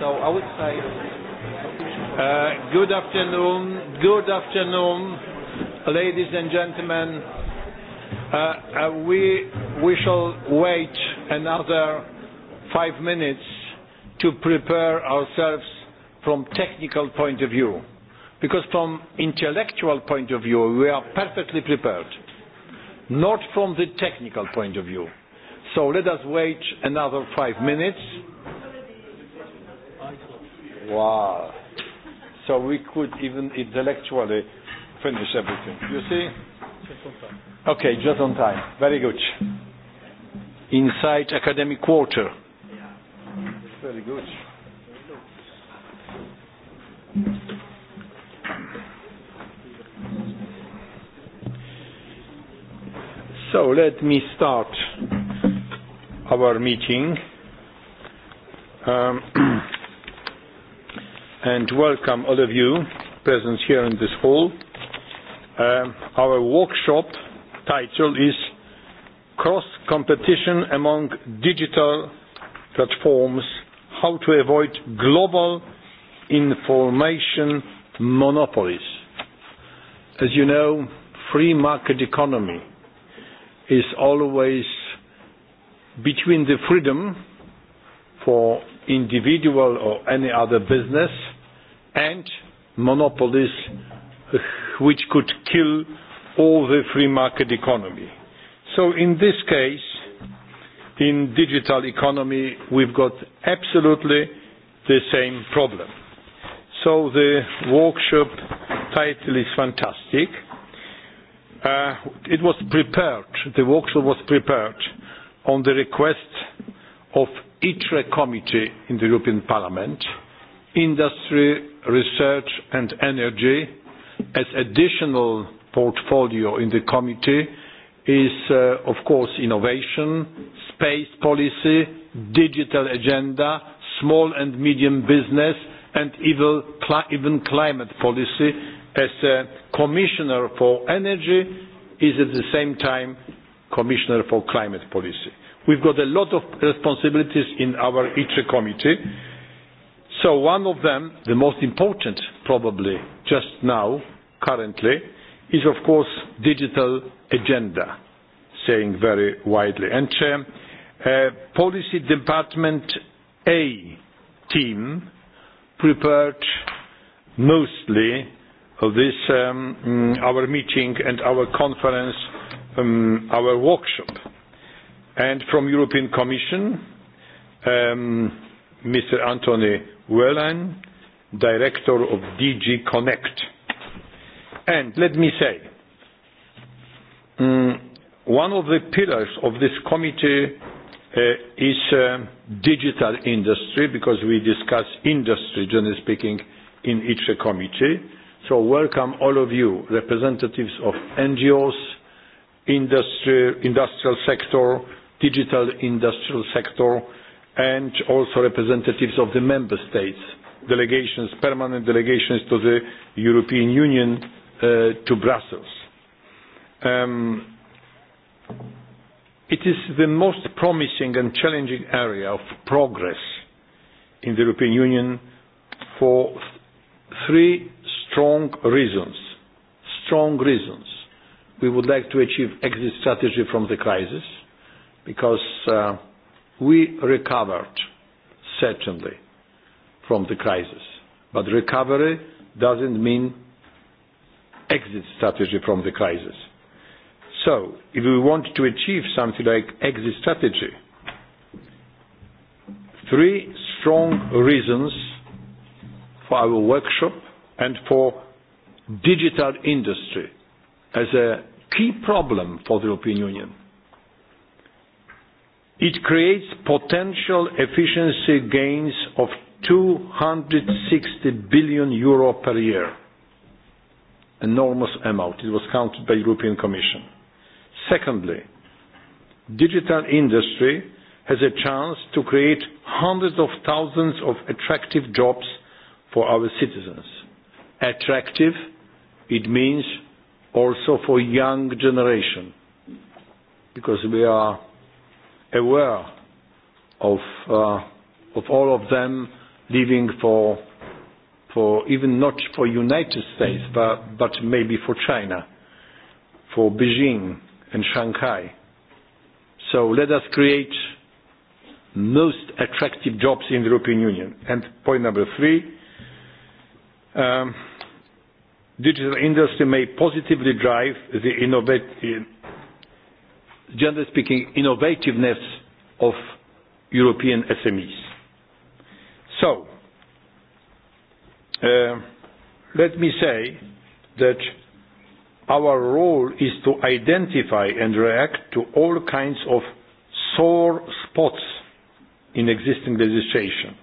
so I would say. Uh, good afternoon, good afternoon, ladies and gentlemen. Uh, uh, we we shall wait another five minutes to prepare ourselves from technical point of view, because from intellectual point of view we are perfectly prepared, not from the technical point of view. So let us wait another five minutes. Wow. So we could even intellectually finish everything. You see? Okay, just on time. Very good. Inside academic quarter. Very good. So let me start our meeting. Um, and welcome all of you present here in this hall. Uh, our workshop title is Cross Competition Among Digital Platforms How to Avoid Global Information Monopolies. As you know, free market economy is always between the freedom for individual or any other business and monopolies which could kill all the free market economy. So in this case, in digital economy, we've got absolutely the same problem. So the workshop title is fantastic. Uh, it was prepared, the workshop was prepared on the request of ITRE committee in the European Parliament, industry research and energy as additional portfolio in the committee is, uh, of course, innovation, space policy, digital agenda, small and medium business, and even climate policy. As a commissioner for energy, is at the same time commissioner for climate policy. We've got a lot of responsibilities in our ITRE committee. So one of them, the most important probably just now, currently, is of course digital agenda, saying very widely. And uh, uh, policy department A team prepared mostly this um, mm, our meeting and our conference, um, our workshop. And from European Commission, um, Mr. Antony Wellen, director of DG Connect. And let me say, um, one of the pillars of this committee uh, is uh, digital industry, because we discuss industry, generally speaking, in each committee. So welcome all of you, representatives of NGOs, industry, industrial sector, digital industrial sector, and also representatives of the member states, delegations, permanent delegations to the European Union uh, to Brussels. Um, it is the most promising and challenging area of progress in the European Union for th three strong reasons. Strong reasons. We would like to achieve exit strategy from the crisis because uh, we recovered, certainly, from the crisis. Recovery doesn't mean exit strategy from the crisis. If we want to achieve something like exit strategy, three strong reasons for our workshop and for digital industry as a key problem for the European Union. It creates potential efficiency gains of 260 billion euro per year. Enormous amount. It was counted by European Commission. Secondly, digital industry has a chance to create hundreds of thousands of attractive jobs for our citizens. Attractive, it means also for young generation, because we are aware of uh, of all of them leaving for for even not for United States but but maybe for China, for Beijing and Shanghai. So let us create most attractive jobs in the European Union. And point number three. Um, Digital industry may positively drive the generally speaking, innovativeness of European SMEs. Um, let me say that our role is to identify and react to all kinds of sore spots in existing legislation.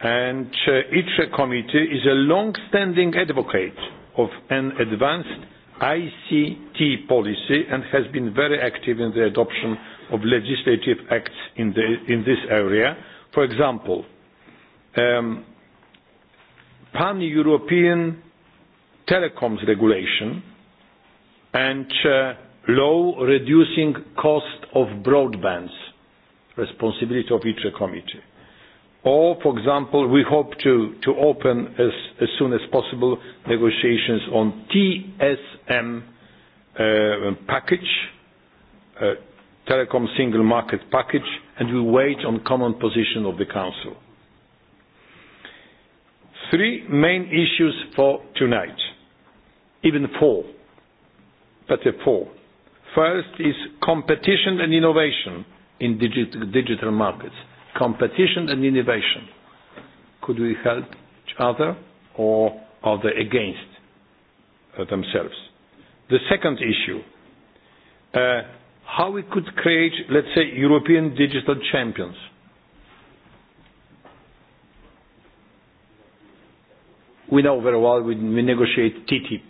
ITRE uh, committee is a long-standing advocate of an advanced ICT policy and has been very active in the adoption of legislative acts in this area. For example, um, Pan-European Telecoms Regulation and uh, law reducing cost of broadband, responsibility of ITRE committee or, for example, we hope to open as soon as possible negotiations on TSM uh, package, uh, telecom single market package, and we wait on common position of the council. Three main issues for tonight. Even four. Better four. First is competition and innovation in digital markets competition and innovation. Could we help each other or are they against uh, themselves? The second issue uh, how we could create, let's say, European digital champions. We know very well we, we negotiate TTIP,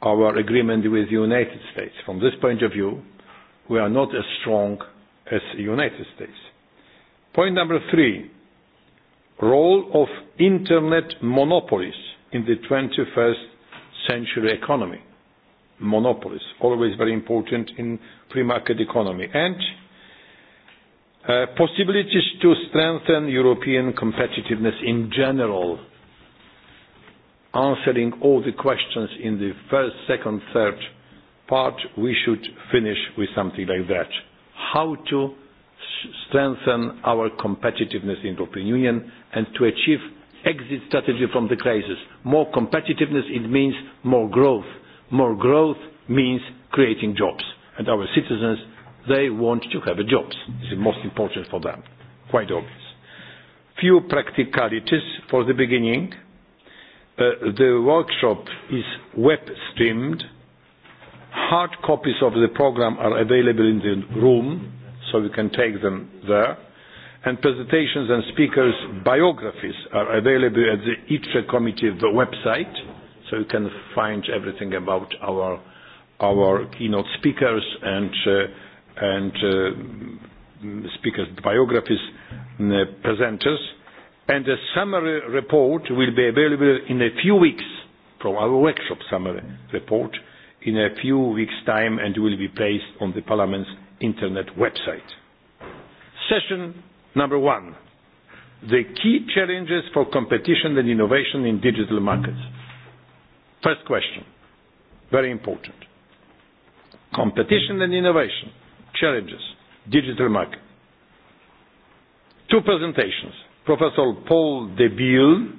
our agreement with the United States. From this point of view, we are not as strong as the United States. Point number three, role of internet monopolies in the 21st century economy. Monopolies, always very important in free market economy. And uh, possibilities to strengthen European competitiveness in general, answering all the questions in the first, second, third part, we should finish with something like that. How to strengthen our competitiveness in European Union and to achieve exit strategy from the crisis. More competitiveness, it means more growth. More growth means creating jobs. Our citizens, they want to have jobs. It's most important for them. Quite obvious. Few practicalities for the beginning. Uh, the workshop is web-streamed. Hard copies of the program are available in the room so we can take them there. And presentations and speakers' biographies are available at the ITRE committee the website, so you can find everything about our, our keynote speakers and, uh, and uh, speakers' biographies, uh, presenters. And a summary report will be available in a few weeks from our workshop summary report in a few weeks' time and will be placed on the Parliament's internet website. Session number one, the key challenges for competition and innovation in digital markets. First question, very important. Competition and innovation, challenges, digital market. Two presentations, Professor Paul DeBille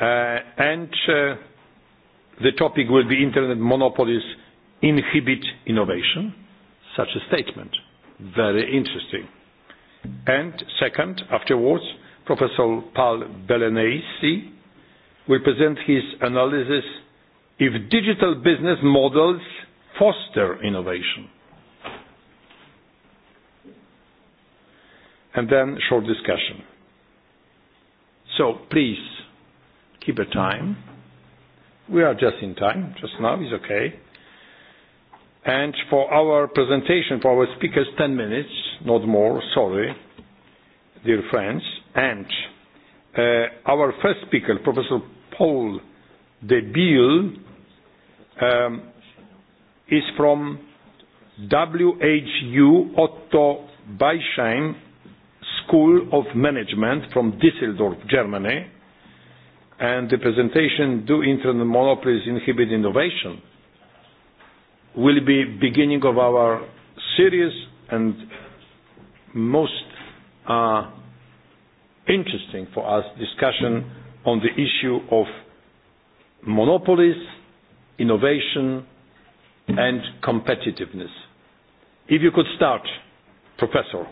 uh, and uh, the topic will be internet monopolies inhibit innovation? Such a statement. Very interesting. And second, afterwards, Professor Paul Belenacy will present his analysis if digital business models foster innovation. And then short discussion. So please keep a time. We are just in time, just now is okay and for our presentation, for our speakers, 10 minutes, not more, sorry, dear friends. Uh, our first speaker, Professor Paul De Biel, um, is from WHU Otto Bayesheim School of Management from Düsseldorf, Germany. The presentation, Do Internet Monopolies Inhibit Innovation? will be beginning of our serious and most uh, interesting for us discussion on the issue of monopolies, innovation, and competitiveness. If you could start, Professor.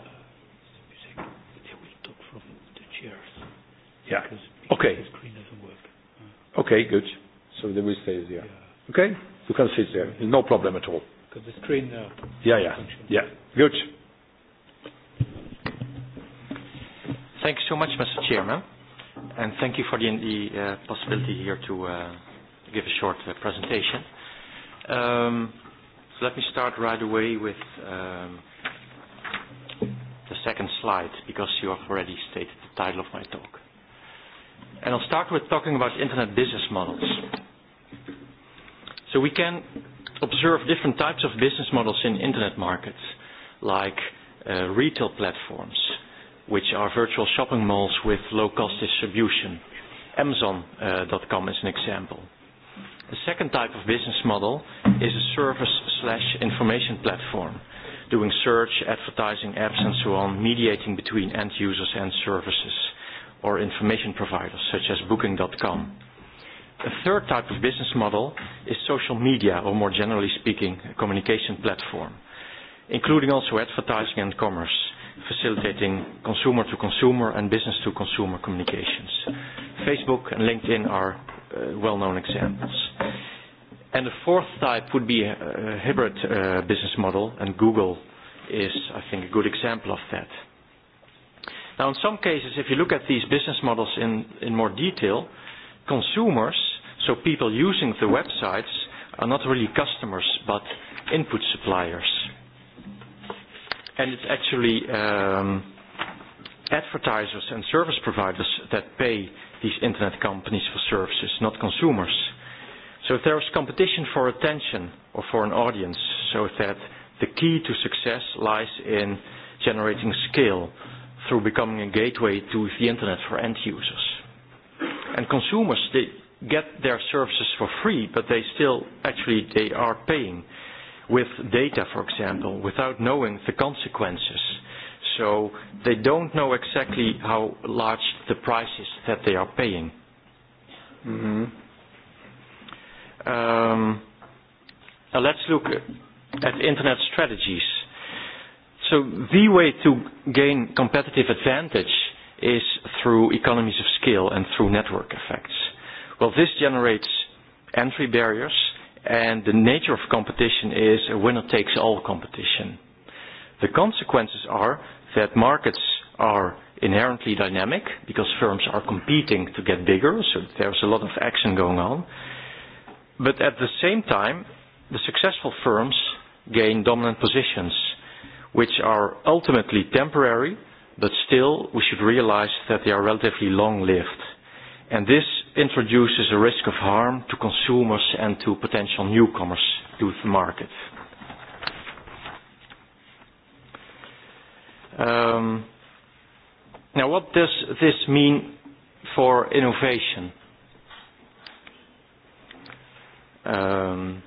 Yeah. Okay. Okay, good. So they will stay there. Yeah. Okay? You can sit there. No problem at all. Got the screen now. Uh, yeah, yeah. Yeah. Good. Thank you so much, Mr. Chairman, and thank you for the uh, possibility here to uh, give a short uh, presentation. Um, so let me start right away with um, the second slide, because you have already stated the title of my talk. And I'll start with talking about Internet business models. We can observe different types of business models in internet markets, like uh, retail platforms, which are virtual shopping malls with low-cost distribution. Amazon.com uh, is an example. The second type of business model is a service/information platform, doing search, advertising, apps, and so on, mediating between end users and services or information providers such as Booking.com. A third type of business model is social media, or more generally speaking, a communication platform, including also advertising and commerce, facilitating consumer-to-consumer and business-to-consumer communications. Facebook and LinkedIn are uh, well-known examples. And the fourth type would be a, a hybrid uh, business model, and Google is, I think, a good example of that. Now, in some cases, if you look at these business models in, in more detail, consumers So people using the websites are not really customers, but input suppliers. And it's actually um, advertisers and service providers that pay these internet companies for services, not consumers. So if there is competition for attention or for an audience, so that the key to success lies in generating scale through becoming a gateway to the internet for end users. And consumers, they, get their services for free, but they still actually they are paying with data, for example, without knowing the consequences. So they don't know exactly how large the price is that they are paying. Mm -hmm. um, now let's look at internet strategies. So the way to gain competitive advantage is through economies of scale and through network effects. Well, this generates entry barriers, and the nature of competition is a winner takes all competition. The consequences are that markets are inherently dynamic because firms are competing to get bigger, so there's a lot of action going on. But at the same time, the successful firms gain dominant positions, which are ultimately temporary, but still we should realize that they are relatively long lived and this introduces a risk of harm to consumers and to potential newcomers to the market. Um, now, what does this mean for innovation? Um,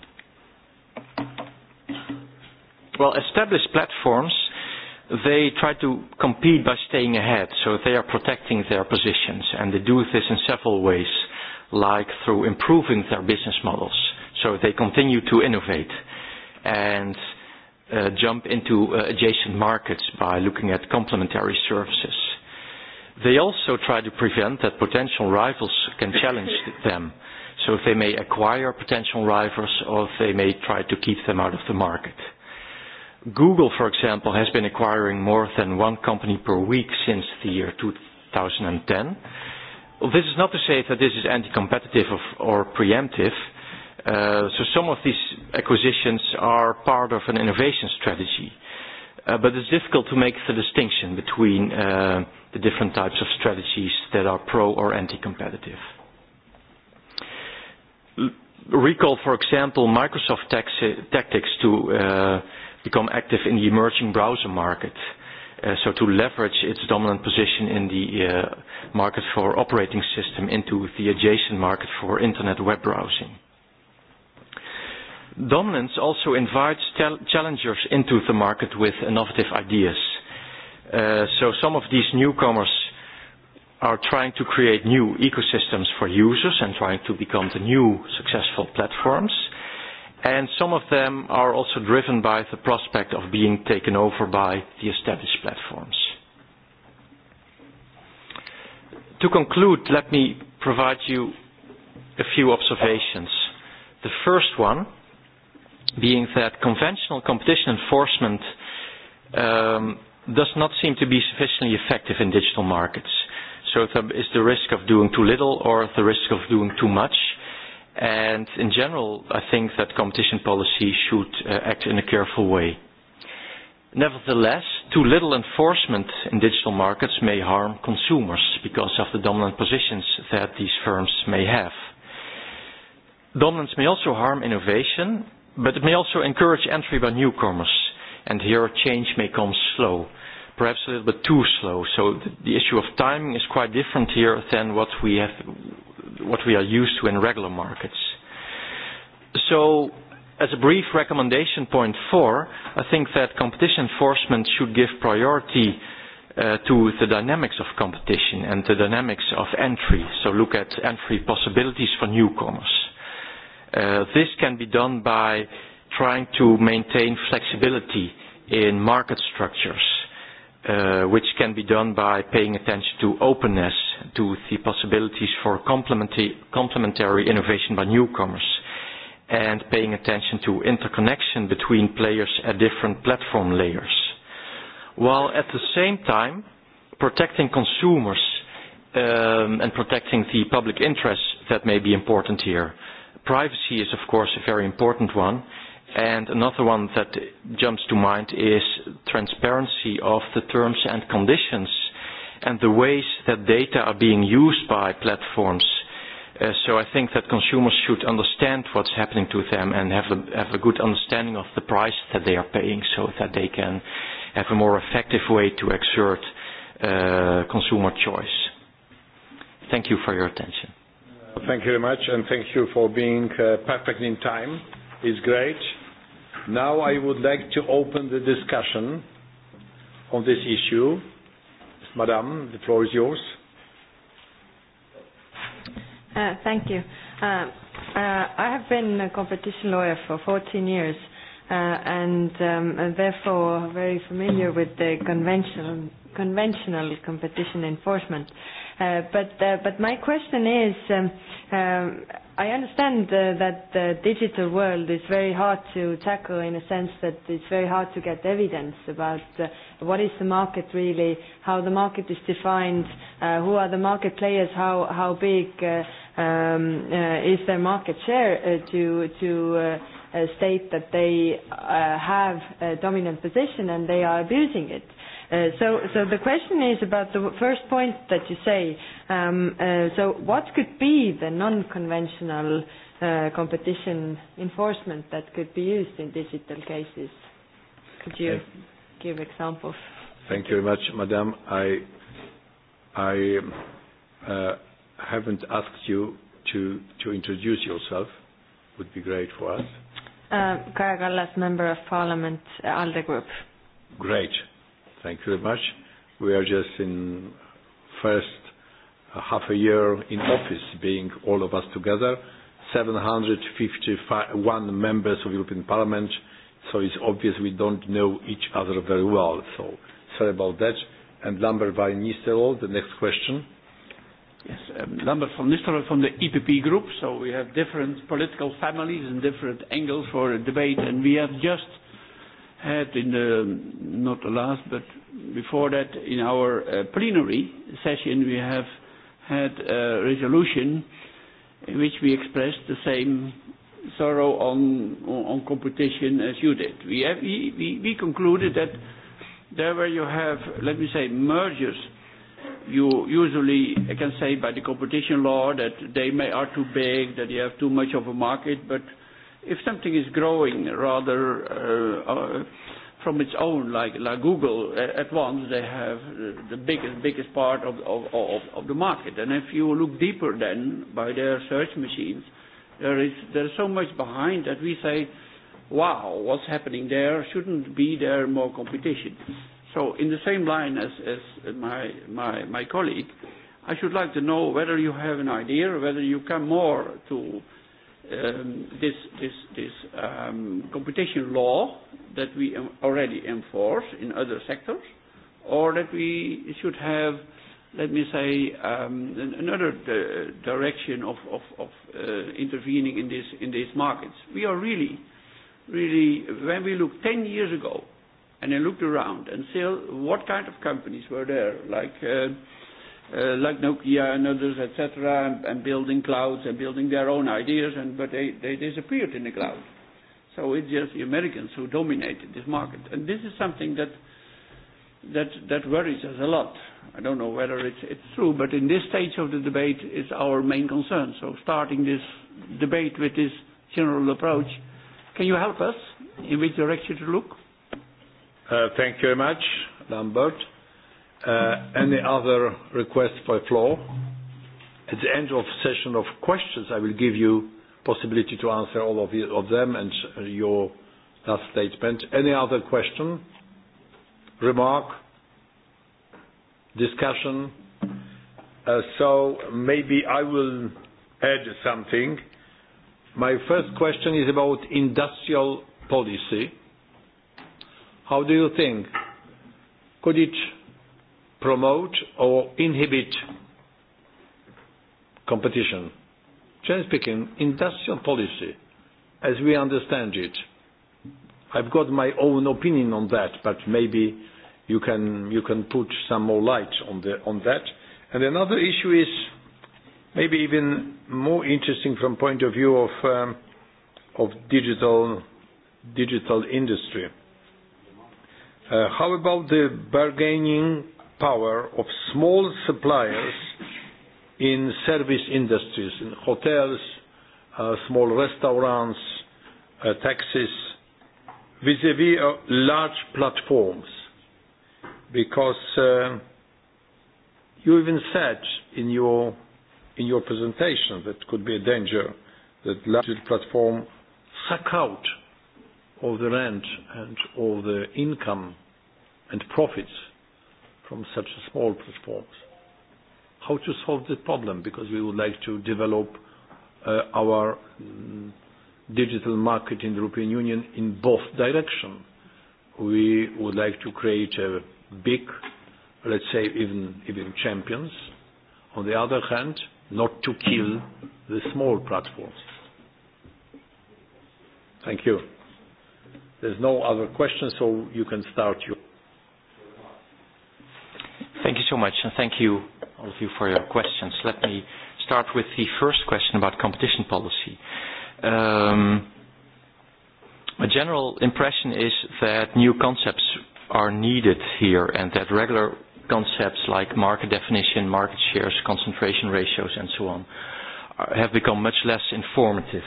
well, established platforms they try to compete by staying ahead, so they are protecting their positions, and they do this in several ways, like through improving their business models, so they continue to innovate and uh, jump into uh, adjacent markets by looking at complementary services. They also try to prevent that potential rivals can challenge them, so they may acquire potential rivals or they may try to keep them out of the market. Google, for example, has been acquiring more than one company per week since the year 2010. Well, this is not to say that this is anti-competitive or preemptive. Uh, so some of these acquisitions are part of an innovation strategy. Uh, but it's difficult to make the distinction between uh, the different types of strategies that are pro or anti-competitive. L- recall, for example, Microsoft tex- tactics to uh, become active in the emerging browser market. Uh, so to leverage its dominant position in the uh, market for operating system into the adjacent market for internet web browsing. Dominance also invites tel- challengers into the market with innovative ideas. Uh, so some of these newcomers are trying to create new ecosystems for users and trying to become the new successful platforms. Uh, and some of them are also driven by the prospect of being taken over by the established platforms. To conclude, let me provide you a few observations. The first one being that conventional competition enforcement um, does not seem to be sufficiently effective in digital markets. Is the risk of doing too little or the risk of doing too much? And in general, I think that competition policy should uh, act in a careful way. Nevertheless, too little enforcement in digital markets may harm consumers because of the dominant positions that these firms may have. Dominance may also harm innovation, but it may also encourage entry by newcomers. And here change may come slow, perhaps a little bit too slow. So the issue of timing is quite different here than what we have what we are used to in regular markets. As a brief recommendation, point four, I think that competition enforcement should give priority uh, to the dynamics of competition and the dynamics of entry. Look at entry possibilities for newcomers. Uh, this can be done by trying to maintain flexibility in market structures uh, which can be done by paying attention to openness, to the possibilities for complementary innovation by newcomers, and paying attention to interconnection between players at different platform layers, while at the same time protecting consumers um, and protecting the public interests that may be important here. Privacy is, of course, a very important one. And another one that jumps to mind is transparency of the terms and conditions and the ways that data are being used by platforms. Uh, so I think that consumers should understand what's happening to them and have a, have a good understanding of the price that they are paying so that they can have a more effective way to exert uh, consumer choice. Thank you for your attention. Thank you very much, and thank you for being uh, perfect in time. It's great. Now I would like to open the discussion on this issue. Madam, the floor is yours. Uh, thank you. Uh, uh, I have been a competition lawyer for 14 years uh, and, um, and therefore very familiar with the conventional, conventional competition enforcement. Uh, but, uh, but my question is um, um, I understand uh, that the digital world is very hard to tackle in a sense that it's very hard to get evidence about uh, what is the market really, how the market is defined, uh, who are the market players, how, how big uh, um, uh, is their market share uh, to, to uh, uh, state that they uh, have a dominant position and they are abusing it. Uh, the question is about the first point that you say. Um, uh, what could be the non-conventional uh, competition enforcement that could be used in digital cases? Could you give examples? Thank you very much, madam. I haven't asked you to introduce yourself. Would be great for us. Kaja Kallas, Member of Parliament, ALDE Group. Great. Thank you very much. We are just in first uh, half a year in office, being all of us together, 751 members of European Parliament, so it's obvious we don't know each other very well. So sorry about that. And Lambert van Nistelrooy, the next question. Yes, um, Lambert van Nistelrooy from the EPP Group. So we have different political families and different angles for a debate, and we have just had in the, not the last, but before that, in our uh, plenary session, we have had a resolution in which we expressed the same sorrow on competition as you did. We concluded that there where you have, let me say, mergers, you usually can say by the competition law that they are too big, that you have too much of a market, but if something is growing rather uh, uh, from its own, like, like Google, uh, at once they have the biggest, biggest part of, of, of, of the market. And if you look deeper then by their search machines, there is, there is so much behind that we say, wow, what's happening there? Shouldn't be there more competition? So in the same line as, as my, my, my colleague, I should like to know whether you have an idea, whether you come more to Um, this, this, this um, competition law that we already enforce in other sectors, or that we should have, let me say, um, another di direction of, of, of uh, intervening in, this, in these markets. We are really, really, when we look 10 years ago, and I looked around and saw what kind of companies were there, like uh, Uh, like Nokia and others, etc., and, and building clouds and building their own ideas, and, but they, they disappeared in the cloud. So it's just the Americans who dominated this market. And this is something that, that, that worries us a lot. I don't know whether it's, it's true, but in this stage of the debate, it's our main concern. So starting this debate with this general approach, can you help us in which direction to look? Uh, thank you very much, Lambert. Uh, any other requests for floor? At the end of session of questions, I will give you possibility to answer all of them and uh, your last statement. Any other question, remark, discussion? Uh, maybe I will add something. My first question is about industrial policy. How do you think? Could it promote or inhibit competition. Generally speaking, industrial policy, as we understand it, I've got my own opinion on that, but maybe you can, you can put some more light on, the, on that. And another issue is maybe even more interesting from point of view of, um, of digital, digital industry. Uh, how about the bargaining power of small suppliers in service industries, in hotels, uh, small restaurants, uh, taxis, vis-à-vis uh, large platforms. Because you even said in your presentation that could be a danger that large platform suck out all the rent and all the income and profits from such small platforms. How to solve this problem? Because we would like to develop uh, our mm, digital market in the European Union in both directions. We would like to create a big, let's say, even champions. On the other hand, not to kill the small platforms. Thank you. There's no other questions, so you can start your so much, and thank you, all of you, for your questions. Let me start with the first question about competition policy. Um, my general impression is that new concepts are needed here, and that regular concepts like market definition, market shares, concentration ratios, and so on, are, have become much less informative.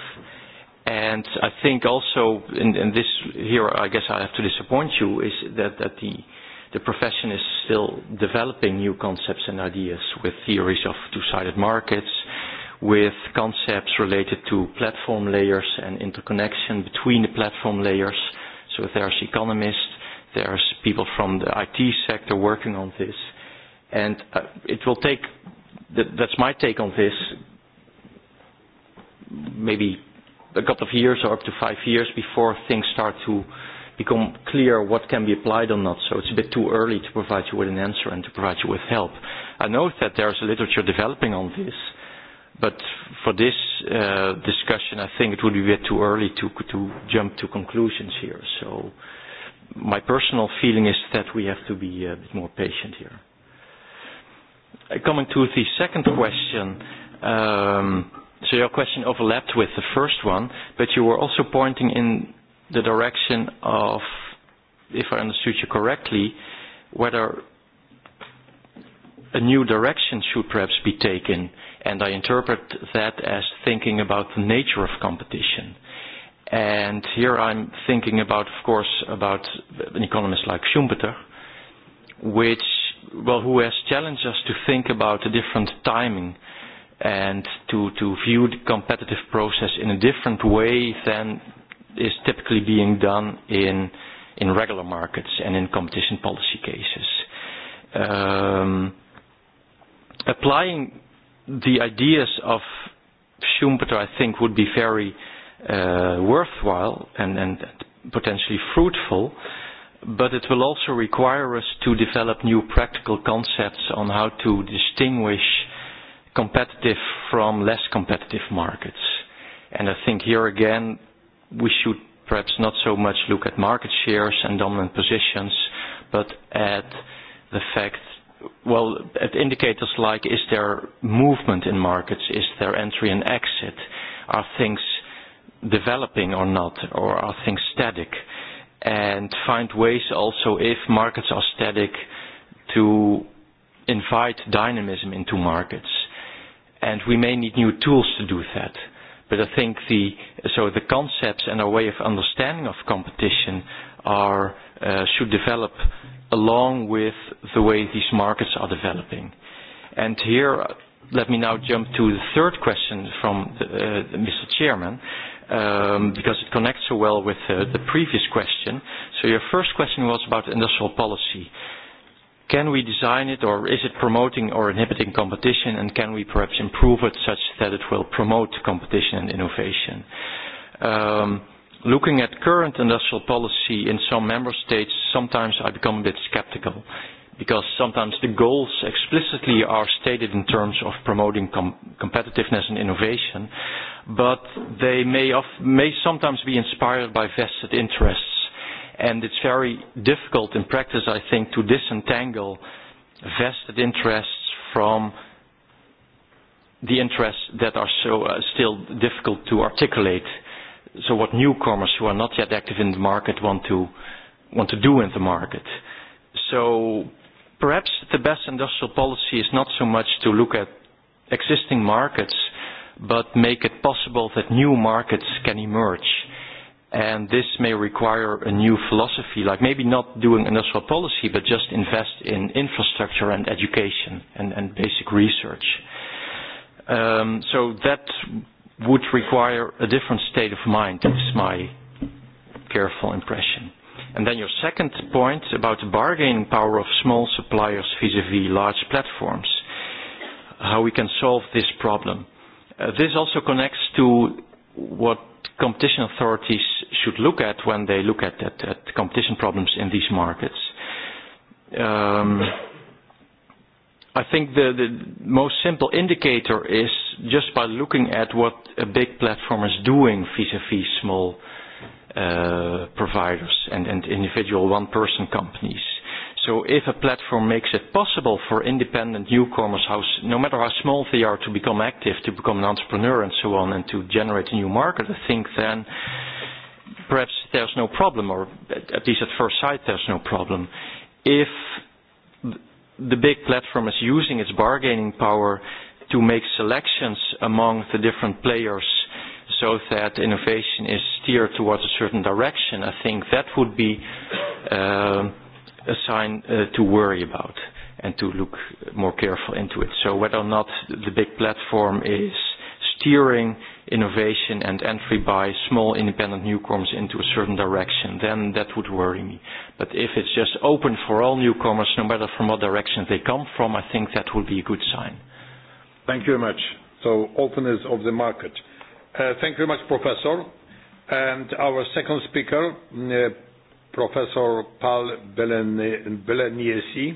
And I think also, and, and this here, I guess I have to disappoint you, is that, that the uh, the profession is still developing new concepts and ideas with theories of two-sided markets, with concepts related to platform layers and interconnection between the platform layers. So there's economists, there's people from the IT sector working on this. And uh, it will take, that, that's my take on this, maybe a couple of years or up to five years before things start to become clear what can be applied or not. So it's a bit too early to provide you with an answer and to provide you with help. I know that there's a literature developing on this, but for this uh, discussion, I think it would be a bit too early to, to jump to conclusions here. So my personal feeling is that we have to be a bit more patient here. Uh, coming to the second question, um, so your question overlapped with the first one, but you were also pointing in the direction of, if I understood you correctly, whether a new direction should perhaps be taken. And I interpret that as thinking about the nature of competition. And here I'm thinking about, of course, about an economist like Schumpeter, which, well, who has challenged us to think about a different timing and to, to view the competitive process in a different way than is typically being done in in regular markets and in competition policy cases. Um, applying the ideas of Schumpeter, I think, would be very uh, worthwhile and, and potentially fruitful, but it will also require us to develop new practical concepts on how to distinguish competitive from less competitive markets. And I think here again, we should perhaps not so much look at market shares and dominant positions, but at the fact, well, at indicators like is there movement in markets, is there entry and exit, are things developing or not, or are things static, and find ways also if markets are static to invite dynamism into markets. And we may need new tools to do that but I think the so the concepts and our way of understanding of competition are uh, should develop along with the way these markets are developing. And here, let me now jump to the third question from the, uh, Mr. Chairman, um, because it connects so well with uh, the previous question. So your first question was about industrial policy. Uh, can we design it or is it promoting or inhibiting competition and can we perhaps improve it such that it will promote competition and innovation? Um, looking at current industrial policy in some member states, sometimes I become a bit skeptical because sometimes the goals explicitly are stated in terms of promoting com competitiveness and innovation, but they may, of may sometimes be inspired by vested interests And it's very difficult in practice, I think, to disentangle vested interests from the interests that are so, uh, still difficult to articulate. So what newcomers who are not yet active in the market want to, want to do in the market. So perhaps the best industrial policy is not so much to look at existing markets, but make it possible that new markets can emerge and this may require a new philosophy, like maybe not doing industrial policy, but just invest in infrastructure and education and, and basic research. Um, so that would require a different state of mind, is my careful impression. And then your second point about the bargaining power of small suppliers vis-à-vis -vis large platforms, how we can solve this problem. Uh, this also connects to what competition authorities should look at when they look at, at, at competition problems in these markets. Um, I think the, the most simple indicator is just by looking at what a big platform is doing vis-à-vis small uh, providers and, and individual one-person companies. So if a platform makes it possible for independent newcomers, how, no matter how small they are, to become active, to become an entrepreneur and so on, and to generate a new market, I think then perhaps there's no problem, or at least at first sight there's no problem. If the big platform is using its bargaining power to make selections among the different players so that innovation is steered towards a certain direction, I think that would be... Uh, a sign uh, to worry about and to look more careful into it. So whether or not the big platform is steering innovation and entry by small independent newcomers into a certain direction, then that would worry me. But if it's just open for all newcomers, no matter from what direction they come from, I think that would be a good sign. Thank you very much. So openness of the market. Uh, thank you very much, Professor. And our second speaker, uh, Professor Paul Beleniesi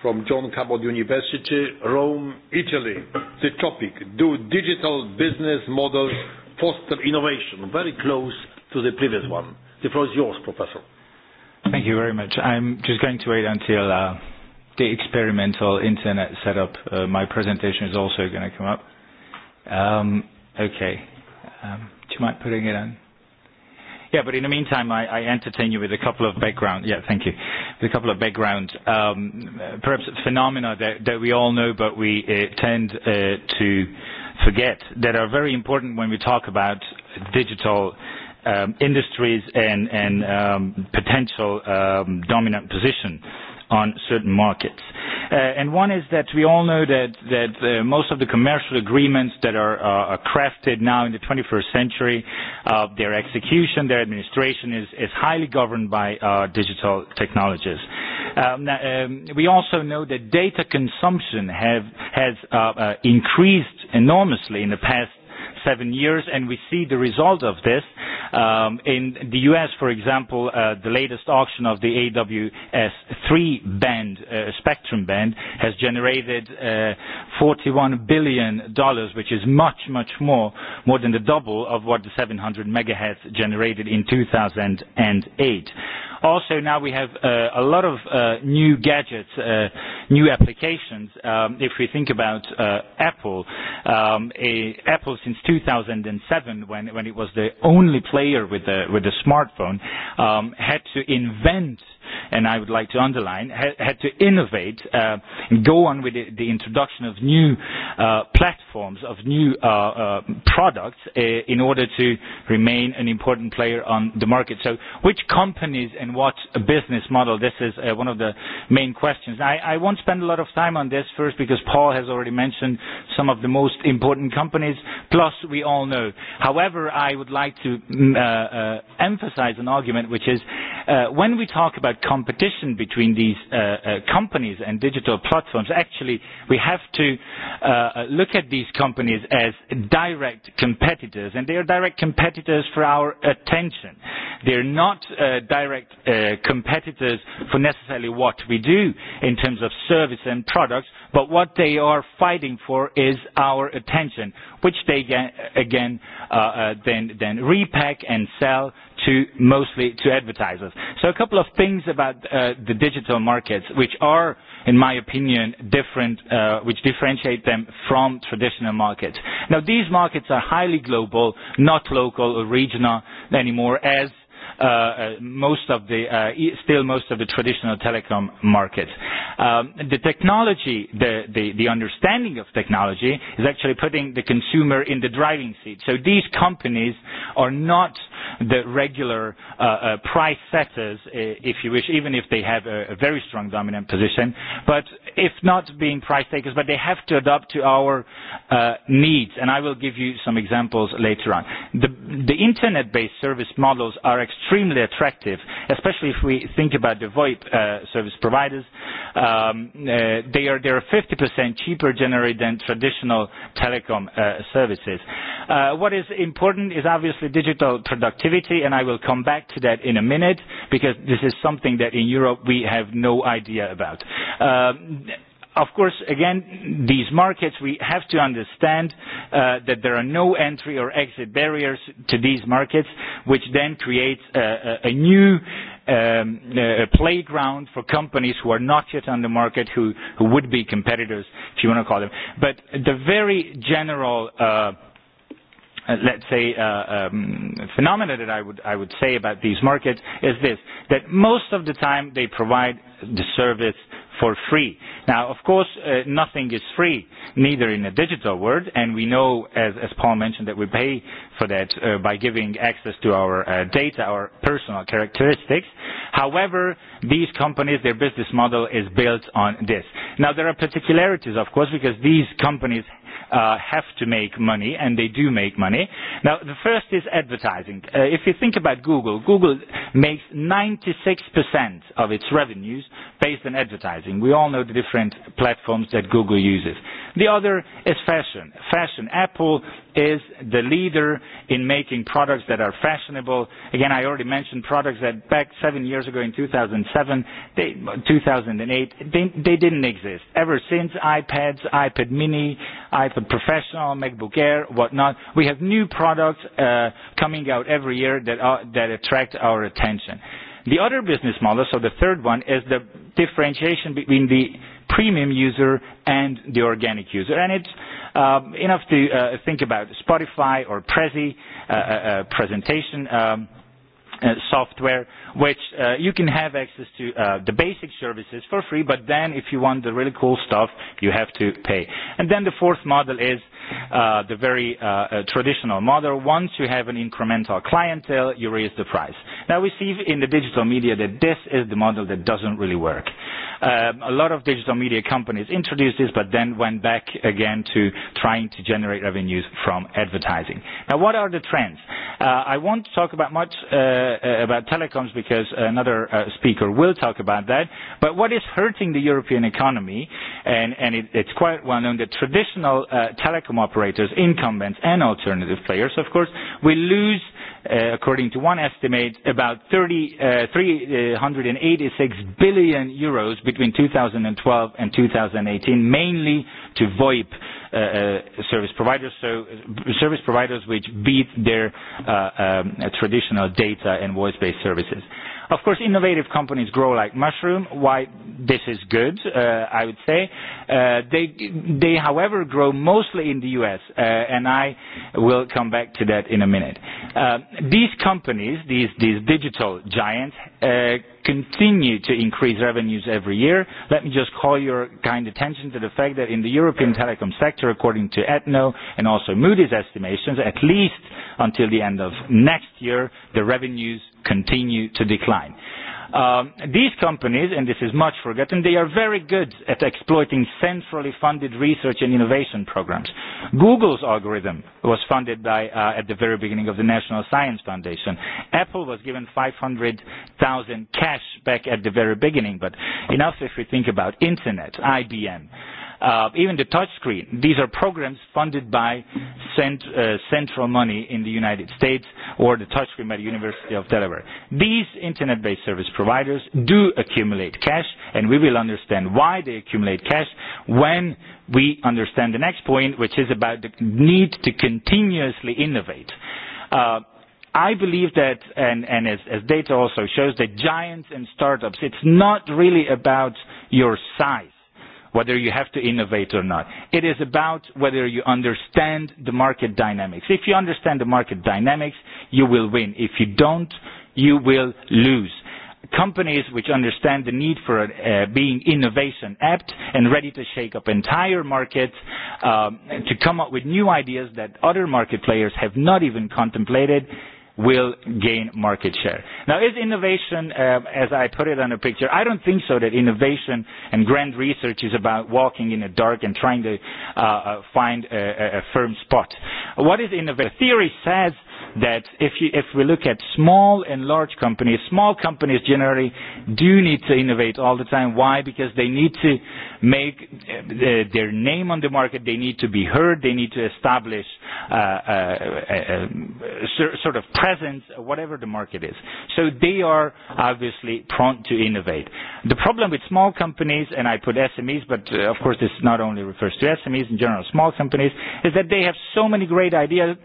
from John Cabot University, Rome, Italy. The topic Do digital business models foster innovation? Very close to the previous one. The floor is yours, Professor. Thank you very much. I'm just going to wait until uh, the experimental internet setup. Uh, my presentation is also going to come up. Um, okay. Um, do you mind putting it on? Yeah, but in the meantime, I, I entertain you with a couple of background. Yeah, thank you. With a couple of background, um, perhaps phenomena that, that we all know, but we uh, tend uh, to forget that are very important when we talk about digital um, industries and and um, potential um, dominant position. Uh, on certain markets. Uh, and one is that we all know that, that uh, most of the commercial agreements that are, uh, are crafted now in the 21st century, uh, their execution, their administration is, is highly governed by uh, digital technologies. Um, now, um, we also know that data consumption have, has uh, uh, increased enormously in the past seven years, and we see the result of this. Um, in the U.S., for example, uh, the latest auction of the AWS-3 band, uh, spectrum band, has generated uh, $41 billion, which is much, much more, more than the double of what the 700 megahertz generated in 2008 also now we have uh, a lot of uh, new gadgets, uh, new applications. Um, if we think about uh, Apple, um, a, Apple since 2007, when, when it was the only player with the, with the smartphone, um, had to invent uh, and I would like to underline, had, had to innovate uh, and go on with the, the introduction of new uh, platforms, of new uh, uh, products, uh, in order to remain an important player on the market. So, which companies and what business model? This is uh, one of the main questions. I, I won't spend a lot of time on this first because Paul has already mentioned some of the most important companies, plus, we all know. However, I would like to mm, uh, uh, emphasize an argument which is uh, when we talk about about competition between these uh, uh, companies and digital platforms. Actually, we have to uh, uh, look at these companies as direct competitors, and they are direct competitors for our attention. They're not uh, direct uh, competitors for necessarily what we do in terms of service and products, but what they are fighting for is our attention, which they get, again uh, uh, then, then repack and sell to mostly to advertisers. So a couple of things about uh, the digital markets, which are, in my opinion, different, uh, which differentiate them from traditional markets. Now these markets are highly global, not local or regional anymore, as uh, uh, most of the, uh, e, still most of the traditional telecom markets. Um, the technology, the, the, the understanding of technology is actually putting the consumer in the driving seat. So these companies are not the regular uh, uh, price setters, uh, if you wish, even if they have a, a very strong dominant position, but if not being price takers, but they have to adapt to our uh, needs. And I will give you some examples later on. The, the internet-based service models are extremely attractive, especially if we think about the VoIP uh, service providers. Um, uh, they are they are 50% cheaper generally than traditional telecom uh, services. Uh, what is important is obviously digital production productivity, and I will come back to that in a minute, because this is something that in Europe we have no idea about. Um, of course, again, these markets, we have to understand uh, that there are no entry or exit barriers to these markets, which then creates a, a, a new um, a playground for companies who are not yet on the market, who, who would be competitors, if you want to call them. But the very general uh, Uh, let's say, uh, um, phenomena that I would, I would say about these markets is this, that most of the time they provide the service for free. Now, of course, uh, nothing is free, neither in a digital world, and we know, as, as Paul mentioned, that we pay for that uh, by giving access to our uh, data, our personal characteristics. However, these companies, their business model is built on this. Now, there are particularities, of course, because these companies uh, have to make money, and they do make money. Now, the first is advertising. Uh, if you think about Google, Google makes 96% of its revenues based on advertising. We all know the different platforms that Google uses. The other is fashion. Fashion. Apple is the leader in making products that are fashionable. Again, I already mentioned products that back seven years ago in 2007, 2008, they didn't exist. Ever since iPads, iPad mini, iPad professional, MacBook Air, whatnot, we have new products uh, coming out every year that attract our attention. The other business model, so the third one, is the differentiation between the premium user and the organic user. And it's uh, enough to uh, think about Spotify or Prezi uh, uh, uh, presentation um, uh, software, which uh, you can have access to uh, the basic services for free, but then if you want the really cool stuff, you have to pay. And then the fourth model is uh, the very uh, uh, traditional model. Once you have an incremental clientele, you raise the price. Now we see in the digital media that this is the model that doesn't really work. Um, a lot of digital media companies introduced this, but then went back again to trying to generate revenues from advertising. Now, what are the trends? Uh, I won't talk about much uh, uh about telecoms because another uh, speaker will talk about that. But what is hurting the European economy, and, and it, it's quite well known, the traditional uh, telecom telecom operators, incumbents and alternative players, of course, we lose, uh, according to one estimate, about 30, uh, 386 billion euros between 2012 and 2018, mainly to VoIP uh, uh, service providers, so uh, service providers which beat their uh, um, traditional data and voice-based services. Of course, innovative companies grow like mushroom. Why this is good, uh, I would say. Uh, they, they, however, grow mostly in the U.S., uh, and I will come back to that in a minute. Uh, these companies, these, these digital giants, uh, continue to increase revenues every year. Let me just call your kind attention to the fact that in the European telecom sector, according to Etno and also Moody's estimations, at least until the end of next year, the revenues continue to decline. Um, these companies, and this is much forgotten, they are very good at exploiting centrally funded research and innovation programs. Google's algorithm was funded by, uh, at the very beginning of the National Science Foundation. Apple was given 500,000 cash back at the very beginning, but enough if we think about Internet, IBM uh, even the touchscreen. These are programs funded by cent uh, central money in the United States or the touchscreen by the University of Delaware. These internet-based service providers do accumulate cash, and we will understand why they accumulate cash when we understand the next point, which is about the need to continuously innovate. Uh, I believe that, and, and as, as data also shows, that giants and startups, it's not really about your size whether you have to innovate or not. It is about whether you understand the market dynamics. If you understand the market dynamics, you will win. If you don't, you will lose. Companies which understand the need for uh, being innovation apt and ready to shake up entire markets um, to come up with new ideas that other market players have not even contemplated, will gain market share. Now, is innovation, uh, as I put it on a picture, I don't think so that innovation and grand research is about walking in the dark and trying to uh, uh find a, a firm spot. What is innovation? Theory says that if, you, if we look at small and large companies, small companies generally do need to innovate all the time. Why? Because they need to make the, uh, uh, their name on the market. They need to be heard. They need to establish uh, a, a, a sort of presence, uh, whatever the market is. So they are obviously prone to innovate. The problem with small companies, and I put SMEs, but of course this not only refers to SMEs in general, small companies, is that they have so many great ideas,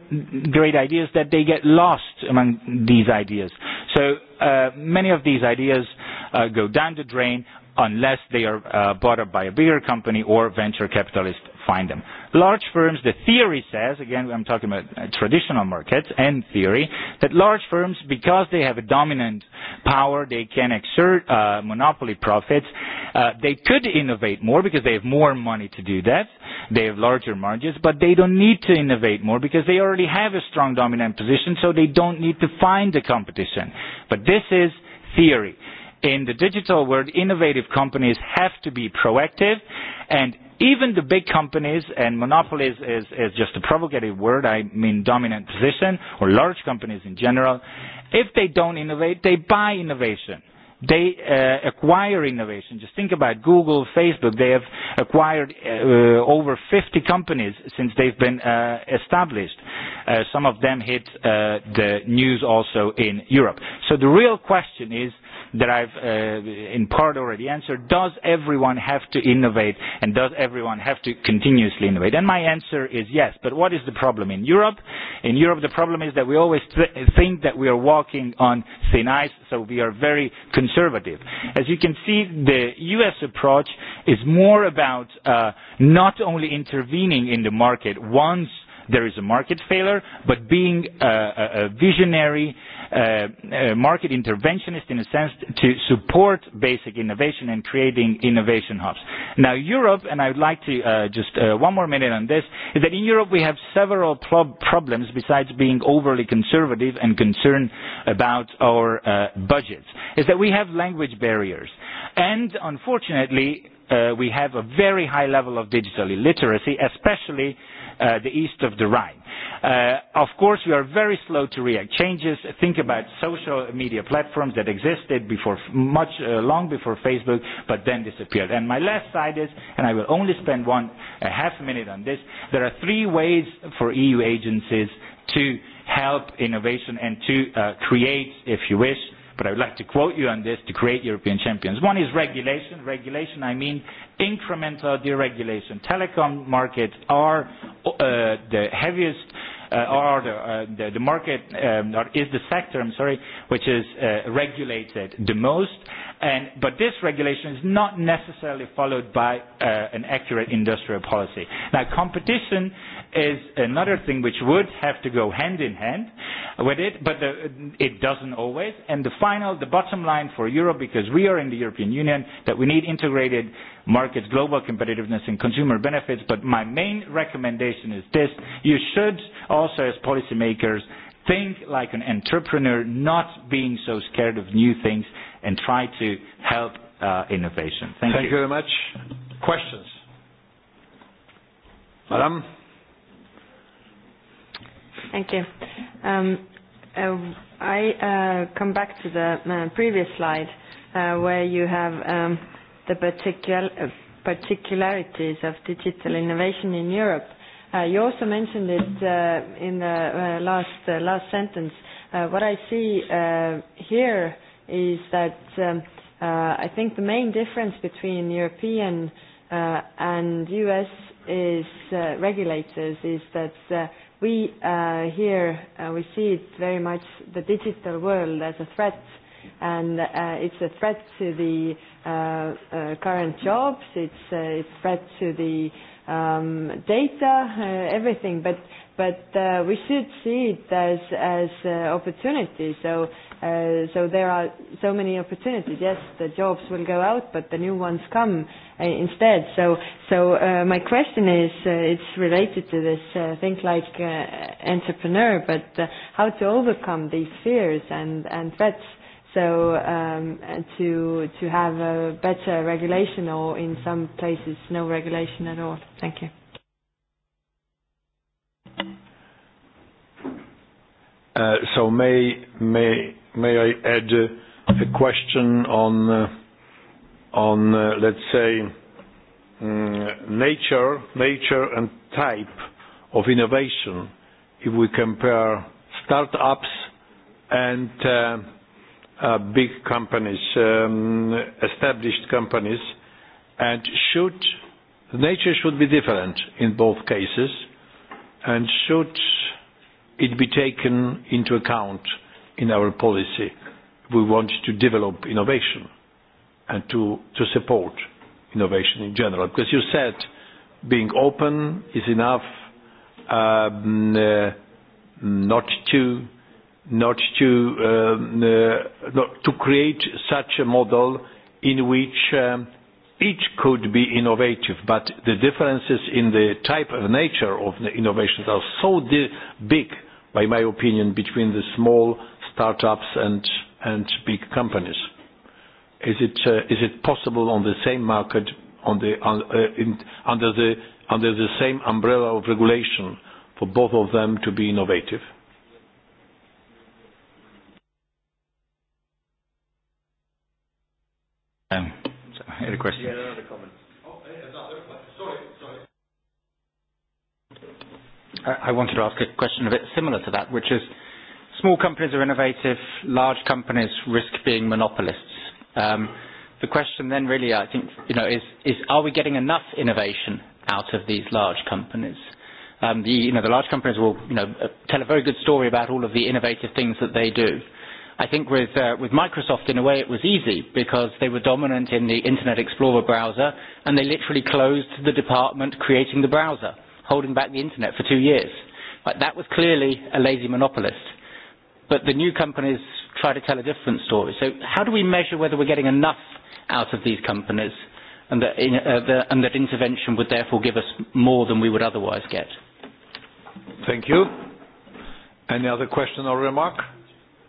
great ideas that they they get lost among these ideas. So uh, many of these ideas uh, go down the drain unless they are uh, bought up by a bigger company or venture capitalists find them large firms, the theory says, again, I'm talking about uh, traditional markets and theory, that large firms, because they have a dominant power, they can exert uh, monopoly profits. Uh, they could innovate more because they have more money to do that. They have larger margins, but they don't need to innovate more because they already have a strong dominant position, so they don't need to find the competition. But this is theory. In the digital world, innovative companies have to be proactive and even the big companies, and monopolies is, is just a provocative word, I mean dominant position, or large companies in general, if they don't innovate, they buy innovation. They uh, acquire innovation. Just think about Google, Facebook. They have acquired uh, over 50 companies since they've been uh, established. Uh, some of them hit uh, the news also in Europe. So the real question is, that I've uh, in part already answered. Does everyone have to innovate and does everyone have to continuously innovate? And my answer is yes. But what is the problem in Europe? In Europe, the problem is that we always th- think that we are walking on thin ice, so we are very conservative. As you can see, the US approach is more about uh, not only intervening in the market once there is a market failure, but being a, a, a visionary uh, a market interventionist in a sense to support basic innovation and creating innovation hubs. Now, Europe, and I would like to uh, just uh, one more minute on this, is that in Europe we have several pl- problems besides being overly conservative and concerned about our uh, budgets, is that we have language barriers. And unfortunately, uh, we have a very high level of digital illiteracy, especially uh, Uh, the east of the Rhine. Uh, of course, we are very slow to react. Changes. Think about social media platforms that existed before, much uh, long before Facebook, but then disappeared. And my last side is, and I will only spend one uh, a half minute on this. There are three ways for EU agencies to help innovation and to uh, create, if you wish, but I would like to quote you on this to create European champions. One is regulation. Regulation, I mean incremental deregulation. Telecom markets are uh, the heaviest. Uh, or the, uh, the, the market um, or is the sector, I'm sorry, which is uh, regulated the most. And, but this regulation is not necessarily followed by uh, an accurate industrial policy. Now, competition is another thing which would have to go hand in hand with it, but the, it doesn't always. And the final, the bottom line for Europe, because we are in the European Union, that we need integrated markets, global competitiveness, and consumer benefits. But my main recommendation is this you should also, as policymakers, think like an entrepreneur, not being so scared of new things, and try to help uh, innovation. Thank, Thank you. Thank you very much. Questions? Madame? Thank you. Um, uh, I uh, come back to the uh, previous slide, where you have um, the particularities of digital innovation in Europe. You also mentioned it in the last sentence. What I see here is that um, I think the main difference between European and U.S. regulators is that we uh, here uh, we see it very much the digital world as a threat and uh, it's a threat to the uh, uh, current jobs it's uh, it's threat to the um, data uh, everything but but uh, we should see it as uh, opportunity. Uh, so there are so many opportunities. Yes, the jobs will go out, but the new ones come instead. So my question is, it's related to this think like entrepreneur, but how to overcome these fears and threats so um, to have a better regulation or in some places, no regulation at all? Thank you. Uh, so may may may I add uh, a question on uh, on uh, let's say um, nature nature and type of innovation if we compare startups and uh, uh, big companies um, established companies and should nature should be different in both cases and should it be taken into account in our policy. We want to develop innovation and to support innovation in general. Because you said being open is enough, um, uh, um, uh, not to create such a model in which each um, could be innovative, but the differences in the type of nature of the innovations are so big by my opinion, between the small startups and and big companies. Is it uh, is it possible on the same market, on the on, uh, in, under the under the same umbrella of regulation, for both of them to be innovative? Um, any questions? Yeah, another comment. I wanted to ask a question a bit similar to that, which is small companies are innovative, large companies risk being monopolists. Um, the question then really, I think, you know, is, is are we getting enough innovation out of these large companies? Um, the, you know, the large companies will you know, uh, tell a very good story about all of the innovative things that they do. I think with, uh, with Microsoft, in a way, it was easy because they were dominant in the Internet Explorer browser and they literally closed the department creating the browser holding back the internet for two years. Like, that was clearly a lazy monopolist. But the new companies try to tell a different story. So, how do we measure whether we're getting enough out of these companies and that, in, uh, the, and that intervention would therefore give us more than we would otherwise get? Thank you. Any other question or remark?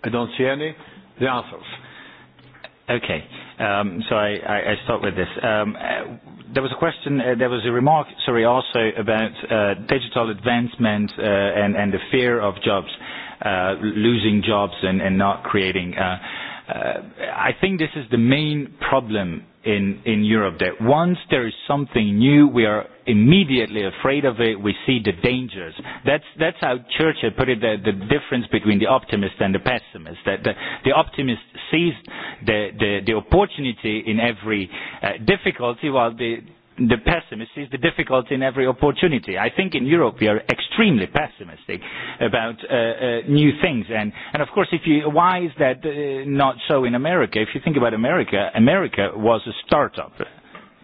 I don't see any. The answers. Okay. Um, so, I, I, I start with this. Um, uh, there was a question, uh, there was a remark, sorry, also about uh, digital advancement uh, and, and the fear of jobs, uh, losing jobs and, and not creating uh, uh, I think this is the main problem in, in Europe that once there is something new, we are immediately afraid of it. We see the dangers. That's, that's how Churchill put it the, the difference between the optimist and the pessimist. That the, the optimist sees the, the, the opportunity in every uh, difficulty, while the the pessimist sees the difficulty in every opportunity. I think in Europe we are extremely pessimistic about uh, uh, new things. And, and of course, if you, why is that uh, not so in America? If you think about America, America was a startup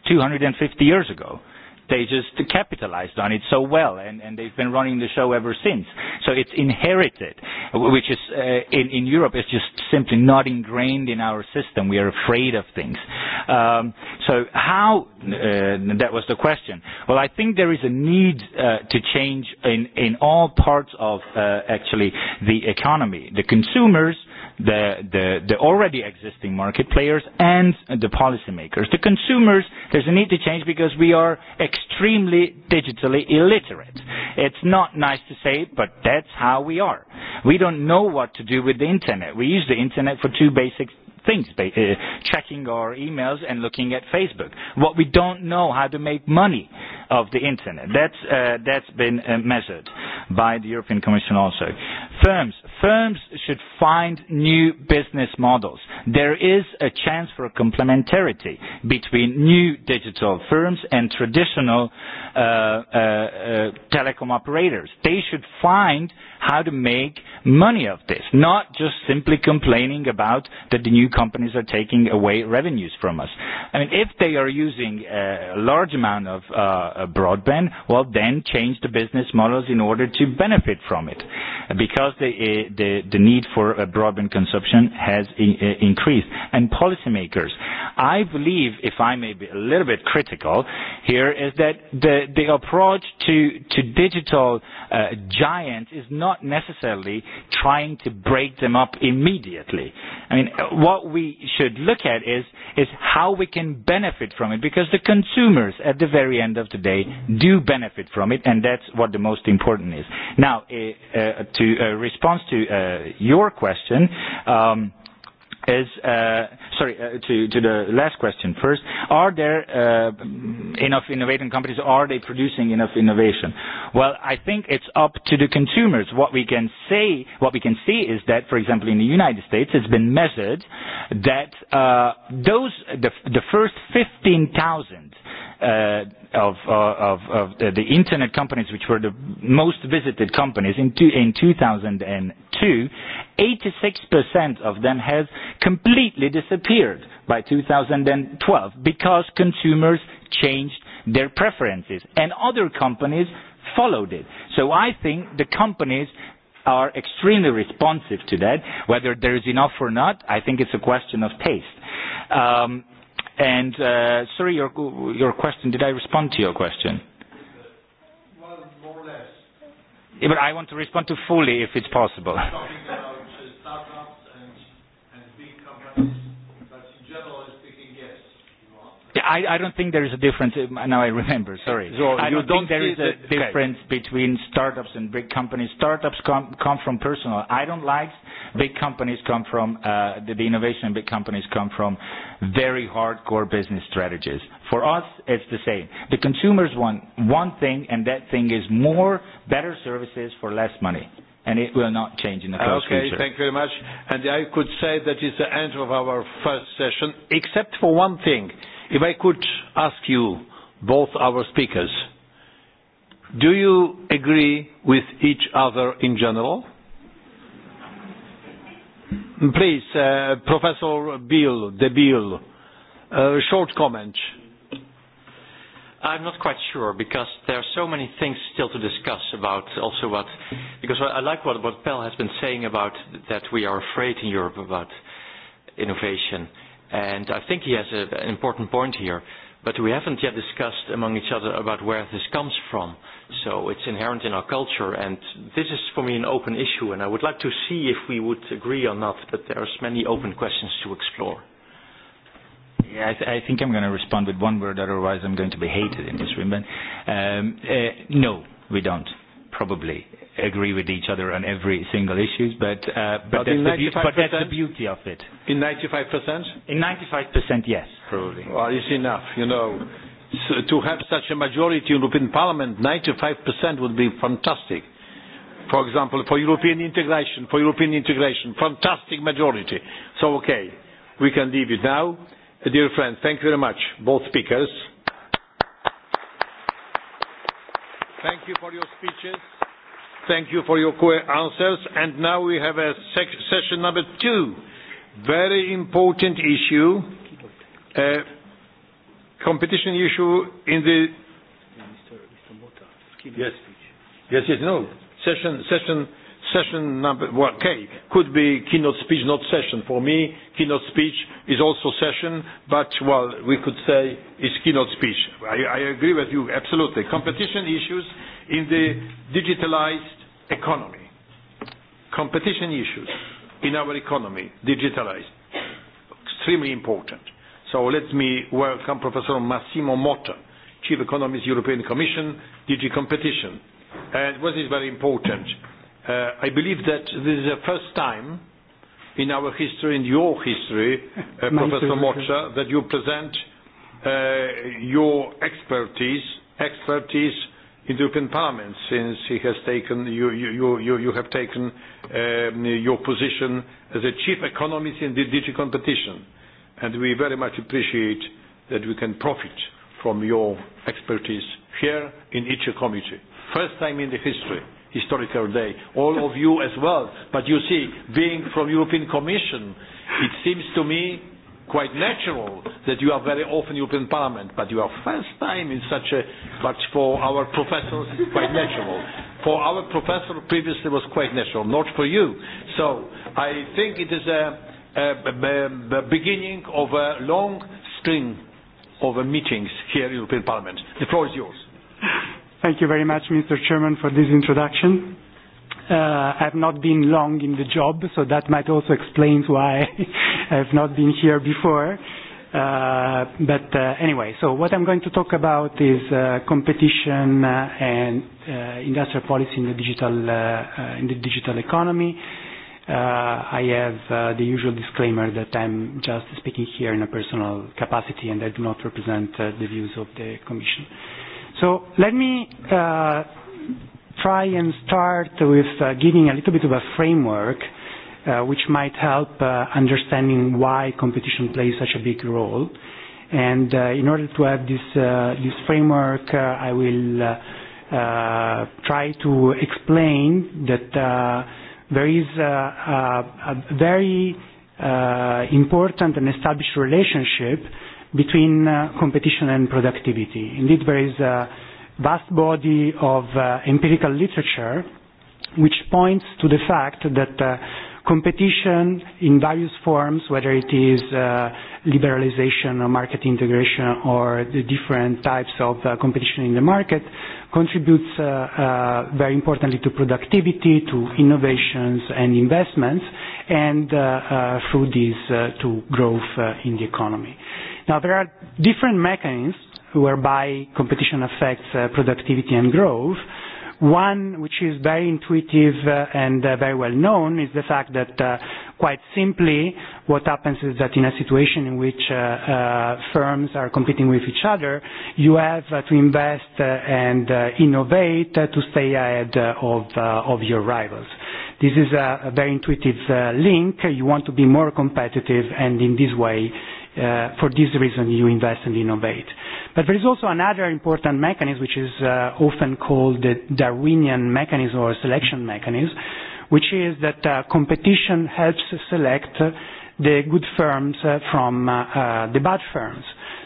250 years ago. Uh, they just capitalized on it so well, and, and they've been running the show ever since. So it's inherited, which is uh, in, in Europe is just simply not ingrained in our system. We are afraid of things. Um, so how uh, that was the question. Well, I think there is a need uh, to change in in all parts of uh, actually the economy, the consumers the, the, the already existing market players and the policymakers. The consumers, there's a need to change because we are extremely digitally illiterate. It's not nice to say, but that's how we are. We don't know what to do with the internet. We use the internet for two basic things, uh, checking our emails and looking at Facebook. What we don't know how to make money of the internet. That's, uh, that's been uh, measured by the European Commission also. Firms. Firms should find new business models. There is a chance for a complementarity between new digital firms and traditional uh, uh, uh, telecom operators. They should find how to make money of this, not just simply complaining about that the new companies are taking away revenues from us. I mean, if they are using a large amount of uh, broadband, well, then change the business models in order to benefit from it, because the, eh, the, the need for a uh, broadband consumption has in, uh, increased. And policymakers, I believe, if I may be a little bit critical here, is that the, the approach to, to digital uh, giants is not not necessarily trying to break them up immediately. I mean, what we should look at is, is how we can benefit from it because the consumers at the very end of the day do benefit from it and that's what the most important is. Now, uh, to uh, response to uh, your question, um, is uh, sorry uh, to to the last question first are there uh, enough innovating companies are they producing enough innovation well i think it's up to the consumers what we can say what we can see is that for example in the united states it's been measured that uh, those the, the first 15000 uh, of, uh, of, of the, the internet companies, which were the most visited companies in, two, in 2002, 86% of them has completely disappeared by 2012 because consumers changed their preferences and other companies followed it. So I think the companies are extremely responsive to that. Whether there is enough or not, I think it's a question of taste. Um, And uh, sorry, your your question. Did I respond to your question? Well, more or less. Yeah, but I want to respond to fully, if it's possible. I, I don't think there is a difference. Uh, now I remember. Sorry. So you I don't, don't think there is a the, difference okay. between startups and big companies. Startups come come from personal. I don't like big companies come from uh, the, the innovation. Big companies come from very hardcore business strategies. For us, it's the same. The consumers want one thing, and that thing is more better services for less money. And it will not change in the close okay, future. Okay, thank you very much. And I could say that is the end of our first session, except for one thing. If I could ask you, both our speakers, do you agree with each other in general? Please, uh, Professor Bill, the Bill, a uh, short comment. I'm not quite sure because there are so many things still to discuss about also what, because I like what, what Pell has been saying about that we are afraid in Europe about innovation. And I think he has a, an important point here, but we haven't yet discussed among each other about where this comes from. So it's inherent in our culture, and this is for me an open issue, and I would like to see if we would agree or not, but there are many open questions to explore. Yeah, I, th- I think I'm going to respond with one word, otherwise I'm going to be hated in this room. But, um, uh, no, we don't, probably agree with each other on every single issue, but, uh, but, but, that's, the be- but that's the beauty of it. In 95%? In 95%, yes. Probably. Well, it's enough, you know. So to have such a majority in European Parliament, 95% would be fantastic. For example, for European integration, for European integration, fantastic majority. So, okay, we can leave it now. Uh, dear friends, thank you very much, both speakers. Thank you for your speeches. Thank you for your answers. Now we have a session number two, very important issue, uh, competition issue in the- Mr. Mota, keynote speech. Yes. No. Session number one. Okay. Could be keynote speech, not session. For me, keynote speech is also session, but well, we could say it's keynote speech. I agree with you, absolutely. Competition issues in the digitalized economy, competition issues in our economy, digitalized, extremely important. So let me welcome Professor Massimo Motta, Chief Economist, European Commission, DG Competition. And what is very important, uh, I believe that this is the first time in our history, in your history, uh, Professor Motta, that you present uh, your expertise, expertise into European Parliament since he has taken you you you you have taken um, your position as a chief economist in the DG competition. And we very much appreciate that we can profit from your expertise here in each committee. First time in the history, historical day. All of you as well. But you see, being from European Commission, it seems to me quite natural that you are very often European Parliament, but you are first time in such a. But for our professors, it's quite natural. For our professor previously, it was quite natural, not for you. So I think it is a, a, a, a beginning of a long string of a meetings here in European Parliament. The floor is yours. Thank you very much, Mr. Chairman, for this introduction uh, I've not been long in the job, so that might also explain why I've not been here before. Uh, but uh, anyway, so what I'm going to talk about is uh, competition uh, and uh, industrial policy in the digital uh, uh, in the digital economy. Uh, I have uh, the usual disclaimer that I'm just speaking here in a personal capacity, and I do not represent uh, the views of the Commission. So let me uh, try and start with uh, giving a little bit of a framework uh, which might help uh, understanding why competition plays such a big role. And uh, in order to have this, uh, this framework, uh, I will uh, uh, try to explain that uh, there is a, a, a very uh, important and established relationship between uh, competition and productivity. Indeed, there is a uh, vast body of uh, empirical literature which points to the fact that uh, competition in various forms, whether it is uh, liberalization or market integration or the different types of uh, competition in the market, contributes uh, uh, very importantly to productivity, to innovations and investments, and uh, uh, through these uh, to growth uh, in the economy. Now, there are different mechanisms whereby competition affects uh, productivity and growth. One, which is very intuitive uh, and uh, very well known, is the fact that quite simply, what happens is that in a situation in which firms are competing with each other, you have to invest and innovate to stay ahead of your rivals. This is a very intuitive link. You want to be more competitive, and in this way, for this reason, you invest and innovate. But there is also another important mechanism, which is uh, often called the Darwinian mechanism or selection mechanism, which is that uh, competition helps select uh, the good firms uh, from uh, uh, the bad firms.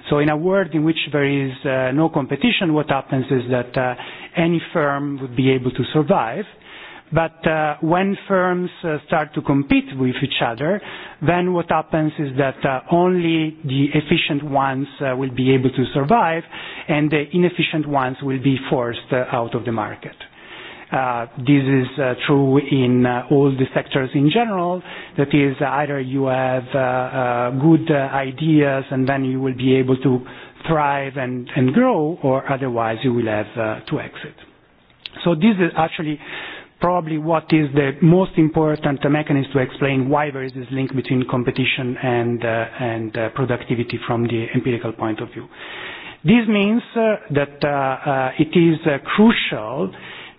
So in a world in which there is uh, no competition, what happens is that uh, any firm would be able to survive. But uh, when firms uh, start to compete with each other, then what happens is that uh, only the efficient ones uh, will be able to survive and the inefficient ones will be forced uh, out of the market. Uh, this is uh, true in uh, all the sectors in general. That is, uh, either you have uh, uh, good uh, ideas and then you will be able to thrive and, and grow, or otherwise you will have uh, to exit. So this is actually probably what is the most important mechanism to explain why there is this link between competition and, uh, and uh, productivity from the empirical point of view. This means uh, that uh, uh, it is uh, crucial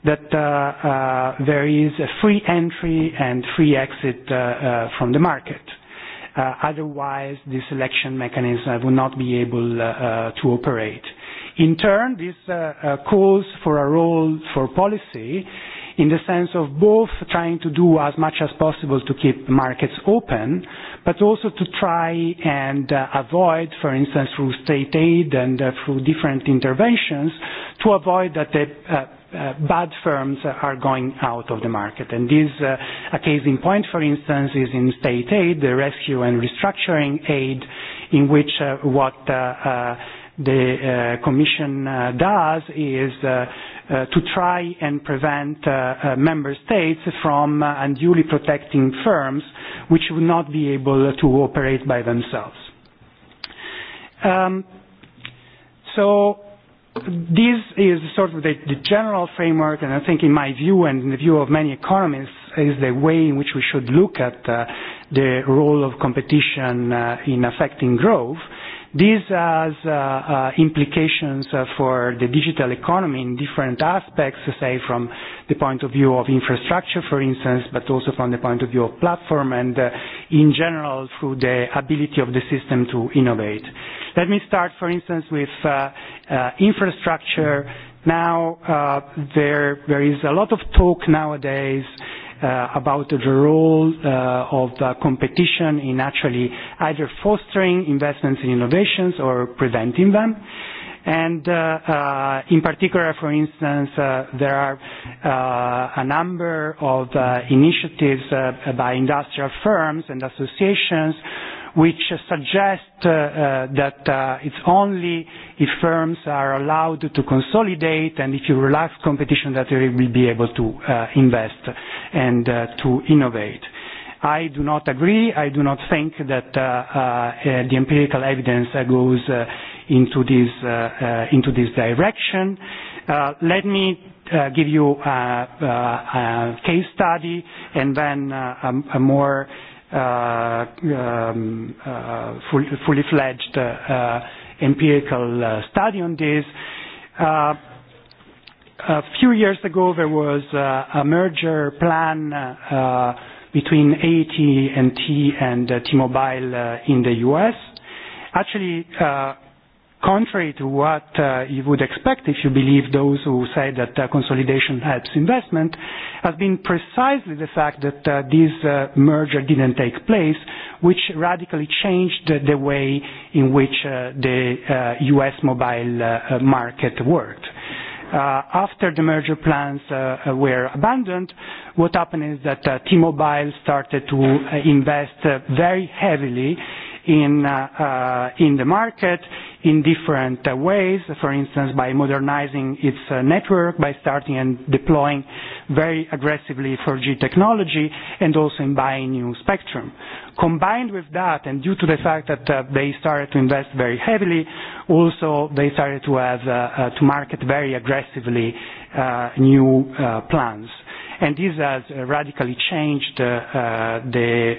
that uh, uh, there is a free entry and free exit uh, uh, from the market. Uh, otherwise, the selection mechanism would not be able uh, uh, to operate. In turn, this uh, uh, calls for a role for policy uh, in the sense of both trying to do as much as possible to keep markets open, but also to try and uh, avoid, for instance, through state aid and uh, through different interventions, to avoid that the uh, uh, bad firms are going out of the market. And this, uh, a case in point, for instance, is in state aid, the rescue and restructuring aid, in which uh, what uh, uh, the uh, Commission uh, does is uh, uh, to try and prevent uh, uh, member states from uh, unduly protecting firms which would not be able to operate by themselves. Um, so this is sort of the, the general framework, and I think in my view and in the view of many economists, is the way in which we should look at uh, the role of competition uh, in affecting growth. This has uh, uh, implications uh, for the digital economy in different aspects, say from the point of view of infrastructure, for instance, but also from the point of view of platform and uh, in general through the ability of the system to innovate. Let me start, for instance, with uh, uh, infrastructure. Now uh, there, there is a lot of talk nowadays uh, uh, about the role uh, of uh, competition in actually either fostering investments in innovations or preventing them. And uh, uh, in particular, for instance, uh, there are uh, a number of uh, initiatives uh, by industrial firms and associations which suggests uh, uh, that uh, it's only if firms are allowed to consolidate and if you relax competition that they will be able to uh, invest and uh, to innovate. I do not agree. I do not think that uh, uh, uh the empirical evidence uh, goes uh, into, this, uh, uh, into this direction. Uh, let me uh, give you a, a, uh, a case study and then uh, a, a more uh, Uh, um, uh, fully fledged uh, empirical uh, study on this. Uh, a few years ago, there was uh, a merger plan uh, between AT&T and uh, T-Mobile uh, in the U.S. Actually. Uh, contrary to what uh, you would expect if you believe those who say that uh, consolidation helps investment, has been precisely the fact that uh, this uh, merger didn't take place, which radically changed the, the way in which uh, the uh, U.S. mobile uh, market worked. Uh, after the merger plans uh, uh, were abandoned, what happened is that uh, T-Mobile started to uh, invest uh, very heavily Uh, uh, in the market in different uh, ways. For instance, by modernizing its network, by starting and deploying very aggressively 4G technology, and also in buying new spectrum. Combined with that, and due to the fact that they started to invest very heavily, also they started to market very aggressively new plans and this has uh, radically changed uh, uh, the,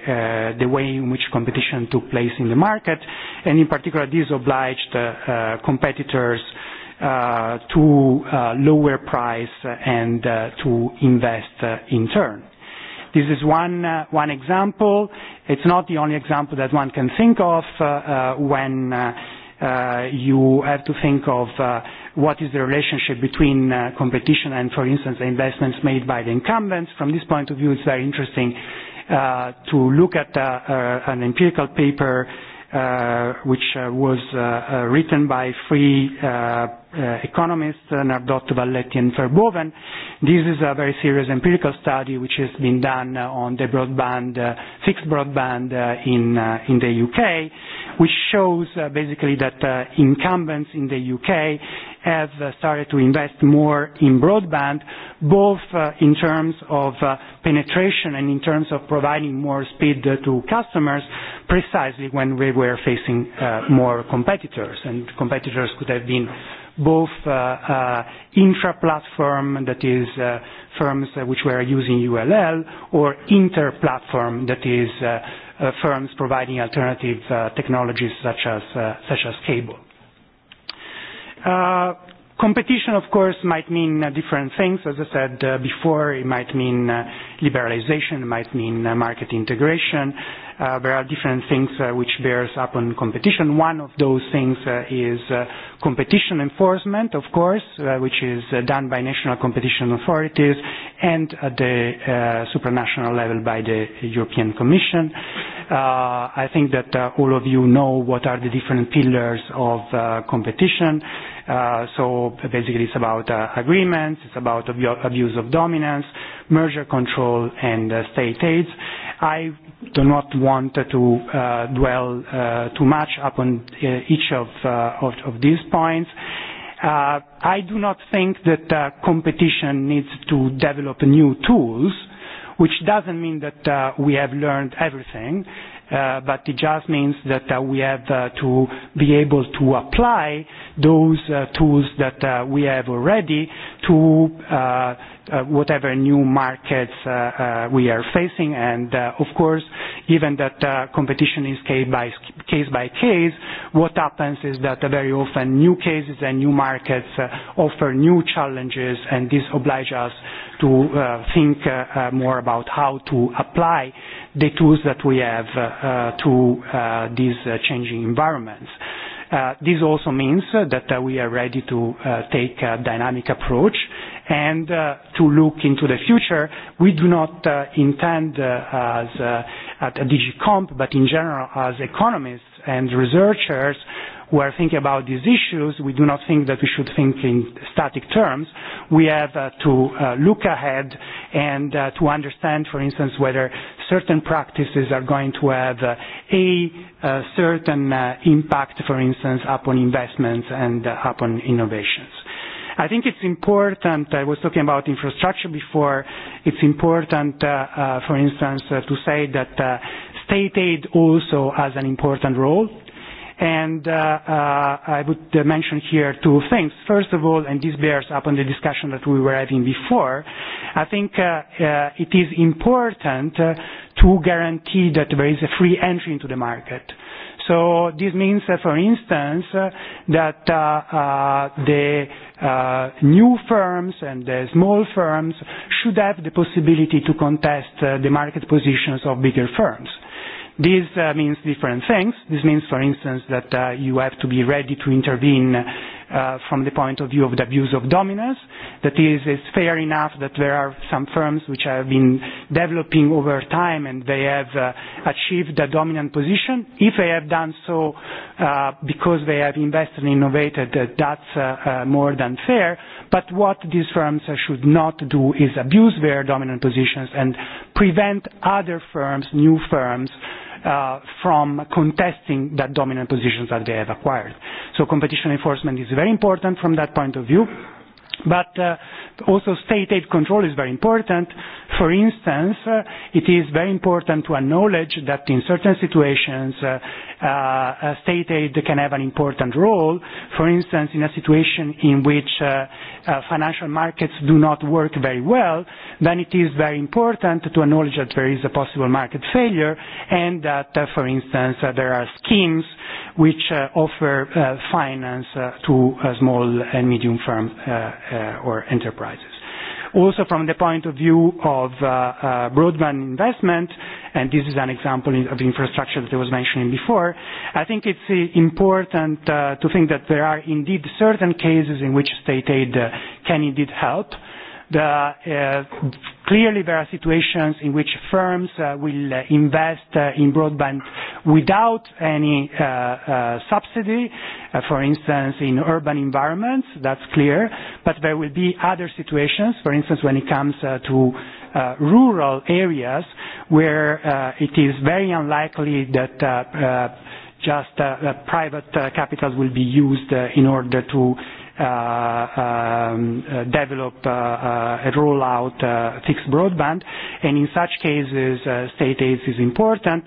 uh, the way in which competition took place in the market, and in particular this obliged uh, uh, competitors uh, to uh, lower price and uh, to invest uh, in turn. This is one, uh, one example. It's not the only example that one can think of uh, uh, when uh, uh, you have to think of uh, what is the relationship between uh, competition and, for instance, the investments made by the incumbents. From this point of view, it's very interesting uh, to look at uh, uh, an empirical paper uh, which uh, was uh, uh, written by three uh, uh, economists, uh, Nardot, Valletti, and Verboven. This is a very serious empirical study which has been done uh, on the broadband, uh, fixed broadband uh, in, uh, in the UK. Uh, which shows uh, basically that uh, incumbents in the UK have uh, started to invest more in broadband, both uh, in terms of uh, penetration and in terms of providing more speed uh, to customers, precisely when we were facing uh, more competitors. And competitors could have been both uh, uh, intra-platform, that is, uh, firms uh, which were using ULL, or inter-platform, that is, uh, uh, firms providing alternative uh, technologies such as, uh, such as cable. Uh, Competition, of course, might mean uh, different things. As I said uh, before, it might mean uh, liberalization, it might mean uh, market integration. Uh, there are different things uh, which bears up on competition. One of those things uh, is uh, competition enforcement, of course, uh, which is uh, done by national competition authorities and at the uh, supranational level by the European Commission. Uh, I think that uh, all of you know what are the different pillars of uh, competition. Uh, Uh, so basically it's about uh, agreements, it's about ab abuse of dominance, merger control and uh, state aids. I do not want to uh, dwell uh, too much upon uh, each of, uh, of, of these points. Uh, I do not think that uh, competition needs to develop new tools, which doesn't mean that uh, we have learned everything. Uh, Uh, but it just means that uh, we have uh, to be able to apply those uh, tools that uh, we have already to uh, Uh, whatever new markets uh, uh, we are facing. Of course, given that competition is case by case, what happens is that very often new cases and new markets offer new challenges, and this oblige us to think more about how to apply the tools that we have to these changing environments. This also means that we are ready to take a dynamic approach Uh, to look into the future, we do not uh, intend uh, at DG COMP, but in general, as economists and researchers who are thinking about these issues, we do not think that we should think in static terms. We have to look ahead and to understand, for instance, whether certain practices are going to have a certain impact, for instance, upon investments and upon innovations. I think it's important, I was talking about infrastructure before, it's important, uh, uh, for instance, uh, to say that uh, state aid also has an important role. And uh, uh, I would uh, mention here two things. First of all, and this bears upon the discussion that we were having before, I think uh, uh, it is important uh, to guarantee that there is a free entry into the market. So this means, uh, for instance, uh, that uh, uh, the uh, new firms and the small firms should have the possibility to contest uh, the market positions of bigger firms. This uh, means different things. This means, for instance, that uh, you have to be ready to intervene uh, from the point of view of the abuse of dominance. That is, it's fair enough that there are some firms which have been developing over time and they have uh, achieved a dominant position. If they have done so uh, because they have invested and innovated, uh, that's uh, uh, more than fair. But what these firms uh, should not do is abuse their dominant positions and prevent other firms, new firms, uh, uh, from contesting that dominant position that they have acquired. So competition enforcement is very important from that point of view. But uh, also state aid control is very important. For instance, uh, it is very important to acknowledge that in certain situations, uh, uh, state aid can have an important role. For instance, in a situation in which uh, uh, financial markets do not work very well, then it is very important to acknowledge that there is a possible market failure and that, uh, for instance, uh, there are schemes which uh, offer uh, finance uh, to uh, small and medium firms. Uh, Uh, or enterprises. Also, from the point of view of uh, uh, broadband investment, and this is an example of infrastructure that I was mentioning before, I think it's important to think that there are indeed certain cases in which state aid can indeed help the, uh, clearly there are situations in which firms uh, will uh, invest uh, in broadband without any uh, uh, subsidy, uh, for instance, in urban environments, that's clear, but there will be other situations, for instance, when it comes uh, to uh, rural areas where uh, it is very unlikely that uh, uh, just uh, uh, private uh, capital will be used uh, in order to Uh, um, uh, develop uh, uh, and roll out uh, fixed broadband, and in such cases, uh, state aid is important.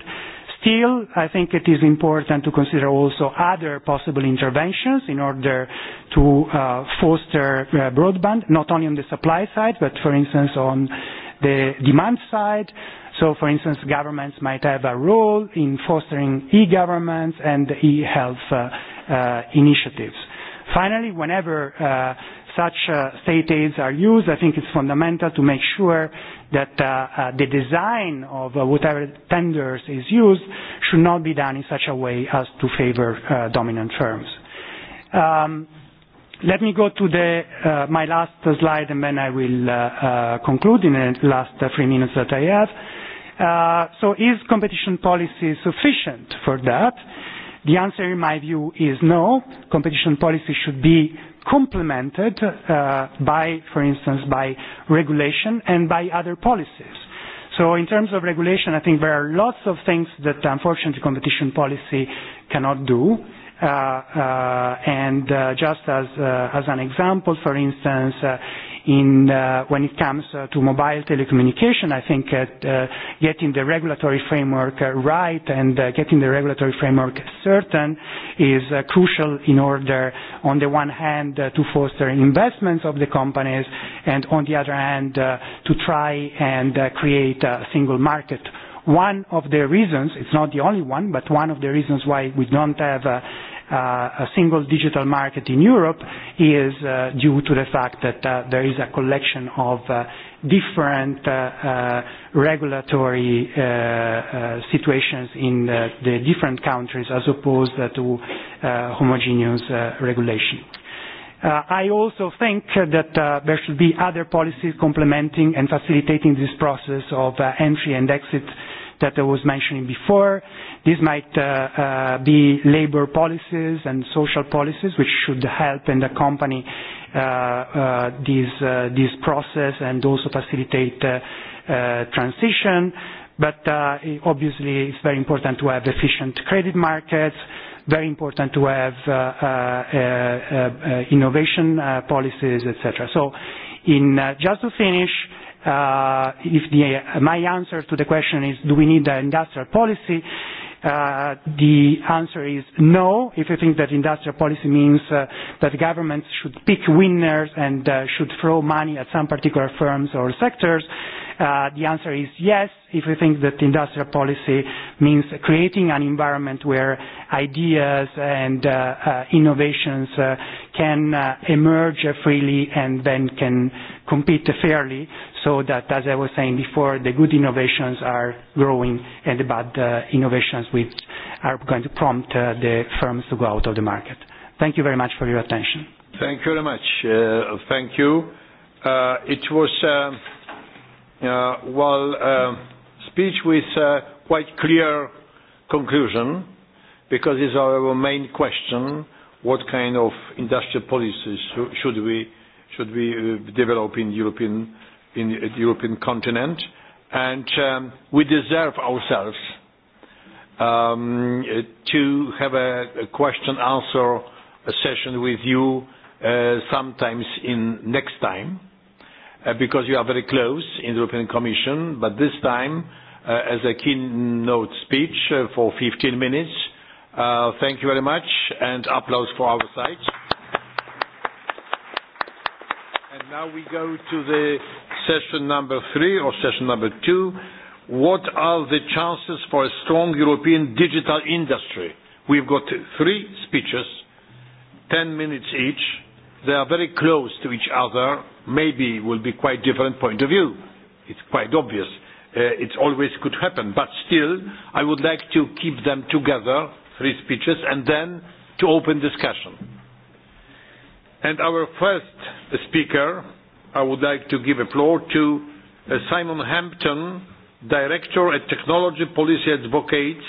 Still, I think it is important to consider also other possible interventions in order to uh, foster uh, broadband, not only on the supply side, but for instance on the demand side. So, for instance, governments might have a role in fostering e-governments and e-health uh, uh, initiatives. Finally, whenever uh, such uh, state aids are used, I think it's fundamental to make sure that uh, uh, the design of uh, whatever tenders is used should not be done in such a way as to favor uh, dominant firms. Um, let me go to the, uh, my last slide and then I will uh, uh, conclude in the last uh, three minutes that I have. Uh, so is competition policy sufficient for that? Uh, The answer, in my view, is no. Competition policy should be complemented uh, by, for instance, by regulation and by other policies. So in terms of regulation, I think there are lots of things that, unfortunately, competition policy cannot do. Uh, uh, and uh, just as, uh, as an example, for instance, uh, in uh, when it comes uh, to mobile telecommunication, I think uh, getting the regulatory framework right and getting the regulatory framework certain is crucial in order, on the one hand, to foster investments of the companies, and on the other hand, to try and create a single market. One of the reasons, it's not the only one, but one of the reasons why we don't have Uh, a single digital market in Europe is uh, due to the fact that uh, there is a collection of uh, different uh, uh, regulatory uh, uh, situations in the, the different countries as opposed to uh, homogeneous uh, regulation. Uh, I also think that uh, there should be other policies complementing and facilitating this process of uh, entry and exit uh, that I was mentioning before. This might uh, uh, be labor policies and social policies which should help and accompany uh, uh, this, uh, this process and also facilitate uh, uh, transition. But uh, obviously it's very important to have efficient credit markets, very important to have uh, uh, uh, uh, innovation uh, policies, etc. So in uh, just to finish, uh, uh, if the, uh, my answer to the question is do we need an industrial policy, uh, the answer is no, if you think that industrial policy means uh, that governments should pick winners and uh, should throw money at some particular firms or sectors. Uh, Uh, the answer is yes, if we think that industrial policy means creating an environment where ideas and uh, uh, innovations uh, can uh, emerge freely and then can compete fairly so that, as I was saying before, the good innovations are growing and the bad uh, innovations which are going to prompt uh, the firms to go out of the market. Thank you very much for your attention. Thank you very much. Uh, thank you. Uh, it was... Uh uh, well, uh, speech with a uh, quite clear conclusion, because this is our main question, what kind of industrial policies sh should we, should we uh, develop in the European, in, uh, European continent, and um, we deserve ourselves um, to have a, a question-answer session with you uh, sometimes in next time. Uh, because you are very close in the European Commission, but this time, uh, as a keynote speech uh, for 15 minutes. Thank you very much, and applause for our side. Now we go to the session number three or session number two. What are the chances for a strong European digital industry? We've got three speeches, 10 minutes each, they are very close to each other, maybe will be quite different point of view. It's quite obvious. Uh, it always could happen. But still, I would like to keep them together, three speeches, and then to open discussion. And our first speaker, I would like to give a floor to uh, Simon Hampton, Director at Technology Policy Advocates.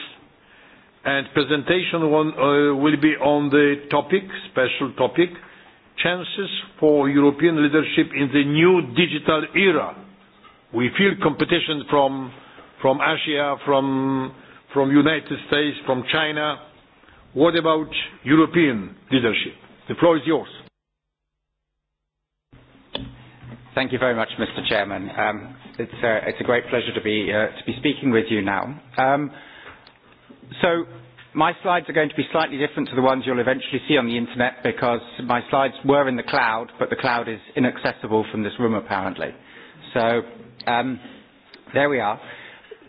And presentation one, uh, will be on the topic, special topic, uh, chances for European leadership in the new digital era. We feel competition from, from Asia, from from United States, from China. What about European leadership? The floor is yours. Thank you very much, Mr. Chairman. Um, it's, uh, it's a great pleasure to be, uh, to be speaking with you now. Um, so, My slides are going to be slightly different to the ones you'll eventually see on the internet because my slides were in the cloud, but the cloud is inaccessible from this room apparently. So um, there we are.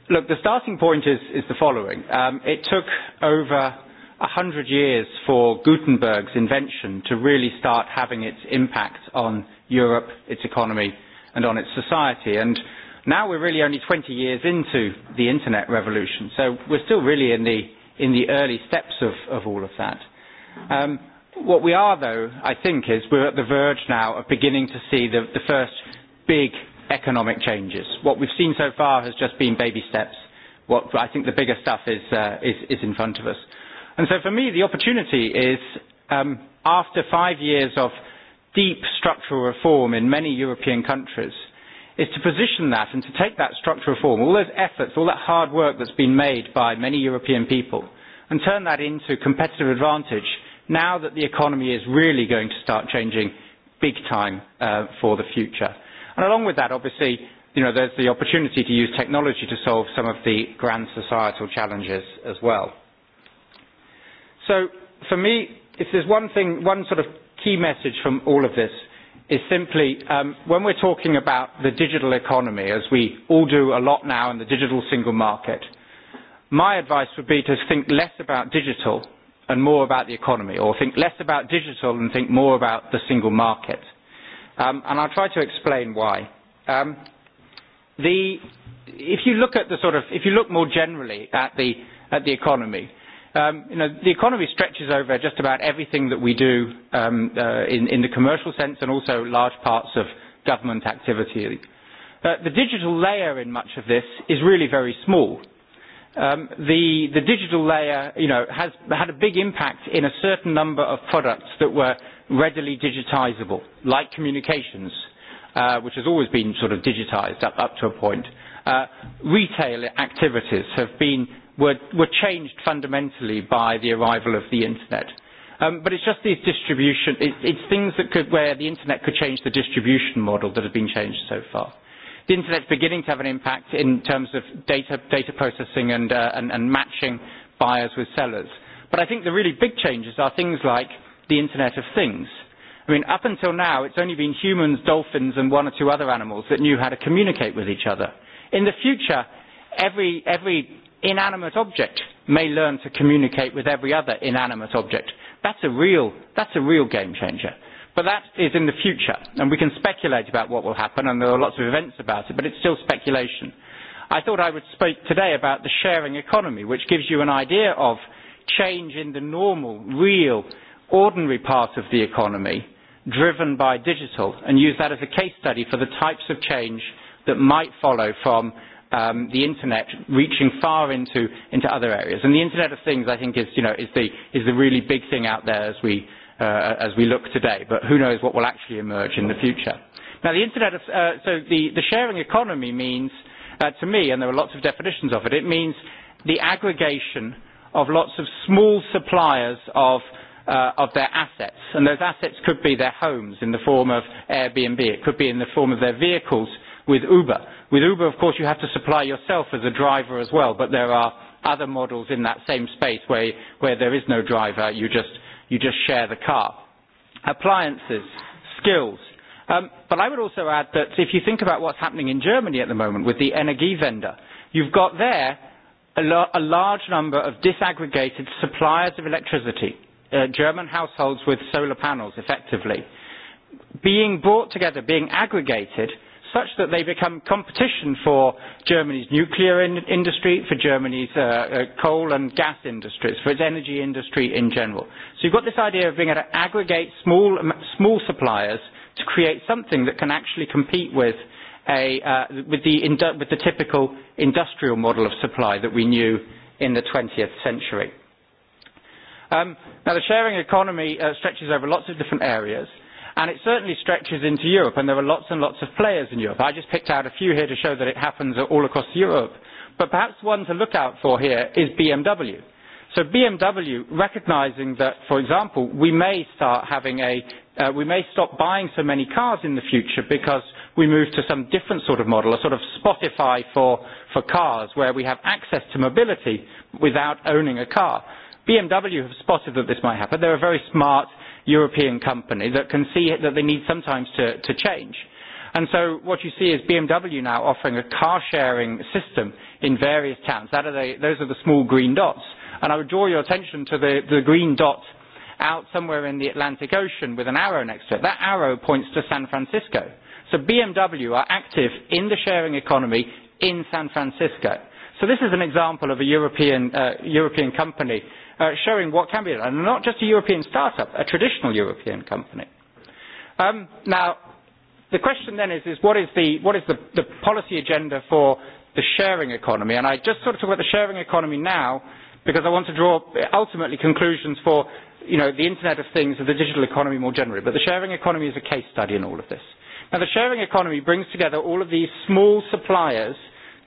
Look, the starting point is, is the following. Um, it took over 100 years for Gutenberg's invention to really start having its impact on Europe, its economy, and on its society. And now we're really only 20 years into the internet revolution. So we're still really in the in the early steps of, of all of that. Um, what we are, though, I think, is we're at the verge now of beginning to see the, the first big economic changes. What we've seen so far has just been baby steps. What I think the bigger stuff is, uh, is, is in front of us. And so for me, the opportunity is um, after five years of deep structural reform in many European countries, is to position that and to take that structural reform, all those efforts, all that hard work that's been made by many European people, and turn that into competitive advantage now that the economy is really going to start changing big time uh, for the future. And along with that, obviously, you know, there's the opportunity to use technology to solve some of the grand societal challenges as well. So for me, if there's one thing, one sort of key message from all of this, is simply um, when we're talking about the digital economy, as we all do a lot now in the digital single market, my advice would be to think less about digital and more about the economy, or think less about digital and think more about the single market. Um, and I'll try to explain why. Um, the, if you look at the sort of, if you look more generally at the, at the economy, Um, the economy stretches over just about everything that we do um, uh, in the commercial sense and also large parts of government activity. Uh, the digital layer in much of this is really very small. Um, the digital layer has had a big impact in a certain number of products that were readily digitizable, like communications, uh, which has always been sort of digitized up to a point. Retail activities have been were, were changed fundamentally by the arrival of the internet. Um, but it's just these distribution, it, it's things that could, where the internet could change the distribution model that have been changed so far. The internet's beginning to have an impact in terms of data, data processing and, uh, and, and matching buyers with sellers. But I think the really big changes are things like the internet of things. I mean, up until now, it's only been humans, dolphins, and one or two other animals that knew how to communicate with each other. In the future, every, every inanimate object may learn to communicate with every other inanimate object. That's a real, that's a real game changer. But that is in the future, and we can speculate about what will happen, and there are lots of events about it, but it's still speculation. I thought I would speak today about the sharing economy, which gives you an idea of change in the normal, real, ordinary part of the economy driven by digital, and use that as a case study for the types of change that might follow from um, the internet reaching far into, into other areas. And the Internet of Things, I think, is, you know, is, the, is the really big thing out there as we, uh, as we look today. But who knows what will actually emerge in the future. Now, the Internet of, uh, so the, the sharing economy means, uh, to me, and there are lots of definitions of it, it means the aggregation of lots of small suppliers of, uh, of their assets. And those assets could be their homes in the form of Airbnb. It could be in the form of their vehicles with Uber. With Uber, of course, you have to supply yourself as a driver as well, but there are other models in that same space where, where there is no driver, you just, you just share the car. Appliances, skills. Um, but I would also add that if you think about what's happening in Germany at the moment with the Energiewende, you've got there a, lo- a large number of disaggregated suppliers of electricity, uh, German households with solar panels, effectively, being brought together, being aggregated such that they become competition for Germany's nuclear in- industry, for Germany's uh, uh, coal and gas industries, for its energy industry in general. So you've got this idea of being able to aggregate small, small suppliers to create something that can actually compete with, a, uh, with, the, with the typical industrial model of supply that we knew in the 20th century. Um, now, the sharing economy uh, stretches over lots of different areas. And it certainly stretches into Europe, and there are lots and lots of players in Europe. I just picked out a few here to show that it happens all across Europe. But perhaps one to look out for here is BMW. So BMW, recognizing that, for example, we may start having a, uh, we may stop buying so many cars in the future because we move to some different sort of model, a sort of Spotify for, for cars, where we have access to mobility without owning a car. BMW have spotted that this might happen. They're a very smart European company that can see that they need sometimes to, to change. And so what you see is BMW now offering a car sharing system in various towns. That are the, those are the small green dots. And I would draw your attention to the, the green dot out somewhere in the Atlantic Ocean with an arrow next to it. That arrow points to San Francisco. So BMW are active in the sharing economy in San Francisco. This is an example of a European uh, company uh, showing what can be done, and not just a European startup, a traditional European company. Um, the question then is, what is the policy agenda for the sharing economy? I just sort of talk about the sharing economy now because I want to draw ultimately conclusions for the Internet of Things or the digital economy more generally. The sharing economy is a case study in all of this. The sharing economy brings together all of these small suppliers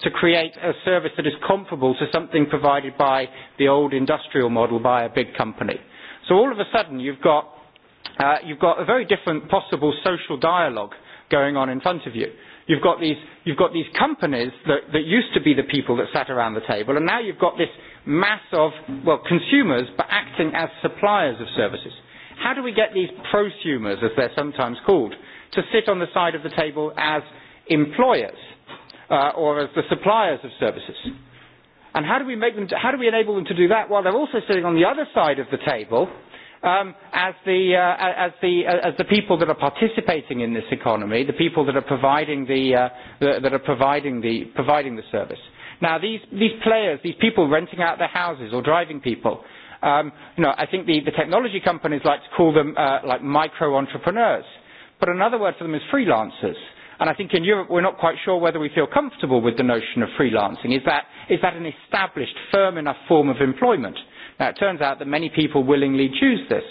to create a service that is comparable to something provided by the old industrial model by a big company. So all of a sudden, you've got, uh, you've got a very different possible social dialogue going on in front of you. You've got these, you've got these companies that, that used to be the people that sat around the table, and now you've got this mass of, well, consumers, but acting as suppliers of services. How do we get these prosumers, as they're sometimes called, to sit on the side of the table as employers? uh, or as the suppliers of services. And how do, we make them to, how do we enable them to do that? Well, they're also sitting on the other side of the table um, as, the, uh, as, the, uh, as the people that are participating in this economy, the people that are providing the, uh, the, that are providing the, providing the service. Now, these, these players, these people renting out their houses or driving people, um, you know, I think the, the technology companies like to call them uh, like micro-entrepreneurs. But another word for them is freelancers. And I think in Europe we're not quite sure whether we feel comfortable with the notion of freelancing. Is that, is that an established, firm enough form of employment? Now it turns out that many people willingly choose this.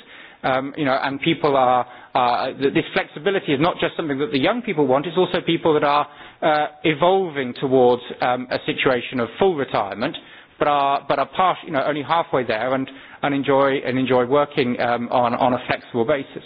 Um, you know, and people are, uh, this flexibility is not just something that the young people want, it's also people that are uh, evolving towards um, a situation of full retirement, but are, but are part, you know, only halfway there and, and, enjoy, and enjoy working um, on, on a flexible basis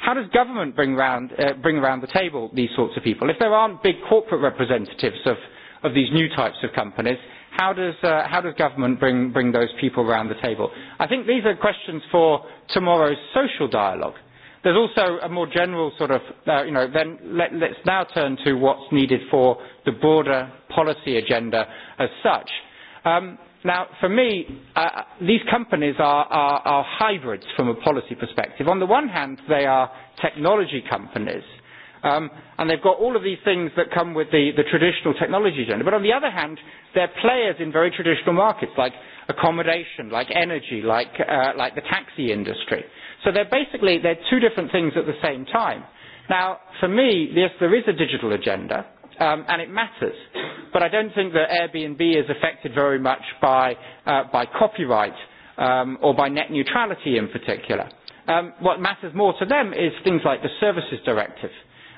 how does government bring around, uh, bring around the table these sorts of people? If there aren't big corporate representatives of, of these new types of companies, how does, uh, how does government bring, bring those people around the table? I think these are questions for tomorrow's social dialogue. There's also a more general sort of, uh, you know, then let, let's now turn to what's needed for the broader policy agenda as such. Um, Now, for me, uh, these companies are, are, are hybrids from a policy perspective. On the one hand, they are technology companies, um, and they've got all of these things that come with the, the traditional technology agenda. But on the other hand, they're players in very traditional markets, like accommodation, like energy, like, uh, like the taxi industry. So they're basically they're two different things at the same time. Now, for me, yes, there is a digital agenda. Um, and it matters. But I don't think that Airbnb is affected very much by, uh, by copyright um, or by net neutrality in particular. Um, what matters more to them is things like the services directive,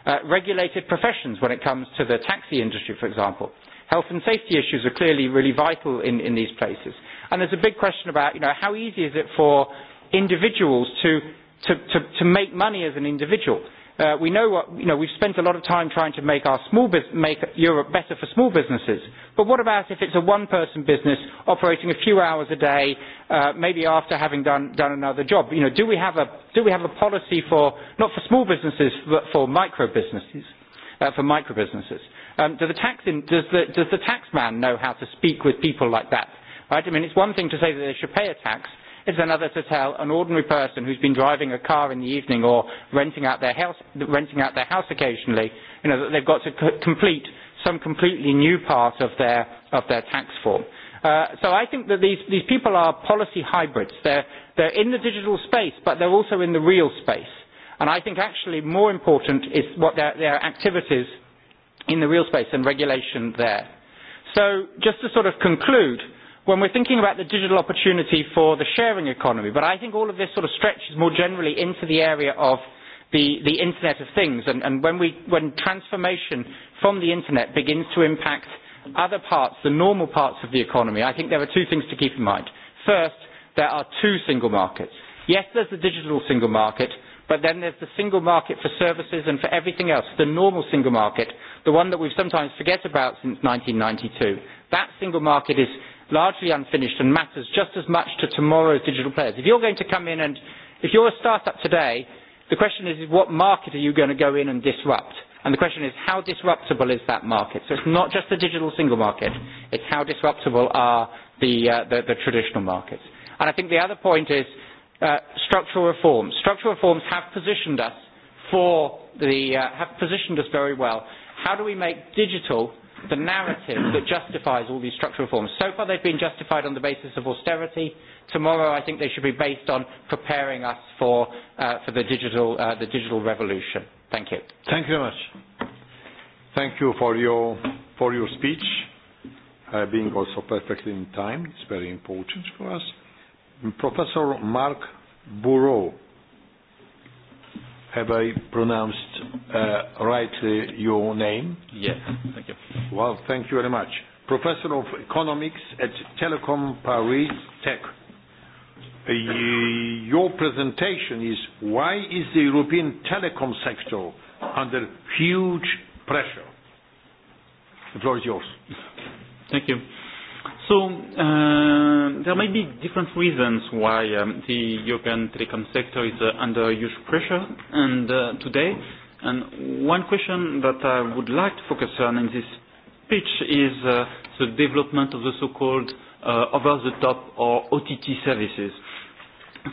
uh, regulated professions when it comes to the taxi industry, for example. Health and safety issues are clearly really vital in, in these places. And there's a big question about you know, how easy is it for individuals to, to, to, to make money as an individual. Uh, we know what, you know, we've spent a lot of time trying to make, our small bus- make Europe better for small businesses, but what about if it's a one-person business operating a few hours a day, uh, maybe after having done, done another job? You know, do, we have a, do we have a policy for, not for small businesses, but for micro-businesses? Uh, for micro-businesses? Um, do the tax in, does, the, does the tax man know how to speak with people like that? Right? I mean, it's one thing to say that they should pay a tax, is another to tell an ordinary person who's been driving a car in the evening or renting out their house, renting out their house occasionally you know, that they've got to c- complete some completely new part of their, of their tax form. Uh, so I think that these, these people are policy hybrids. They're, they're in the digital space, but they're also in the real space. And I think actually more important is what their, their activities in the real space and regulation there. So just to sort of conclude, uh, when we're thinking about the digital opportunity for the sharing economy, but I think all of this sort of stretches more generally into the area of the, the Internet of Things. And, and when, we, when transformation from the Internet begins to impact other parts, the normal parts of the economy, I think there are two things to keep in mind. First, there are two single markets. Yes, there's the digital single market, but then there's the single market for services and for everything else, the normal single market, the one that we've sometimes forget about since 1992. That single market is largely unfinished and matters just as much to tomorrow's digital players. If you're going to come in and if you're a startup today, the question is, is what market are you going to go in and disrupt? And the question is, how disruptable is that market? So it's not just the digital single market, it's how disruptable are the, uh, the, the traditional markets. And I think the other point is uh, structural reforms. Structural reforms have positioned us for the, uh, have positioned us very well. How do we make digital the narrative that justifies all these structural reforms. So far they've been justified on the basis of austerity. Tomorrow I think they should be based on preparing us for, uh, for the, digital, uh, the digital revolution. Thank you. Thank you very much. Thank you for your, for your speech. Uh, being also perfectly in time, it's very important for us. Professor Mark Bureau, have I pronounced Uh, write uh, your name? Yes, thank you. Well, thank you very much. Professor of Economics at Telecom Paris Tech. Uh, your presentation is why is the European telecom sector under huge pressure? The floor is yours. Thank you. So uh, there might be different reasons why um, the European telecom sector is uh, under huge pressure. And uh, today, uh, And one question that I would like to focus on in this pitch is uh, the development of the so-called uh, over-the-top or OTT services.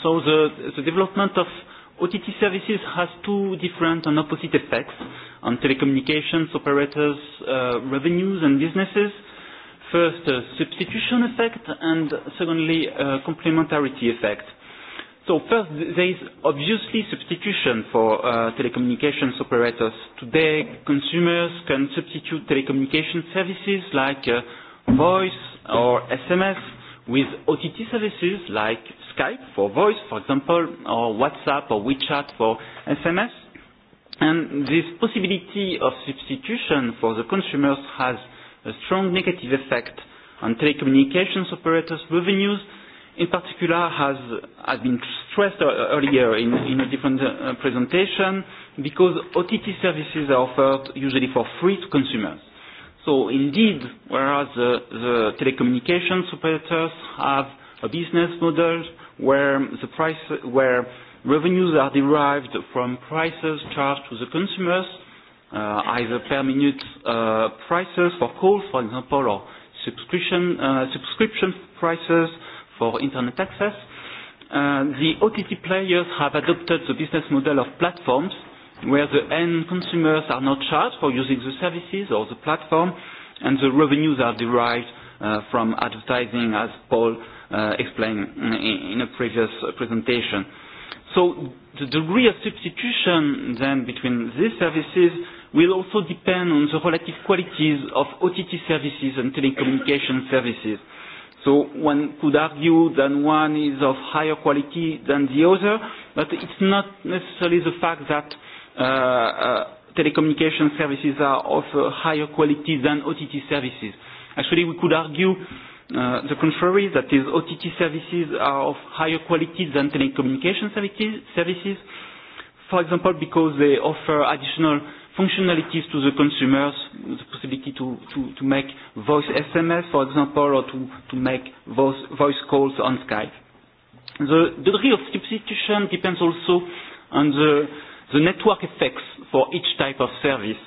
So the, the development of OTT services has two different and opposite effects on telecommunications operators' uh, revenues and businesses. First, a substitution effect, and secondly, a complementarity effect. Uh, So first, there is obviously substitution for uh, telecommunications operators. Today, consumers can substitute telecommunication services like uh, voice or SMS with OTT services like Skype for voice, for example, or WhatsApp or WeChat for SMS. And this possibility of substitution for the consumers has a strong negative effect on telecommunications operators' revenues in particular, has, has been stressed earlier in, in a different uh, presentation, because OTT services are offered usually for free to consumers. So indeed, whereas uh, the telecommunications operators have a business model where, the price, where revenues are derived from prices charged to the consumers, uh, either per minute uh, prices for calls, for example, or subscription, uh, subscription prices, for internet access. Uh, the OTT players have adopted the business model of platforms where the end consumers are not charged for using the services or the platform and the revenues are derived uh, from advertising as Paul uh, explained in, in a previous uh, presentation. So the degree of substitution then between these services will also depend on the relative qualities of OTT services and telecommunication services. So one could argue that one is of higher quality than the other, but it's not necessarily the fact that uh, uh, telecommunication services are of a higher quality than OTT services. Actually, we could argue uh, the contrary, that is, OTT services are of higher quality than telecommunication services, for example, because they offer additional uh, functionalities to the consumers, the possibility to, to, to make voice SMS, for example, or to, to make voice, voice calls on Skype. The degree of substitution depends also on the, the network effects for each type of service.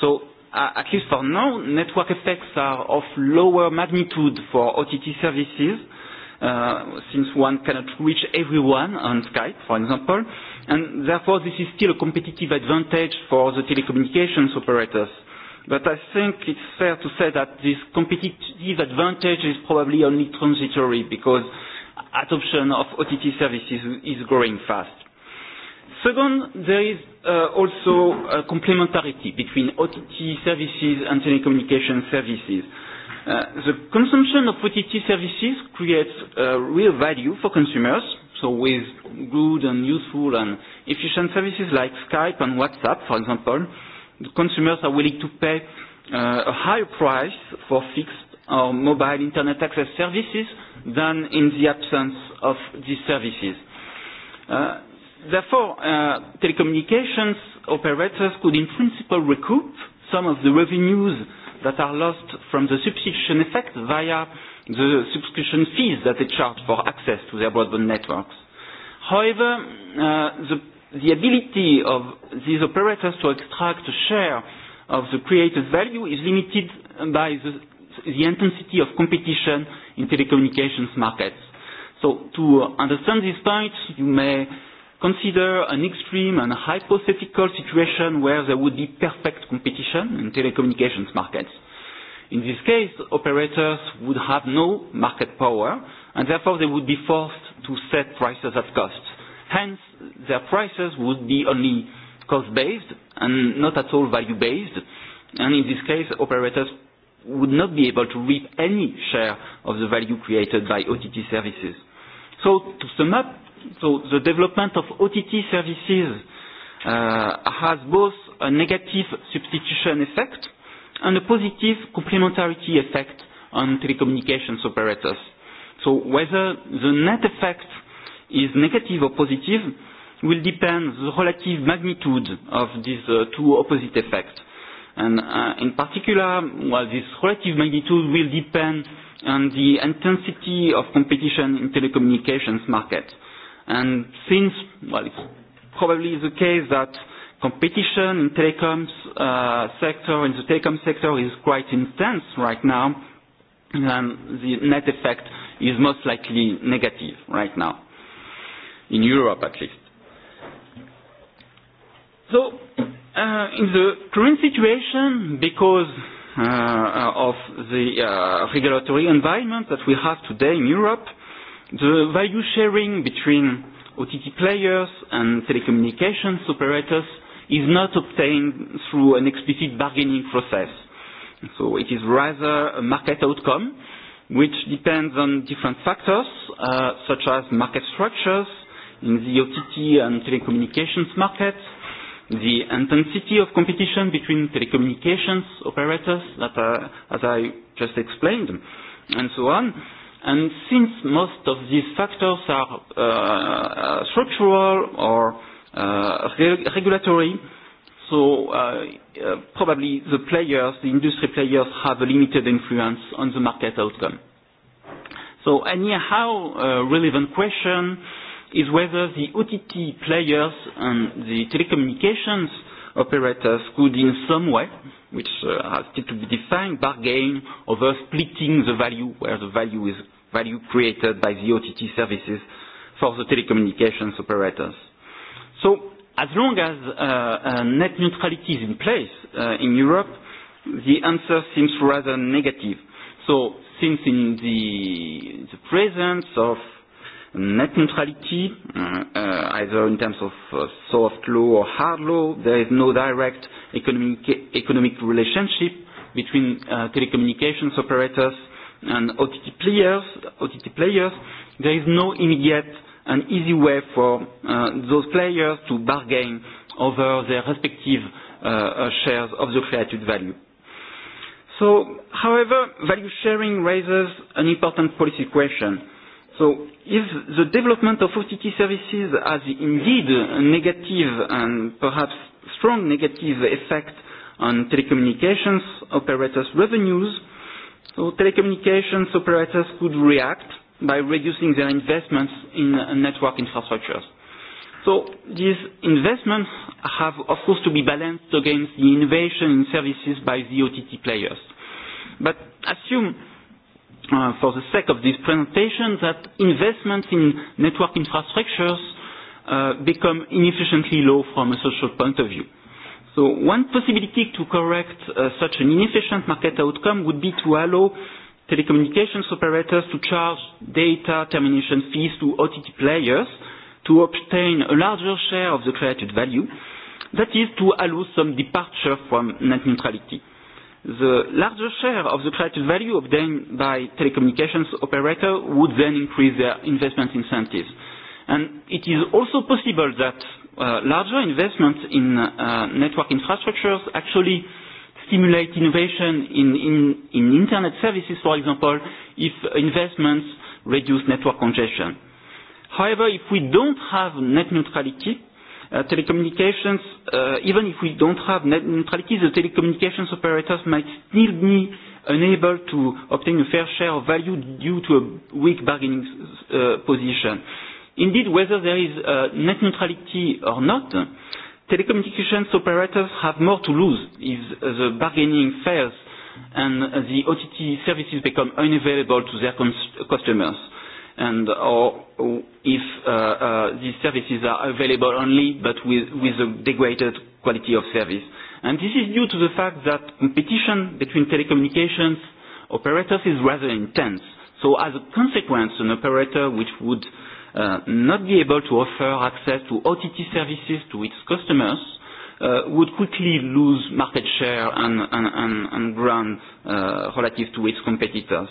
So, uh, at least for now, network effects are of lower magnitude for OTT services, uh, since one cannot reach everyone on Skype, for example and therefore this is still a competitive advantage for the telecommunications operators. But I think it's fair to say that this competitive advantage is probably only transitory because adoption of OTT services is growing fast. Second, there is uh, also a complementarity between OTT services and telecommunication services. Uh, Uh, the consumption of OTT services creates a real value for consumers. So with good and useful and efficient services like Skype and WhatsApp, for example, the consumers are willing to pay uh, a higher price for fixed or mobile internet access services than in the absence of these services. Uh, therefore, uh, telecommunications operators could in principle recoup some of the revenues uh, that are lost from the subscription effect via the subscription fees that they charge for access to their broadband networks. However, uh, the, the ability of these operators to extract a share of the created value is limited by the, the intensity of competition in telecommunications markets. So to understand this point, you may uh, consider an extreme and hypothetical situation where there would be perfect competition in telecommunications markets. In this case, operators would have no market power and therefore they would be forced to set prices at cost. Hence, their prices would be only cost based and not at all value based. And in this case, operators would not be able to reap any share of the value created by OTT services. So, to sum up, So the development of OTT services uh, has both a negative substitution effect and a positive complementarity effect on telecommunications operators. So whether the net effect is negative or positive will depend the relative magnitude of these uh, two opposite effects. And uh, in particular, well, this relative magnitude will depend on the intensity of competition in telecommunications markets. And since, well, it's probably the case that competition in telecoms uh, sector, in the telecom sector, is quite intense right now, then the net effect is most likely negative right now, in Europe at least. So, uh, in the current situation, because uh, of the uh, regulatory environment that we have today in Europe, The value sharing between OTT players and telecommunications operators is not obtained through an explicit bargaining process. So it is rather a market outcome, which depends on different factors, uh, such as market structures in the OTT and telecommunications markets, the intensity of competition between telecommunications operators, that, uh, as I just explained, and so on. And since most of these factors are uh, structural or uh, re regulatory, so uh, uh, probably the players, the industry players, have a limited influence on the market outcome. So anyhow, a uh, relevant question is whether the OTT players and the telecommunications operators could in some way, which uh, has still to be defined, bargain over splitting the value where the value is value created by the OTT services for the telecommunications operators. So as long as uh, uh, net neutrality is in place uh, in Europe, the answer seems rather negative. So since in the, the presence of net neutrality, uh, uh, either in terms of uh, soft law or hard law. There is no direct economic, economic relationship between uh, telecommunications operators and OTT players, OTT players. There is no immediate and easy way for uh, those players to bargain over their respective uh, uh, shares of the created value. So, however, value sharing raises an important policy question. Uh, If the development of OTT services has indeed a negative and perhaps strong negative effect on telecommunications operators' revenues, telecommunications operators could react by reducing their investments in uh, network infrastructures. These investments have, of course, to be balanced against the innovation in services by the OTT players. Assume Uh, for the sake of this presentation that investments in network infrastructures uh, become inefficiently low from a social point of view. So one possibility to correct uh, such an inefficient market outcome would be to allow telecommunications operators to charge data termination fees to OTT players to obtain a larger share of the created value, that is to allow some departure from net neutrality the larger share of the created value obtained by telecommunications operator would then increase their investment incentives. And it is also possible that uh, larger investments in uh, network infrastructures actually stimulate innovation in, in, in internet services, for example, if investments reduce network congestion. However, if we don't have net neutrality, Uh, telecommunications, uh, even if we don't have net neutrality, the telecommunications operators might still be unable to obtain a fair share of value due to a weak bargaining uh, position. Indeed, whether there is uh, net neutrality or not, telecommunications operators have more to lose if the bargaining fails and the OTT services become unavailable to their cons customers and or if uh, uh, these services are available only but with, with a degraded quality of service. And this is due to the fact that competition between telecommunications operators is rather intense. So as a consequence, an operator which would uh, not be able to offer access to OTT services to its customers uh, would quickly lose market share and, and, and, and ground uh, relative to its competitors.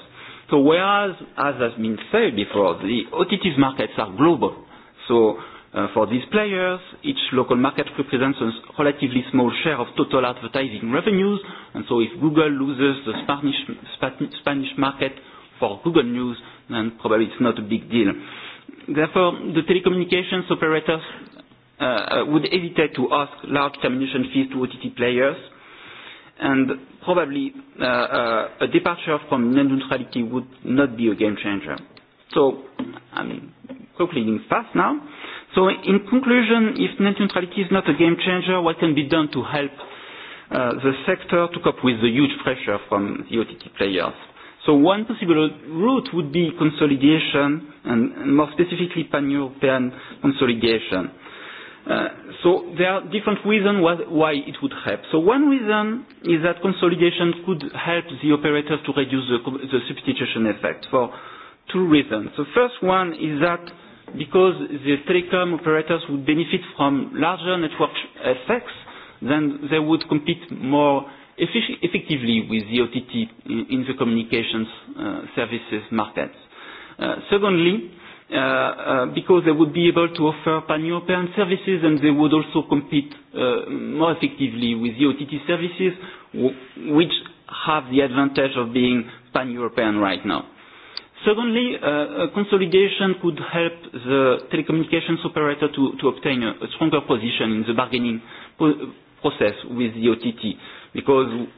So whereas, as has been said before, the OTTs markets are global. So uh, for these players, each local market represents a relatively small share of total advertising revenues. And so if Google loses the Spanish, Spanish market for Google News, then probably it's not a big deal. Therefore, the telecommunications operators uh, uh would hesitate to ask large termination fees to OTT players. And probably uh, uh, a departure from net neutrality would not be a game changer. So I'm concluding fast now. So in conclusion, if net neutrality is not a game changer, what can be done to help uh, the sector to cope with the huge pressure from the OTT players? So one possible route would be consolidation, and more specifically pan-European consolidation. Uh, so there are different reasons why it would help. So one reason is that consolidation could help the operators to reduce the substitution effect for two reasons. The first one is that because the telecom operators would benefit from larger network effects, then they would compete more effectively with the OTT in the communications uh, services market. Uh, secondly, Uh, uh, because they would be able to offer pan-European services and they would also compete uh, more effectively with the OTT services, w- which have the advantage of being pan-European right now. Secondly, uh, consolidation could help the telecommunications operator to, to obtain a, a stronger position in the bargaining po- process with the OTT because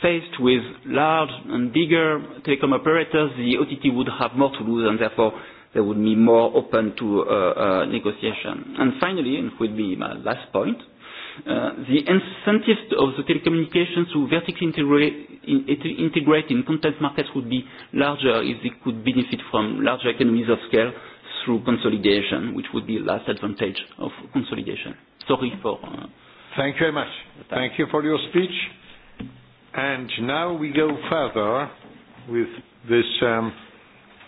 faced with large and bigger telecom operators, the OTT would have more to lose and therefore they would be more open to uh, uh, negotiation. And finally, and it will be my last point, uh, the incentives of the telecommunications to vertically integrate in, integrate in content markets would be larger if they could benefit from larger economies of scale through consolidation, which would be the last advantage of consolidation. Sorry for. Uh, Thank you very much. Thank you for your speech. And now we go further with this. Um,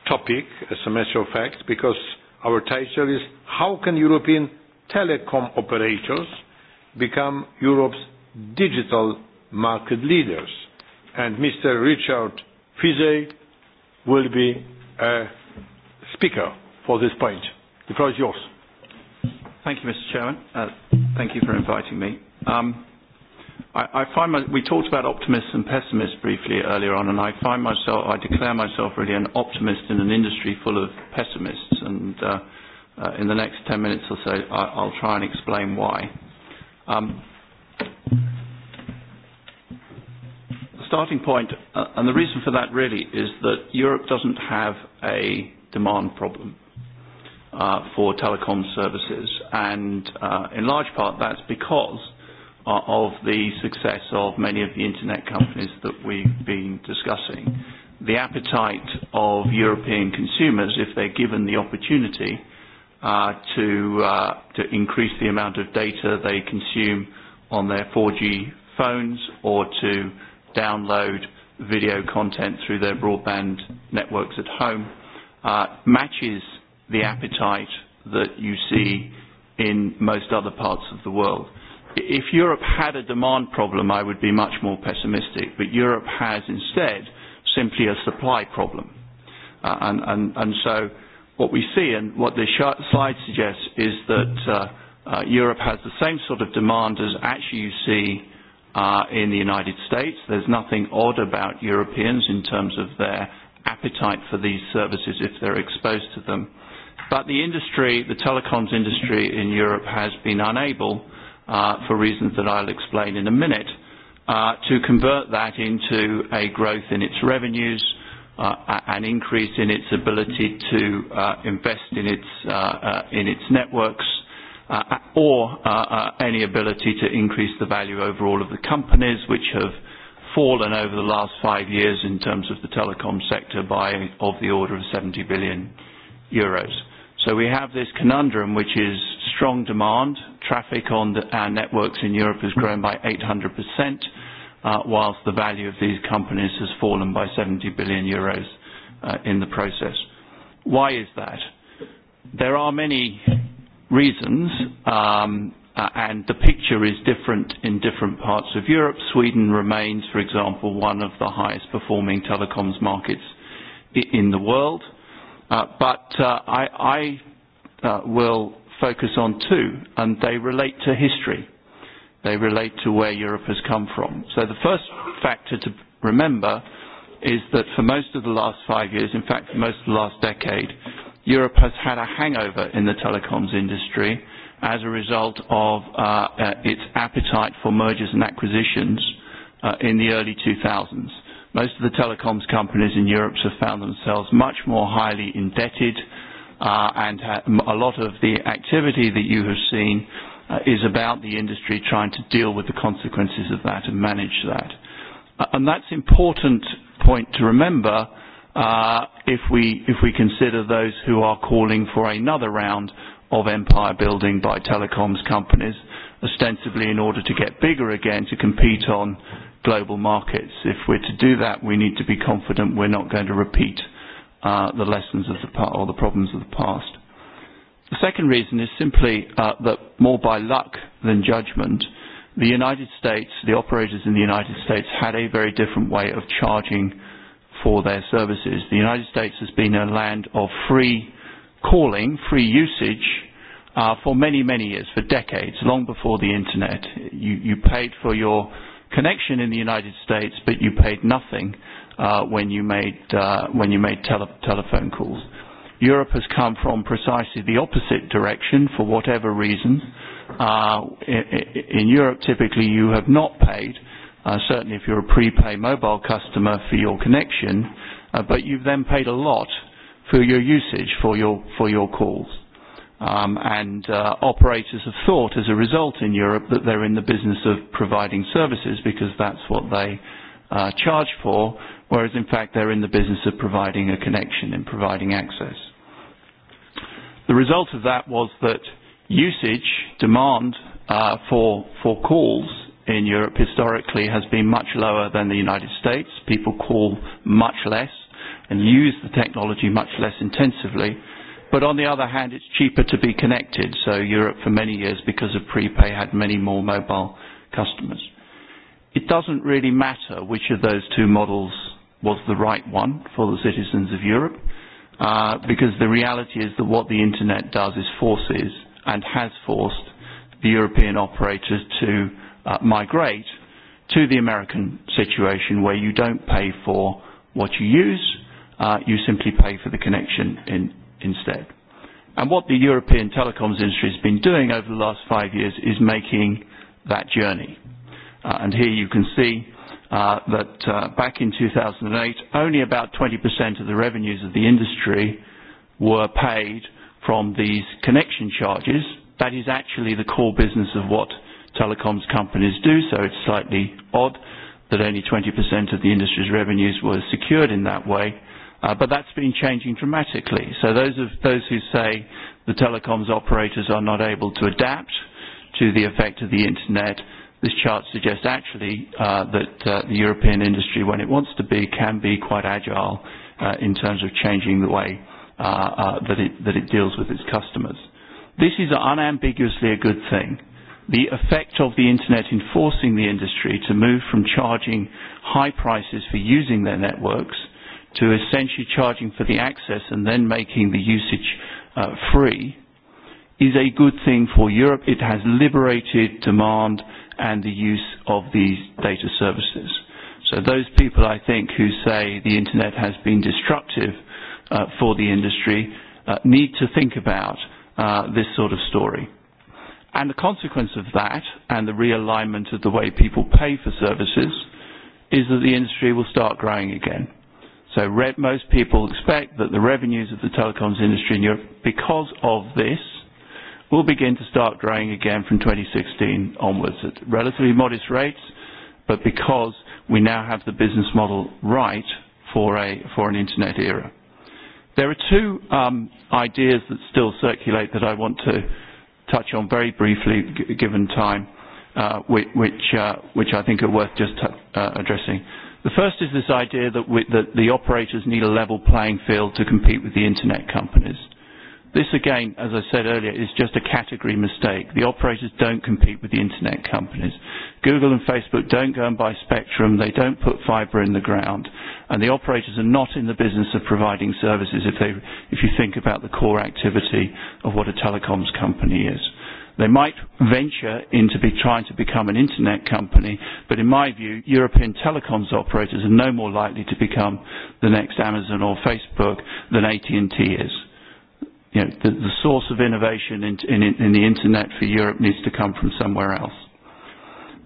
topic, as a matter of fact, because our title is How Can European Telecom Operators Become Europe's Digital Market Leaders? And Mr. Richard Fizet will be a uh, speaker for this point. The floor is yours. Thank you, Mr. Chairman. Uh, thank you for inviting me. Um, I find my, we talked about optimists and pessimists briefly earlier on, and I find myself, I declare myself really an optimist in an industry full of pessimists. And uh, uh, in the next 10 minutes or so, I, I'll try and explain why. Um, the starting point, uh, and the reason for that really, is that Europe doesn't have a demand problem uh, for telecom services. And uh, in large part, that's because of the success of many of the internet companies that we've been discussing. The appetite of European consumers, if they're given the opportunity uh, to, uh, to increase the amount of data they consume on their 4G phones or to download video content through their broadband networks at home, uh, matches the appetite that you see in most other parts of the world if Europe had a demand problem, I would be much more pessimistic. But Europe has instead simply a supply problem. Uh, and, and, and so what we see and what this sh- slide suggests is that uh, uh, Europe has the same sort of demand as actually you see uh, in the United States. There's nothing odd about Europeans in terms of their appetite for these services if they're exposed to them. But the industry, the telecoms industry in Europe has been unable uh, Uh, for reasons that I'll explain in a minute, uh, to convert that into a growth in its revenues, uh, an increase in its ability to invest in its networks, or any ability to increase the value overall of the companies, which have fallen over the last five years in terms of the telecom sector by of the order of 70 billion euros. So we have this conundrum, which is strong demand. Traffic on the, our uh, networks in Europe has grown by 800 percent, uh, whilst the value of these companies has fallen by 70 billion euros uh, in the process. Why is that? There are many reasons, um, uh, and the picture is different in different parts of Europe. Sweden remains, for example, one of the highest performing telecoms markets in the world. Uh, but uh, I, I uh, will focus on two, and they relate to history. They relate to where Europe has come from. So the first factor to remember is that for most of the last five years, in fact, for most of the last decade, Europe has had a hangover in the telecoms industry as a result of uh, uh, its appetite for mergers and acquisitions uh, in the early 2000s. Most of the telecoms companies in Europe have found themselves much more highly indebted, uh, and ha a lot of the activity that you have seen uh, is about the industry trying to deal with the consequences of that and manage that. Uh, and that's important point to remember uh, if, we, if we consider those who are calling for another round of empire building by telecoms companies, ostensibly in order to get bigger again to compete on uh, global markets. If we're to do that, we need to be confident we're not going to repeat uh, the lessons of the past or the problems of the past. The second reason is simply uh, that more by luck than judgment, the United States, the operators in the United States, had a very different way of charging for their services. The United States has been a land of free calling, free usage, uh, for many, many years, for decades, long before the internet. You, you paid for your connection in the United States, but you paid nothing uh, when you made, uh, when you made tele telephone calls. Europe has come from precisely the opposite direction for whatever reason. Uh, in, in Europe, typically, you have not paid, uh, certainly if you're a prepaid mobile customer for your connection, uh, but you've then paid a lot for your usage, for your, for your calls um, and uh, operators have thought as a result in Europe that they're in the business of providing services because that's what they uh, charge for, whereas in fact they're in the business of providing a connection and providing access. The result of that was that usage, demand uh, for, for calls in Europe historically has been much lower than the United States. People call much less and use the technology much less intensively. But on the other hand, it's cheaper to be connected. So Europe, for many years, because of prepay, had many more mobile customers. It doesn't really matter which of those two models was the right one for the citizens of Europe, uh, because the reality is that what the internet does is forces and has forced the European operators to uh, migrate to the American situation where you don't pay for what you use, uh, you simply pay for the connection in instead. What the European telecoms industry has been doing over the last five years is making that journey. Uh, here you can see uh, that uh, back in 2008, only about 20% of the revenues of the industry were paid from these connection charges. That is actually the core business of what telecoms companies do, so it's slightly odd that only 20% of the industry's revenues were secured in that way. Uh, but that's been changing dramatically. So those of those who say the telecoms operators are not able to adapt to the effect of the internet, this chart suggests actually uh, that uh, the European industry, when it wants to be, can be quite agile uh, in terms of changing the way uh, uh, that it that it deals with its customers. This is unambiguously a good thing. The effect of the internet in forcing the industry to move from charging high prices for using their networks to essentially charging for the access and then making the usage uh, free is a good thing for Europe. It has liberated demand and the use of these data services. So those people, I think, who say the internet has been destructive uh, for the industry uh, need to think about uh, this sort of story. And the consequence of that and the realignment of the way people pay for services is that the industry will start growing again. So re- most people expect that the revenues of the telecoms industry in Europe, because of this, will begin to start growing again from 2016 onwards at relatively modest rates, but because we now have the business model right for, a, for an internet era. There are two um, ideas that still circulate that I want to touch on very briefly, g- given time, uh, which, uh, which I think are worth just t- uh, addressing. The first is this idea that, we, that the operators need a level playing field to compete with the internet companies. This again, as I said earlier, is just a category mistake. The operators don't compete with the internet companies. Google and Facebook don't go and buy spectrum, they don't put fiber in the ground, and the operators are not in the business of providing services if, they, if you think about the core activity of what a telecoms company is. They might venture into be trying to become an internet company, but in my view, European telecoms operators are no more likely to become the next Amazon or Facebook than AT&T is. You know, the, the source of innovation in, in, in the internet for Europe needs to come from somewhere else.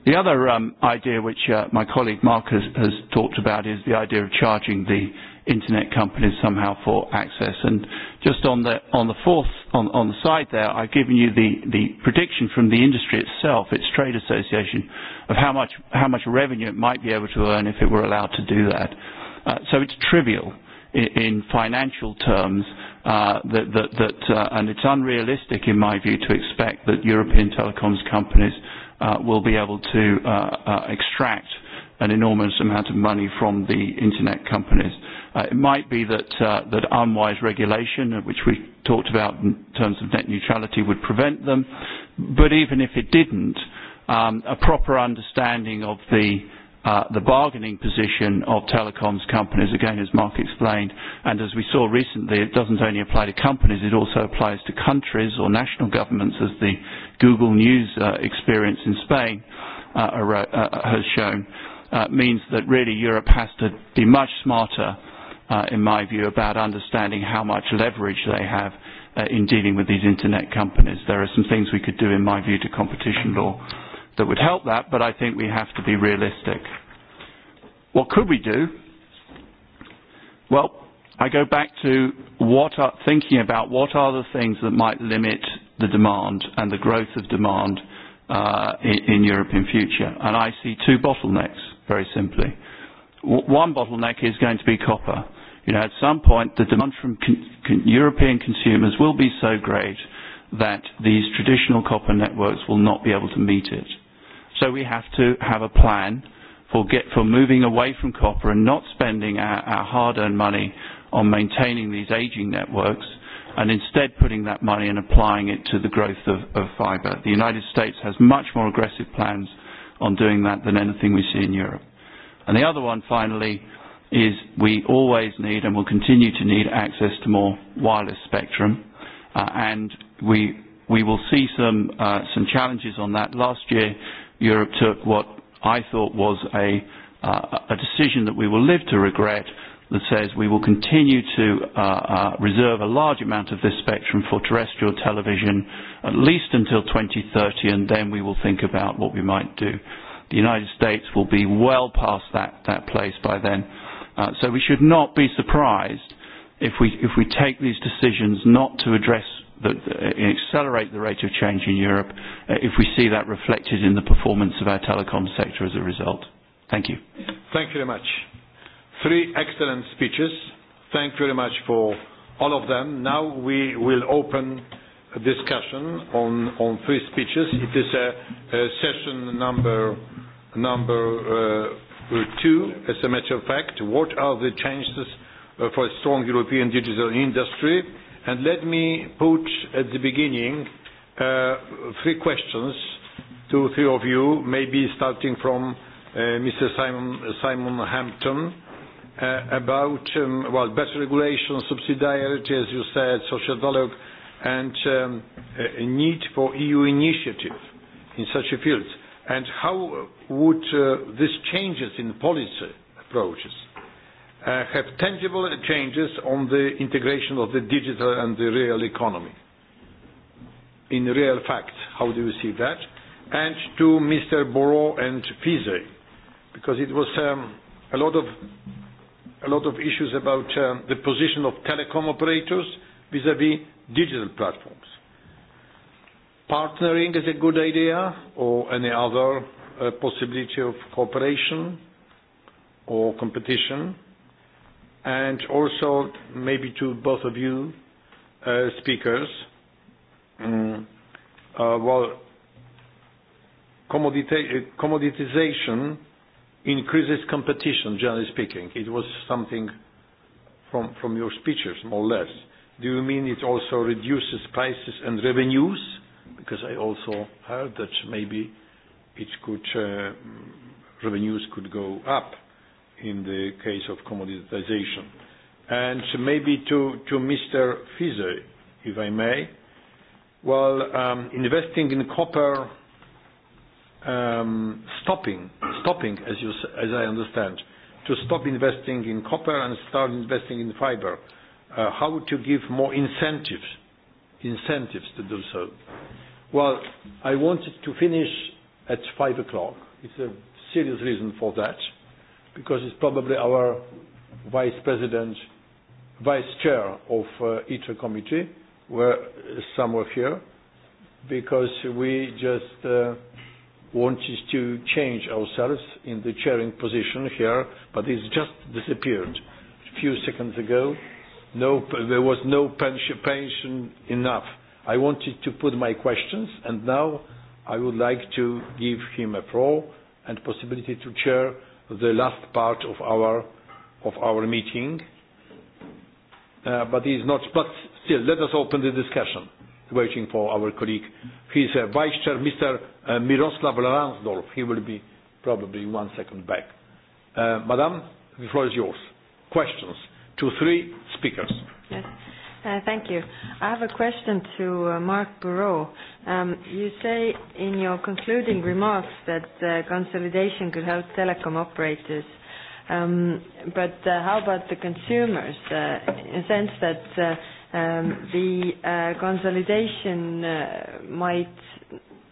The other um, idea which uh, my colleague Mark has, has talked about is the idea of charging the internet companies somehow for access. And just on the on the fourth on, on the side there, I've given you the, the prediction from the industry itself, its trade association, of how much how much revenue it might be able to earn if it were allowed to do that. Uh, so it's trivial in financial terms uh, that, that, that, uh, and it's unrealistic in my view to expect that European telecoms companies uh, will be able to uh, uh, extract an enormous amount of money from the internet companies. Uh, Uh, it might be that, uh, that unwise regulation, uh, which we talked about in terms of net neutrality, would prevent them. But even if it didn't, um, a proper understanding of the, uh, the bargaining position of telecoms companies, again, as Mark explained, and as we saw recently, it doesn't only apply to companies, it also applies to countries or national governments, as the Google News uh, experience in Spain uh, uh, has shown, uh, means that really Europe has to be much smarter uh, in my view, about understanding how much leverage they have uh, in dealing with these internet companies. There are some things we could do, in my view, to competition law that would help that, but I think we have to be realistic. What could we do? Well, I go back to what are, thinking about what are the things that might limit the demand and the growth of demand uh, in, in Europe in future. And I see two bottlenecks, very simply. W one bottleneck is going to be copper. Uh, you know, at some point the demand from con- con- European consumers will be so great that these traditional copper networks will not be able to meet it. So we have to have a plan for get for moving away from copper and not spending our, our hard-earned money on maintaining these aging networks, and instead putting that money and applying it to the growth of, of fibre. The United States has much more aggressive plans on doing that than anything we see in Europe. And the other one, finally, is we always need and will continue to need access to more wireless spectrum uh, and we we will see some uh, some challenges on that last year Europe took what I thought was a uh, a decision that we will live to regret that says we will continue to uh, uh, reserve a large amount of this spectrum for terrestrial television at least until 2030 and then we will think about what we might do. The United States will be well past that, that place by then. Uh, Uh, so we should not be surprised if we, if we take these decisions not to address the, the, and uh, accelerate the rate of change in Europe uh, if we see that reflected in the performance of our telecom sector as a result. Thank you. Thank you very much. Three excellent speeches. Thank you very much for all of them. Now we will open a discussion on, on three speeches. It is a, a session number, number uh, Two, as a matter of fact, what are the chances uh, for a strong European digital industry? Let me put at the beginning uh, three questions to three of you, maybe starting from uh, Mr. Simon Hampton about, um, well, better regulation, subsidiarity, as you said, social dialogue, and um, a need for EU initiative in such a field and how would uh, these changes in policy approaches uh, have tangible changes on the integration of the digital and the real economy? In real fact, how do you see that? And to Mr. Borot and Fize, because it was um, a, lot of, a lot of issues about um, the position of telecom operators vis-à-vis digital platforms partnering is a good idea or any other uh, possibility of cooperation or competition. Also maybe to both of you uh, speakers. Mm, uh, well, commoditization increases competition, generally speaking. It was something from your speeches, more or less. Do you mean it also reduces prices and revenues? because I also heard that maybe uh, revenues could go up in the case of commoditization. Maybe to Mr. Fizer, if I may. Well, um, investing in copper, um, stopping, as I understand, to stop investing in copper and start investing in fiber. Uh, how to give more incentives to do so? Well, I wanted to finish at 5 o'clock. It's a serious reason for that, because it's probably our vice president, vice chair of uh, ITRA committee, where uh, some were here, because we just uh, wanted to change ourselves in the chairing position here, but it's just disappeared a few seconds ago. No, there was no pension, pension enough I wanted to put my questions, and now I would like to give him a floor and possibility to chair the last part of our meeting. Uh, still, let us open the discussion, waiting for our colleague. He's a Vice Chair, Mr. Uh, Mirosław Ransdorf. He will be probably one second back. Uh, madam, the floor is yours. Questions to three speakers. Yes. Uh, thank you. I have a question to uh, Mark Bourreau. Um, you say in your concluding remarks that uh, consolidation could help telecom operators. Um, how about the consumers? In a sense that um, the consolidation might,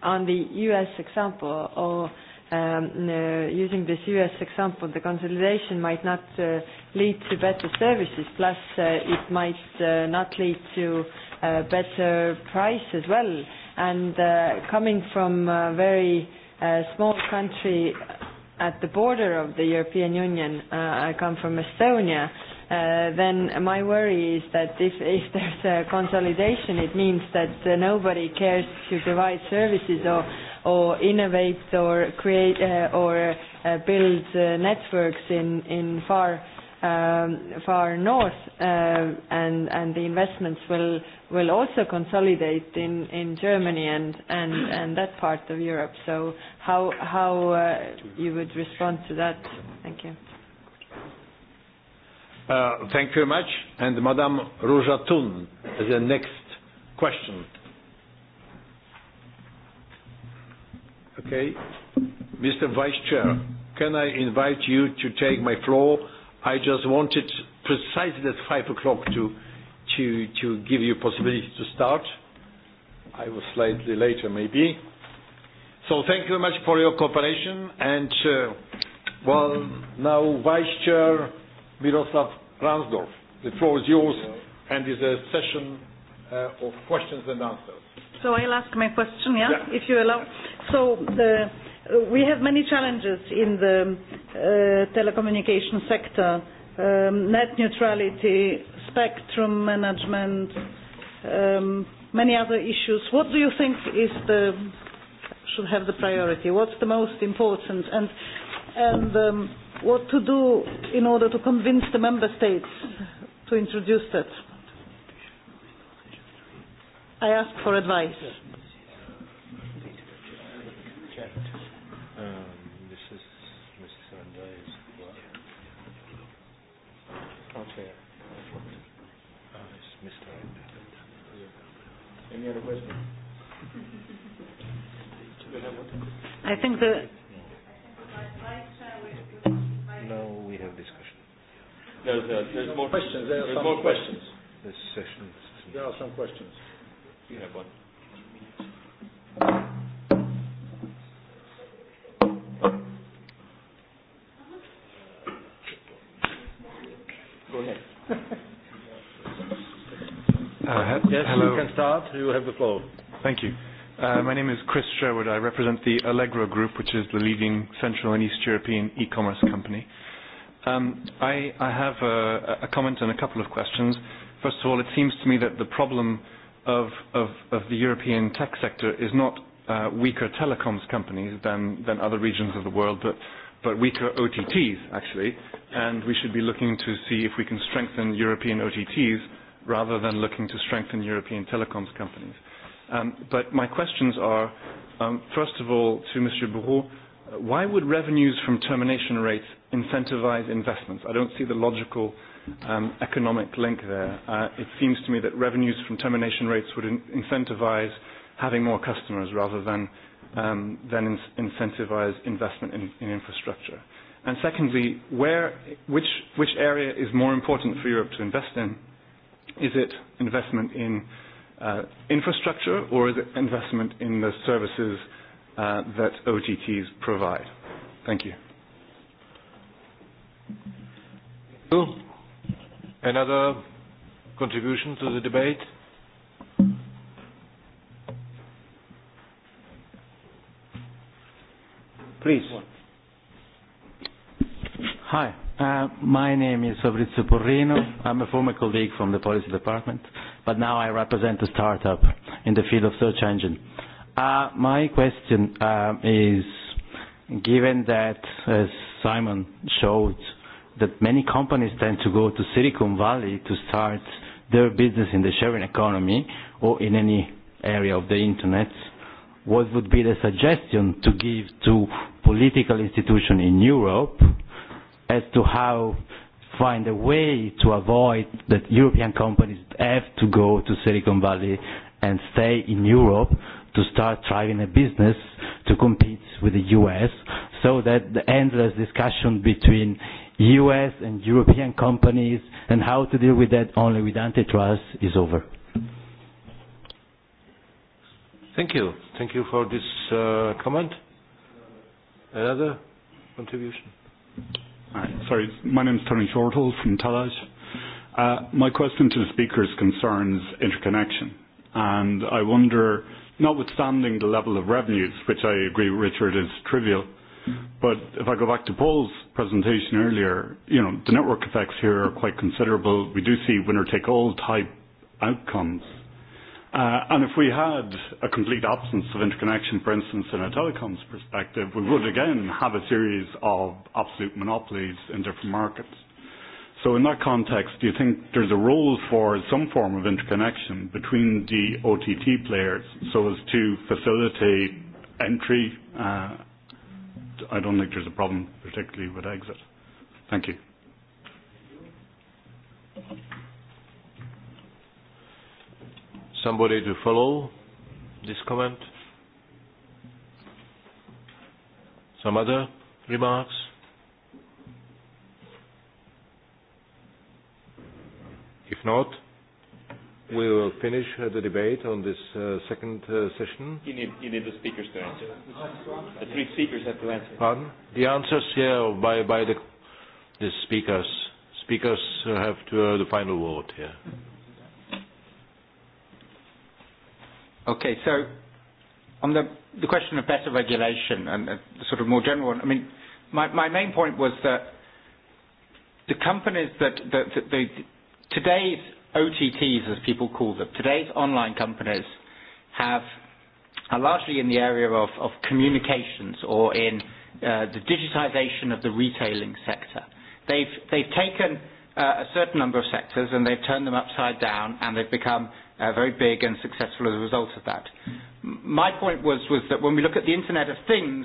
on the U.S. example or um, uh, using this US example, the consolidation might not uh, lead to better services, plus uh, it might uh, not lead to uh, better price as well. And uh, coming from a very uh, small country at the border of the European Union, uh, I come from Estonia, Uh, then my worry is that if there's a consolidation, it means that uh, nobody cares to provide services or innovate or create uh, or build networks in um, far north, and the investments will also consolidate in Germany and that part of Europe. How you would respond to that? Thank you. Uh, thank you very much. And Madame Rojatun is the next question. Okay. Mr. Vice Chair, can I invite you to take my floor? I just wanted precisely at 5 o'clock to, to, to give you possibility to start. I was slightly later, maybe. So thank you very much for your cooperation. And, uh, well, now, Vice Chair, Miroslav Ransdorf. The floor is yours, and is a session uh, of questions and answers. So I'll ask my question, yeah, yeah. if you allow. So the, uh, we have many challenges in the uh, telecommunication sector: um, net neutrality, spectrum management, um, many other issues. What do you think is the should have the priority? What's the most important? And and um, what to do in order to convince the member states to introduce that. I ask for advice. Any other questions? I think the No, no, there's, uh, there's more questions. There are there's some more questions. questions. This session. There are some questions. You have one. Go ahead. uh, he- yes, hello. you can start. You have the floor. Thank you. Uh, my name is Chris Sherwood. I represent the Allegro Group, which is the leading Central and East European e-commerce company. Um, I, I have a, a comment and a couple of questions. First of all, it seems to me that the problem of, of, of the European tech sector is not uh, weaker telecoms companies than, than other regions of the world, but, but weaker OTTs, actually. And we should be looking to see if we can strengthen European OTTs rather than looking to strengthen European telecoms companies. Um, but my questions are, um, first of all, to Mr. Bourreau, why would revenues from termination rates incentivize investments? I don't see the logical um, economic link there. Uh, it seems to me that revenues from termination rates would in incentivize having more customers rather than, um, than in incentivize investment in, in infrastructure. And secondly, where, which, which area is more important for Europe to invest in? Is it investment in uh, infrastructure or is it investment in the services? uh, that OTTs provide. Thank you. Thank you. Another contribution to the debate? Please. Hi, uh, my name is Fabrizio Porrino. I'm a former colleague from the policy department, but now I represent a startup in the field of search engine. Uh, my question uh, is, given that, as Simon showed, that many companies tend to go to Silicon Valley to start their business in the sharing economy or in any area of the internet, what would be the suggestion to give to political institution in Europe as to how find a way to avoid that European companies have to go to Silicon Valley and stay in Europe to start thriving a business to compete with the U.S. so that the endless discussion between U.S. and European companies and how to deal with that only with antitrust is over. Thank you. Thank you for this uh, comment. Another contribution? Hi, sorry, my name is Tony Shortle from Talaj. Uh, my question to the speakers concerns interconnection. And I wonder notwithstanding the level of revenues, which I agree, Richard, is trivial. If I go back to Paul's presentation earlier, the network effects here are quite considerable. We do see winner-take-all type outcomes. Uh, if we had a complete absence of interconnection, for instance, in a telecoms perspective, we would again have a series of absolute monopolies in different markets. So in that context, do you think there's a role for some form of interconnection between the OTT players so as to facilitate entry? Uh, I don't think there's a problem particularly with exit. Thank you. Somebody to follow this comment? Some other remarks? If not, we will finish uh, the debate on this uh, second uh, session. You need, you need the speakers to answer. The three speakers have to answer. Pardon? The answers here yeah, by, by the, the speakers. Speakers have to, uh, the final word here. Okay, so on the, the question of better regulation and uh, the sort of more general one, I mean, my, my main point was that the companies that, that, that they, today's OTTs, as people call them, today's online companies have are largely in the area of, of communications or in uh, the digitization of the retailing sector. They've, they've taken uh, a certain number of sectors and they've turned them upside down and they've become uh, very big and successful as a result of that. My point was, was that when we look at the Internet of Things,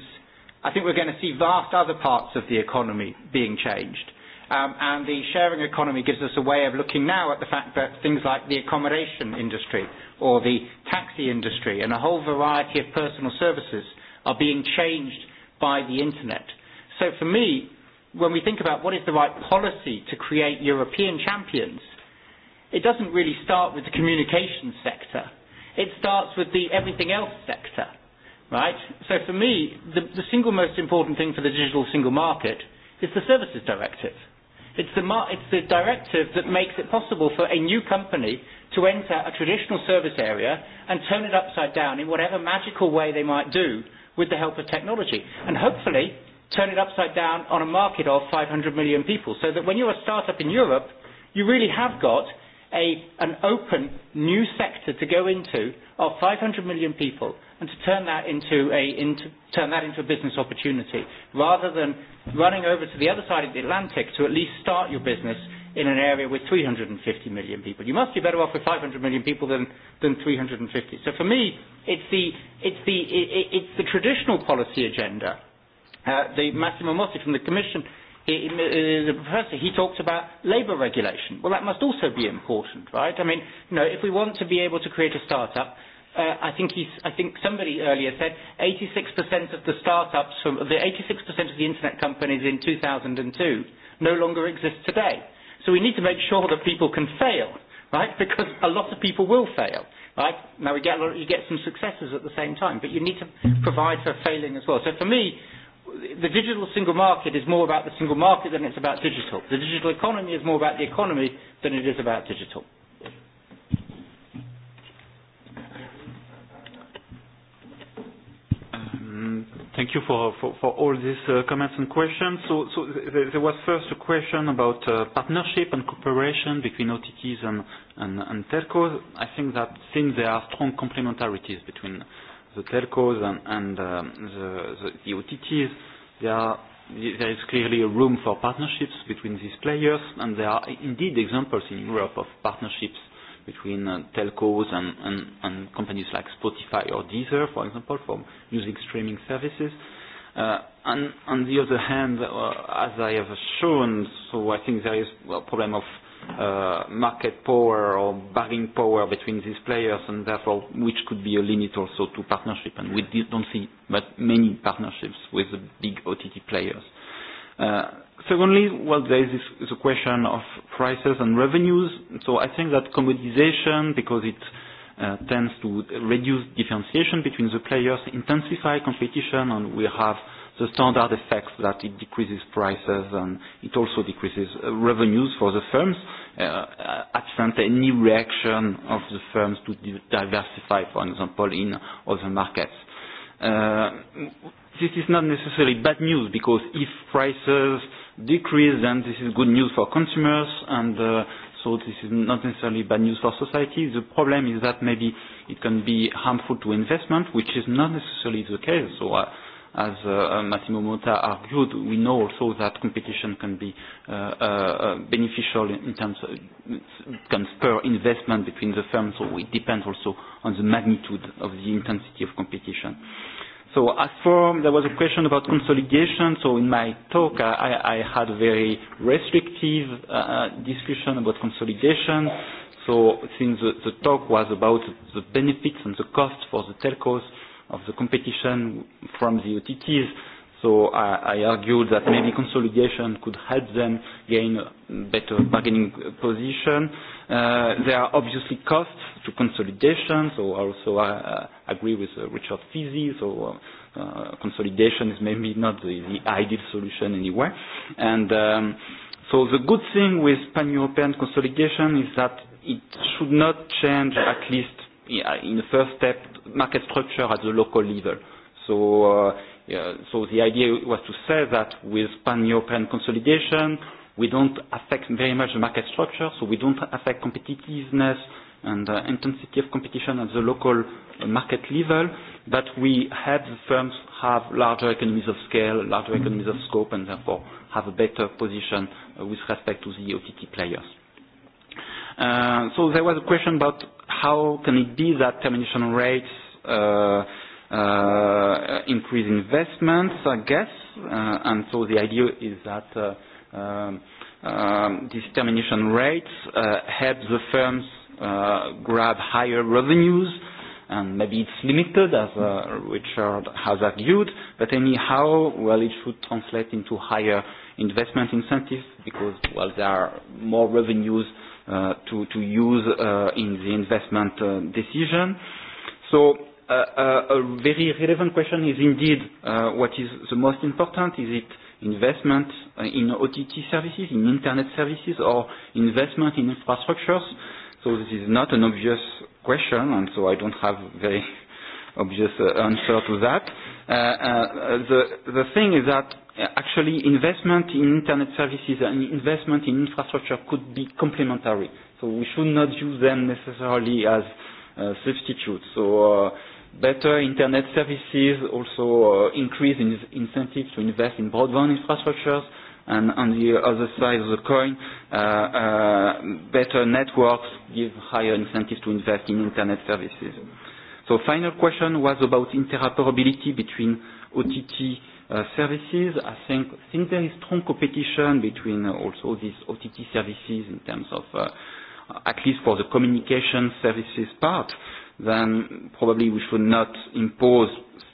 I think we're going to see vast other parts of the economy being changed um, and the sharing economy gives us a way of looking now at the fact that things like the accommodation industry or the taxi industry and a whole variety of personal services are being changed by the internet. So for me, when we think about what is the right policy to create European champions, it doesn't really start with the communication sector. It starts with the everything else sector, right? So for me, the, the single most important thing for the digital single market is the services directive. It's the, it's the directive that makes it possible for a new company to enter a traditional service area and turn it upside down in whatever magical way they might do with the help of technology. And hopefully, turn it upside down on a market of 500 million people. So that when you're a startup in Europe, you really have got a, an open new sector to go into of 500 million people and to turn that into a, into, turn that into a business opportunity rather than running over to the other side of the Atlantic to at least start your business in an area with 350 million people. You must be better off with 500 million people than, than 350. So for me, it's the, it's the, it, it, it's the traditional policy agenda. Uh, the Massimo Mossi from the Commission uh, in, uh, the professor, he talks about labour regulation. Well, that must also be important, right? I mean, you know, if we want to be able to create a startup, uh, I think he's, I think somebody earlier said 86% of the startups from the 86% of the internet companies in 2002 no longer exist today. So we need to make sure that people can fail, right? Because a lot of people will fail, right? Now we get a lot, you get some successes at the same time, but you need to provide for failing as well. So for me, the digital single market is more about the single market than it's about digital. The digital economy is more about the economy than it is about digital. Um, thank you for all these uh, comments and questions. There was first a question about uh, partnership and cooperation between OTTs and telcos. I think that since there are strong complementarities between the telcos and, and um, the, the, the OTTs, there, are, there is clearly a room for partnerships between these players, and there are indeed examples in Europe of partnerships between uh, telcos and, and, and companies like Spotify or Deezer, for example, for music streaming services. Uh, and on the other hand, uh, as I have shown, so I think there is a problem of Uh, market power or buying power between these players, and therefore, which could be a limit also to partnership. We don't see many partnerships with the big OTT players. Uh, secondly, well, there is the question of prices and revenues. I think that commoditization, because it uh, tends to reduce differentiation between the players, intensify competition, and we have the standard effect that it decreases prices and it also decreases uh, revenues for the firms, uh, absent any reaction of the firms to diversify, for example, in other markets. Uh, this is not necessarily bad news because if prices decrease, then this is good news for consumers and uh, so this is not necessarily bad news for society. The problem is that maybe it can be harmful to investment, which is not necessarily the case. So. Uh, as uh, uh Massimo Mota argued, we know also that competition can be uh, uh, uh beneficial in terms of, can spur investment between the firms, so it depends also on the magnitude of the intensity of competition. So as for, there was a question about consolidation, so in my talk I, I had a very restrictive uh, uh, discussion about consolidation, so since the, the talk was about the benefits and the costs for the telcos, uh, of the competition from the OTTs. So I, I argued that maybe consolidation could help them gain a better bargaining position. Uh, there are obviously costs to consolidation, so also I uh, agree with uh, Richard Fizzi, so uh, uh, consolidation is maybe not the, the ideal solution anyway. And um, so the good thing with pan-European consolidation is that it should not change at least in the first step, market structure at the local level. So, uh, yeah, so the idea was to say that with pan-European consolidation, we don't affect very much the market structure, so we don't affect competitiveness and uh, intensity of competition at the local uh, market level, but we help the firms have larger economies of scale, larger mm-hmm. economies of scope, and therefore have a better position uh, with respect to the OTT players. Uh, so there was a question about how can it be that termination rates uh, uh, increase investments, I guess? Uh, and so the idea is that uh, um, um, these termination rates uh, help the firms uh, grab higher revenues. And maybe it's limited, as uh, Richard has argued, but anyhow, well, it should translate into higher investment incentives because, well, there are more revenues uh, Uh, to use uh, in the investment uh, decision. A very relevant question is indeed, what is the most important? Is it investment in OTT services, in internet services, or investment in infrastructures? This is not an obvious question, and so I don't have very of just uh, answer to that. Uh, uh, the, the thing is that uh, actually investment in internet services and investment in infrastructure could be complementary. So we should not use them necessarily as uh, substitutes. So uh, better internet services also uh, increase in incentive to invest in broadband infrastructures. And on the other side of the coin, uh, uh, better networks give higher incentives to invest in internet services. Final question was about interoperability between OTT uh, services. I think since there is strong competition between uh, also these OTT services in terms of, uh, at least for the communication services part, then probably we should not impose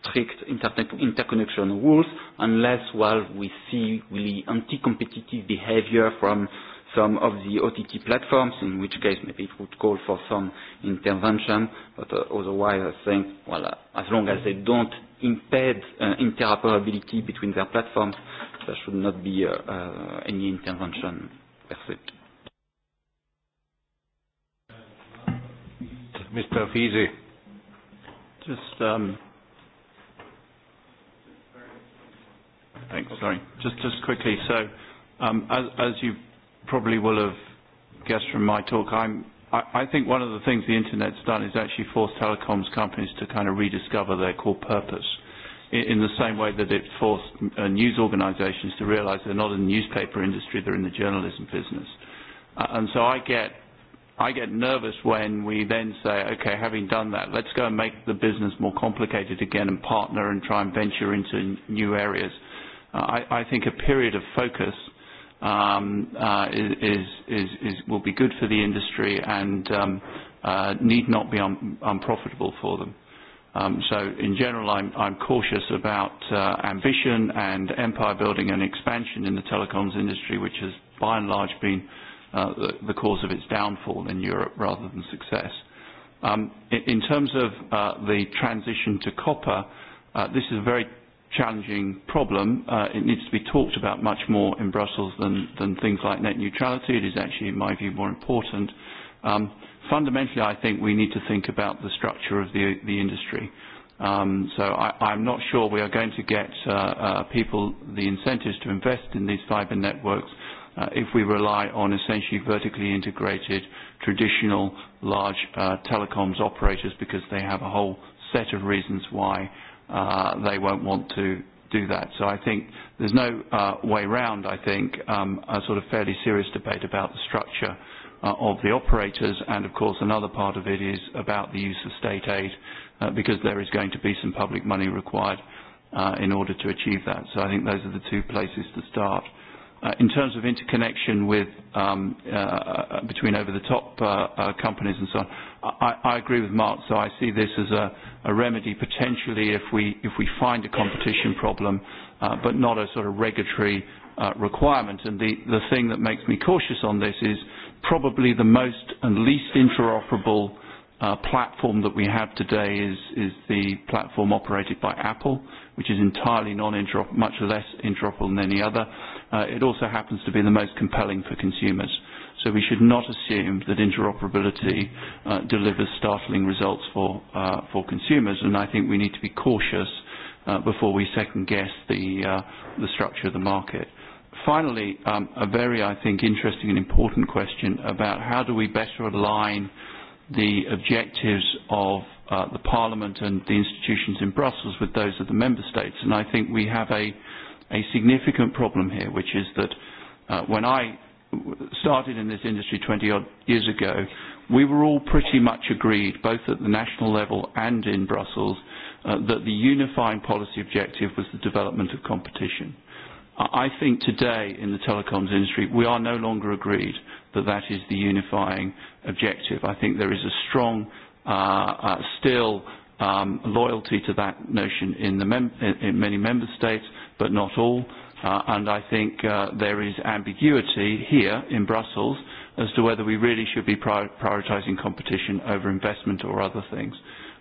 strict interconnection rules unless, well, we see really anti-competitive behavior from some of the OTT platforms, in which case maybe it would call for some intervention, but uh, otherwise I think, well, uh, as long as they don't impede uh, interoperability between their platforms, there should not be uh, uh, any intervention per se. Mr. Fizi. Just, um, thanks, sorry. Just, just quickly, so um, as, as you've probably will have guessed from my talk, I'm, I, I think one of the things the internet's done is actually forced telecoms companies to kind of rediscover their core purpose in, in the same way that it forced uh, news organizations to realize they're not in the newspaper industry, they're in the journalism business. Uh, and so I get, I get nervous when we then say, okay, having done that, let's go and make the business more complicated again and partner and try and venture into n new areas. Uh, I, I think a period of focus um, uh, is, is, is, will be good for the industry and um, uh, need not be un unprofitable for them. Um, so in general, I'm, I'm cautious about uh, ambition and empire building and expansion in the telecoms industry, which has by and large been uh, the, the cause of its downfall in Europe rather than success. Um, in, in terms of uh, the transition to copper, uh, this is a very challenging problem. Uh, it needs to be talked about much more in Brussels than, than things like net neutrality. It is actually, in my view, more important. Um, fundamentally, I think we need to think about the structure of the, the industry. Um, so I, I'm not sure we are going to get uh, uh, people the incentives to invest in these fiber networks uh, if we rely on essentially vertically integrated traditional large uh, telecoms operators because they have a whole set of reasons why uh, uh, they won't want to do that. So I think there's no uh, way round, I think, um, a sort of fairly serious debate about the structure uh, of the operators. And of course, another part of it is about the use of state aid, uh, because there is going to be some public money required uh, in order to achieve that. So I think those are the two places to start. Uh, in terms of interconnection with um, uh, between over-the-top uh, uh, companies and so on, I, I agree with Mark, so I see this as a, a remedy potentially if we, if we find a competition problem, uh, but not a sort of regulatory uh, requirement. And the, the thing that makes me cautious on this is probably the most and least interoperable uh, platform that we have today is, is the platform operated by Apple, which is entirely non-interoperable, much less interoperable than any other. Uh, it also happens to be the most compelling for consumers so we should not assume that interoperability uh, delivers startling results for, uh, for consumers, and I think we need to be cautious uh, before we second-guess the, uh, the structure of the market. Finally, um, a very, I think, interesting and important question about how do we better align the objectives of uh, the Parliament and the institutions in Brussels with those of the Member States. And I think we have a, a significant problem here, which is that uh, when I started in this industry 20 odd years ago, we were all pretty much agreed, both at the national level and in Brussels, uh, that the unifying policy objective was the development of competition. I think today in the telecoms industry, we are no longer agreed that that is the unifying objective. I think there is a strong, uh, uh, still, um, loyalty to that notion in, the mem in many member states, but not all. Uh, and I think uh, there is ambiguity here in Brussels as to whether we really should be prior prioritizing competition over investment or other things.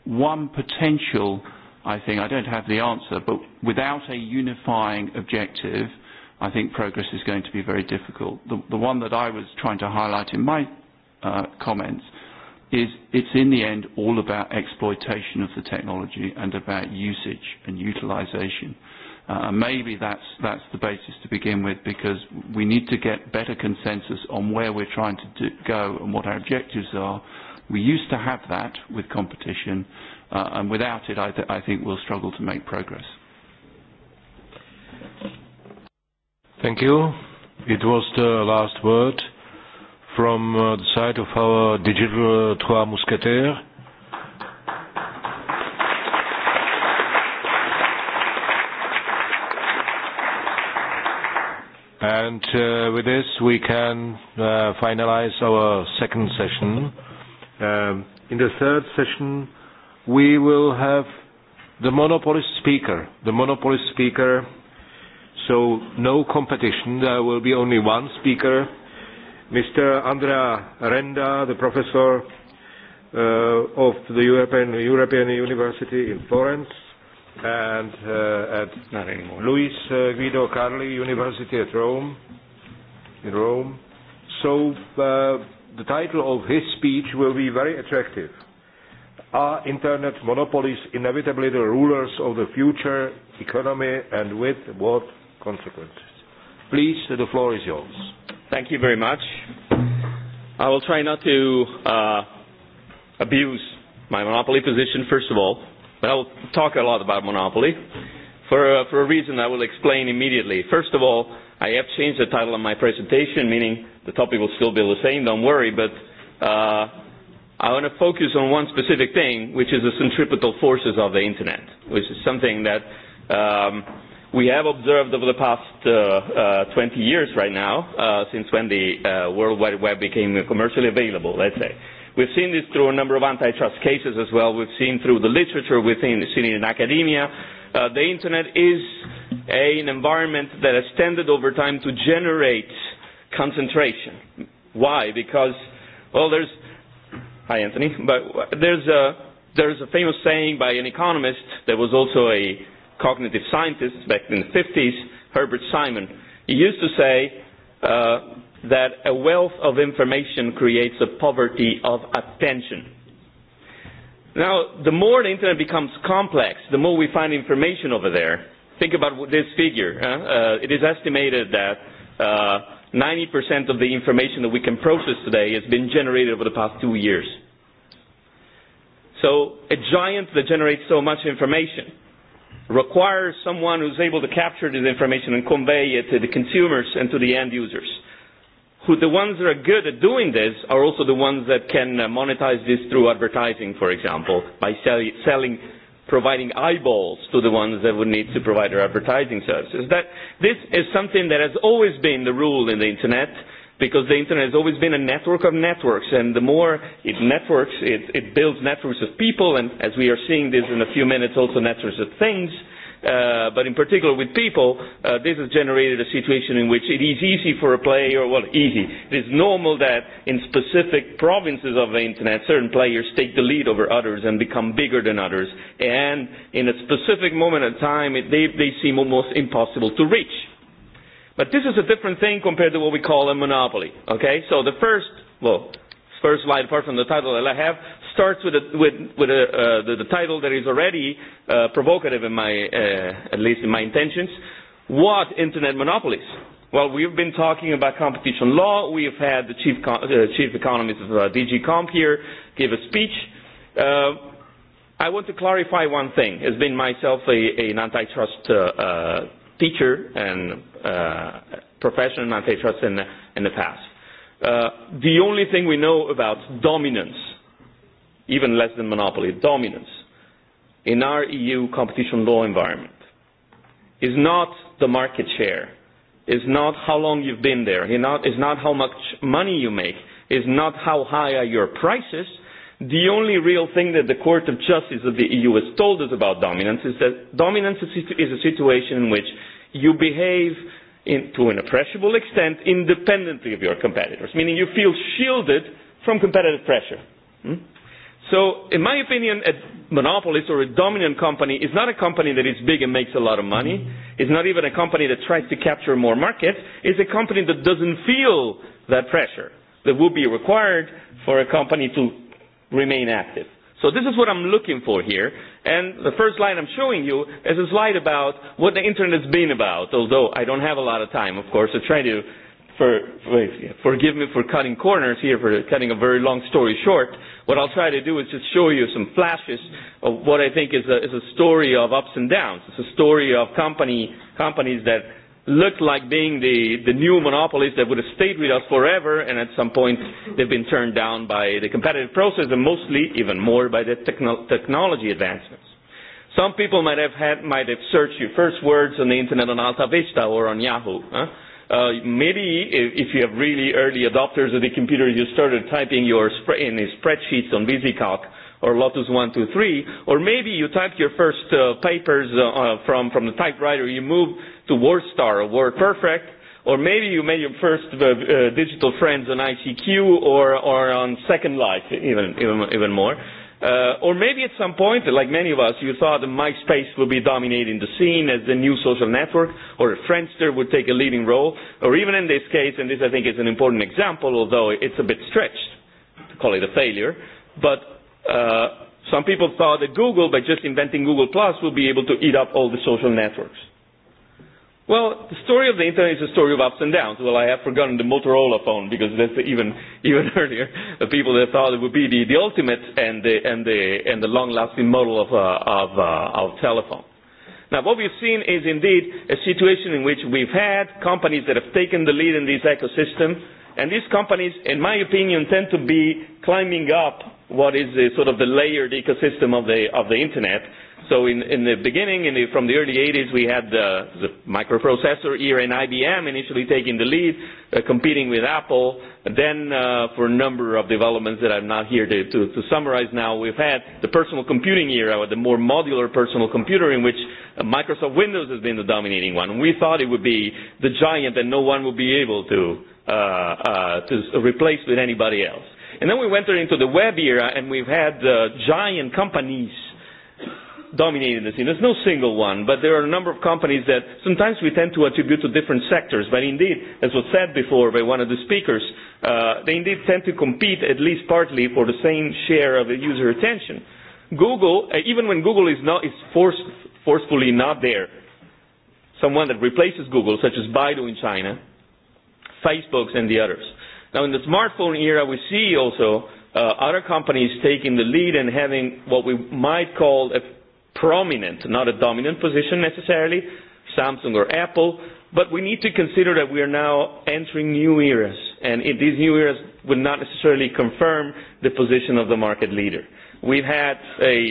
One potential, I think, I don't have the answer, but without a unifying objective, I think progress is going to be very difficult. The, the one that I was trying to highlight in my uh, comments is it's in the end all about exploitation of the technology and about usage and utilization. Uh, maybe that's, that's the basis to begin with because we need to get better consensus on where we're trying to do, go and what our objectives are. We used to have that with competition uh, and without it I, th I think we'll struggle to make progress. Thank you. It was the last word from uh, the side of our digital uh, trois mousquetaires. Uh, with this, we can uh, finalize our second session. Um, in the third session, we will have the monopoly speaker. The monopoly speaker, so no competition. There will be only one speaker, Mr. Andrea Renda, the professor uh, of the European University in Florence and uh, at not anymore. Luis uh, Guido Carli University at Rome, in Rome. So uh, the title of his speech will be very attractive. Are internet monopolies inevitably the rulers of the future economy and with what consequences? Please, the floor is yours. Thank you very much. I will try not to uh, abuse my monopoly position, first of all but I will talk a lot about monopoly for uh, for a reason I will explain immediately. First of all, I have changed the title of my presentation, meaning the topic will still be the same. Don't worry, but uh, I want to focus on one specific thing, which is the centripetal forces of the internet, which is something that um, we have observed over the past uh, uh, 20 years, right now, uh, since when the uh, World Wide Web became commercially available, let's say. Uh, We've seen this through a number of antitrust cases as well. We've seen through the literature. We've seen it in academia. Uh, the internet is a, an environment that has tended over time to generate concentration. Why? Because, well, there's, hi Anthony, but there's a, there's a famous saying by an economist that was also a cognitive scientist back in the 50s, Herbert Simon. He used to say, uh, that a wealth of information creates a poverty of attention. Now, the more the internet becomes complex, the more we find information over there. Think about this figure. Huh? Uh, it is estimated that uh, 90% of the information that we can process today has been generated over the past two years. So, a giant that generates so much information requires someone who's able to capture this information and convey it to the consumers and to the end users who the ones that are good at doing this are also the ones that can uh, monetize this through advertising, for example, by sell, selling, providing eyeballs to the ones that would need to provide their advertising services. That, this is something that has always been the rule in the internet, because the internet has always been a network of networks, and the more it networks, it, it builds networks of people, and as we are seeing this in a few minutes, also networks of things uh, but in particular with people, uh, this has generated a situation in which it is easy for a player, well, easy. It is normal that in specific provinces of the internet, certain players take the lead over others and become bigger than others. And in a specific moment of time, it, they, they seem almost impossible to reach. But this is a different thing compared to what we call a monopoly. Okay? So the first, well, first slide, apart from the title that I have, starts with a, with, with a, uh, the, the title that is already uh, provocative in my, uh, at least in my intentions. What internet monopolies? Well, we've been talking about competition law. We have had the chief, uh, chief economist of uh, DG Comp here give a speech. Uh, I want to clarify one thing. As being myself a, a, an antitrust uh, uh, teacher and uh, professional in antitrust in the, in the past, uh, the only thing we know about dominance even less than monopoly dominance in our EU competition law environment is not the market share, is not how long you've been there, is not, is not how much money you make, is not how high are your prices. The only real thing that the Court of Justice of the EU has told us about dominance is that dominance is a situation in which you behave in, to an appreciable extent independently of your competitors, meaning you feel shielded from competitive pressure. Hmm? So, in my opinion, a monopolist or a dominant company is not a company that is big and makes a lot of money. It's not even a company that tries to capture more markets. It's a company that doesn't feel that pressure that would be required for a company to remain active. So, this is what I'm looking for here. And the first slide I'm showing you is a slide about what the internet has been about, although I don't have a lot of time, of course, to try to for forgive me for cutting corners here, for cutting a very long story short. What I'll try to do is just show you some flashes of what I think is a, is a story of ups and downs. It's a story of company companies that looked like being the, the new monopolies that would have stayed with us forever, and at some point they've been turned down by the competitive process, and mostly, even more, by the techno- technology advancements. Some people might have had might have searched your first words on the internet on Alta Vista or on Yahoo. Huh? Uh, maybe if, if you have really early adopters of the computer, you started typing your sp- in spreadsheets on VisiCalc or Lotus One Two Three, or maybe you typed your first uh, papers uh, uh from from the typewriter. You moved to WordStar or WordPerfect. Or maybe you made your first uh, uh digital friends on ICQ or, or on Second Life, even, even, even more. Uh, Uh, or maybe at some point, like many of us, you thought MySpace would be dominating the scene as the new social network, or Friendster would take a leading role, or even in this case, and this I think is an important example, although it's a bit stretched to call it a failure, but uh, some people thought that Google, by just inventing Google Plus, would be able to eat up all the social networks. Well, the story of the internet is a story of ups and downs. Well, I have forgotten the Motorola phone because that's the even even earlier. The people that thought it would be the, the ultimate and the and the and the long-lasting model of uh, of uh, of telephone. Now, what we've seen is indeed a situation in which we've had companies that have taken the lead in this ecosystem, and these companies, in my opinion, tend to be climbing up what is the, sort of the layered ecosystem of the of the internet. So in, in the beginning, in the, from the early 80s, we had the, the microprocessor era and IBM initially taking the lead, uh, competing with Apple. Then uh, for a number of developments that I'm not here to, to, to summarize now, we've had the personal computing era, or the more modular personal computer in which uh, Microsoft Windows has been the dominating one. We thought it would be the giant that no one would be able to, uh, uh, to replace with anybody else. And then we went into the web era and we've had uh, giant companies dominated the scene. There's no single one, but there are a number of companies that sometimes we tend to attribute to different sectors. But indeed, as was said before by one of the speakers, uh, they indeed tend to compete at least partly for the same share of the user attention. Google, uh, even when Google is not is forced, forcefully not there, someone that replaces Google, such as Baidu in China, Facebook and the others. Now, in the smartphone era, we see also. Uh, other companies taking the lead and having what we might call a prominent, not a dominant position necessarily, Samsung or Apple, but we need to consider that we are now entering new eras, and in these new eras would not necessarily confirm the position of the market leader. We've had a,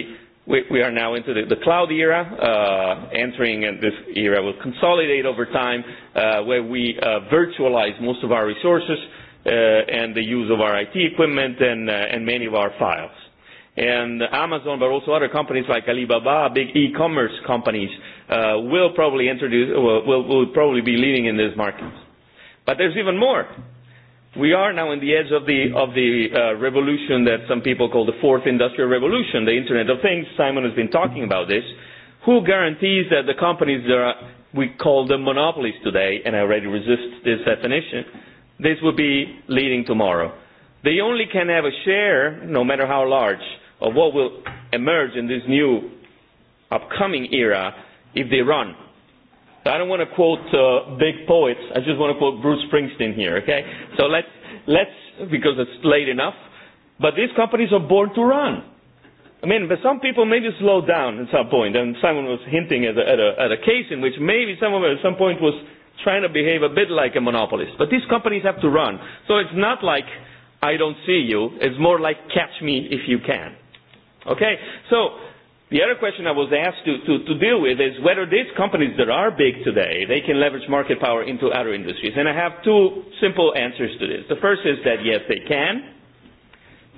we, we are now into the, the cloud era, uh, entering and this era will consolidate over time, uh, where we uh, virtualize most of our resources uh, and the use of our IT equipment and, uh, and many of our files and Amazon, but also other companies like Alibaba, big e-commerce companies, uh, will probably introduce, will probably be leading in these markets. There's even more. We are now in the edge of the uh, revolution that some people call the fourth industrial revolution, the Internet of Things. Simon has been talking about this. Who guarantees that the companies that are, we call them monopolies today, and I already resist this definition, this will be leading tomorrow? They only can have a share, no matter how large, of what will emerge in this new upcoming era if they run. So I don't want to quote uh, big poets, I just want to quote Bruce Springsteen here, okay? So let's, let's, because it's late enough, but these companies are born to run. I mean, but some people maybe slow down at some point, and Simon was hinting at a, at a, at a case in which maybe someone at some point was trying to behave a bit like a monopolist. But these companies have to run. So it's not like, I don't see you, it's more like, catch me if you can. Okay, so the other question I was asked to, to, to deal with is whether these companies that are big today, they can leverage market power into other industries. And I have two simple answers to this. The first is that yes, they can,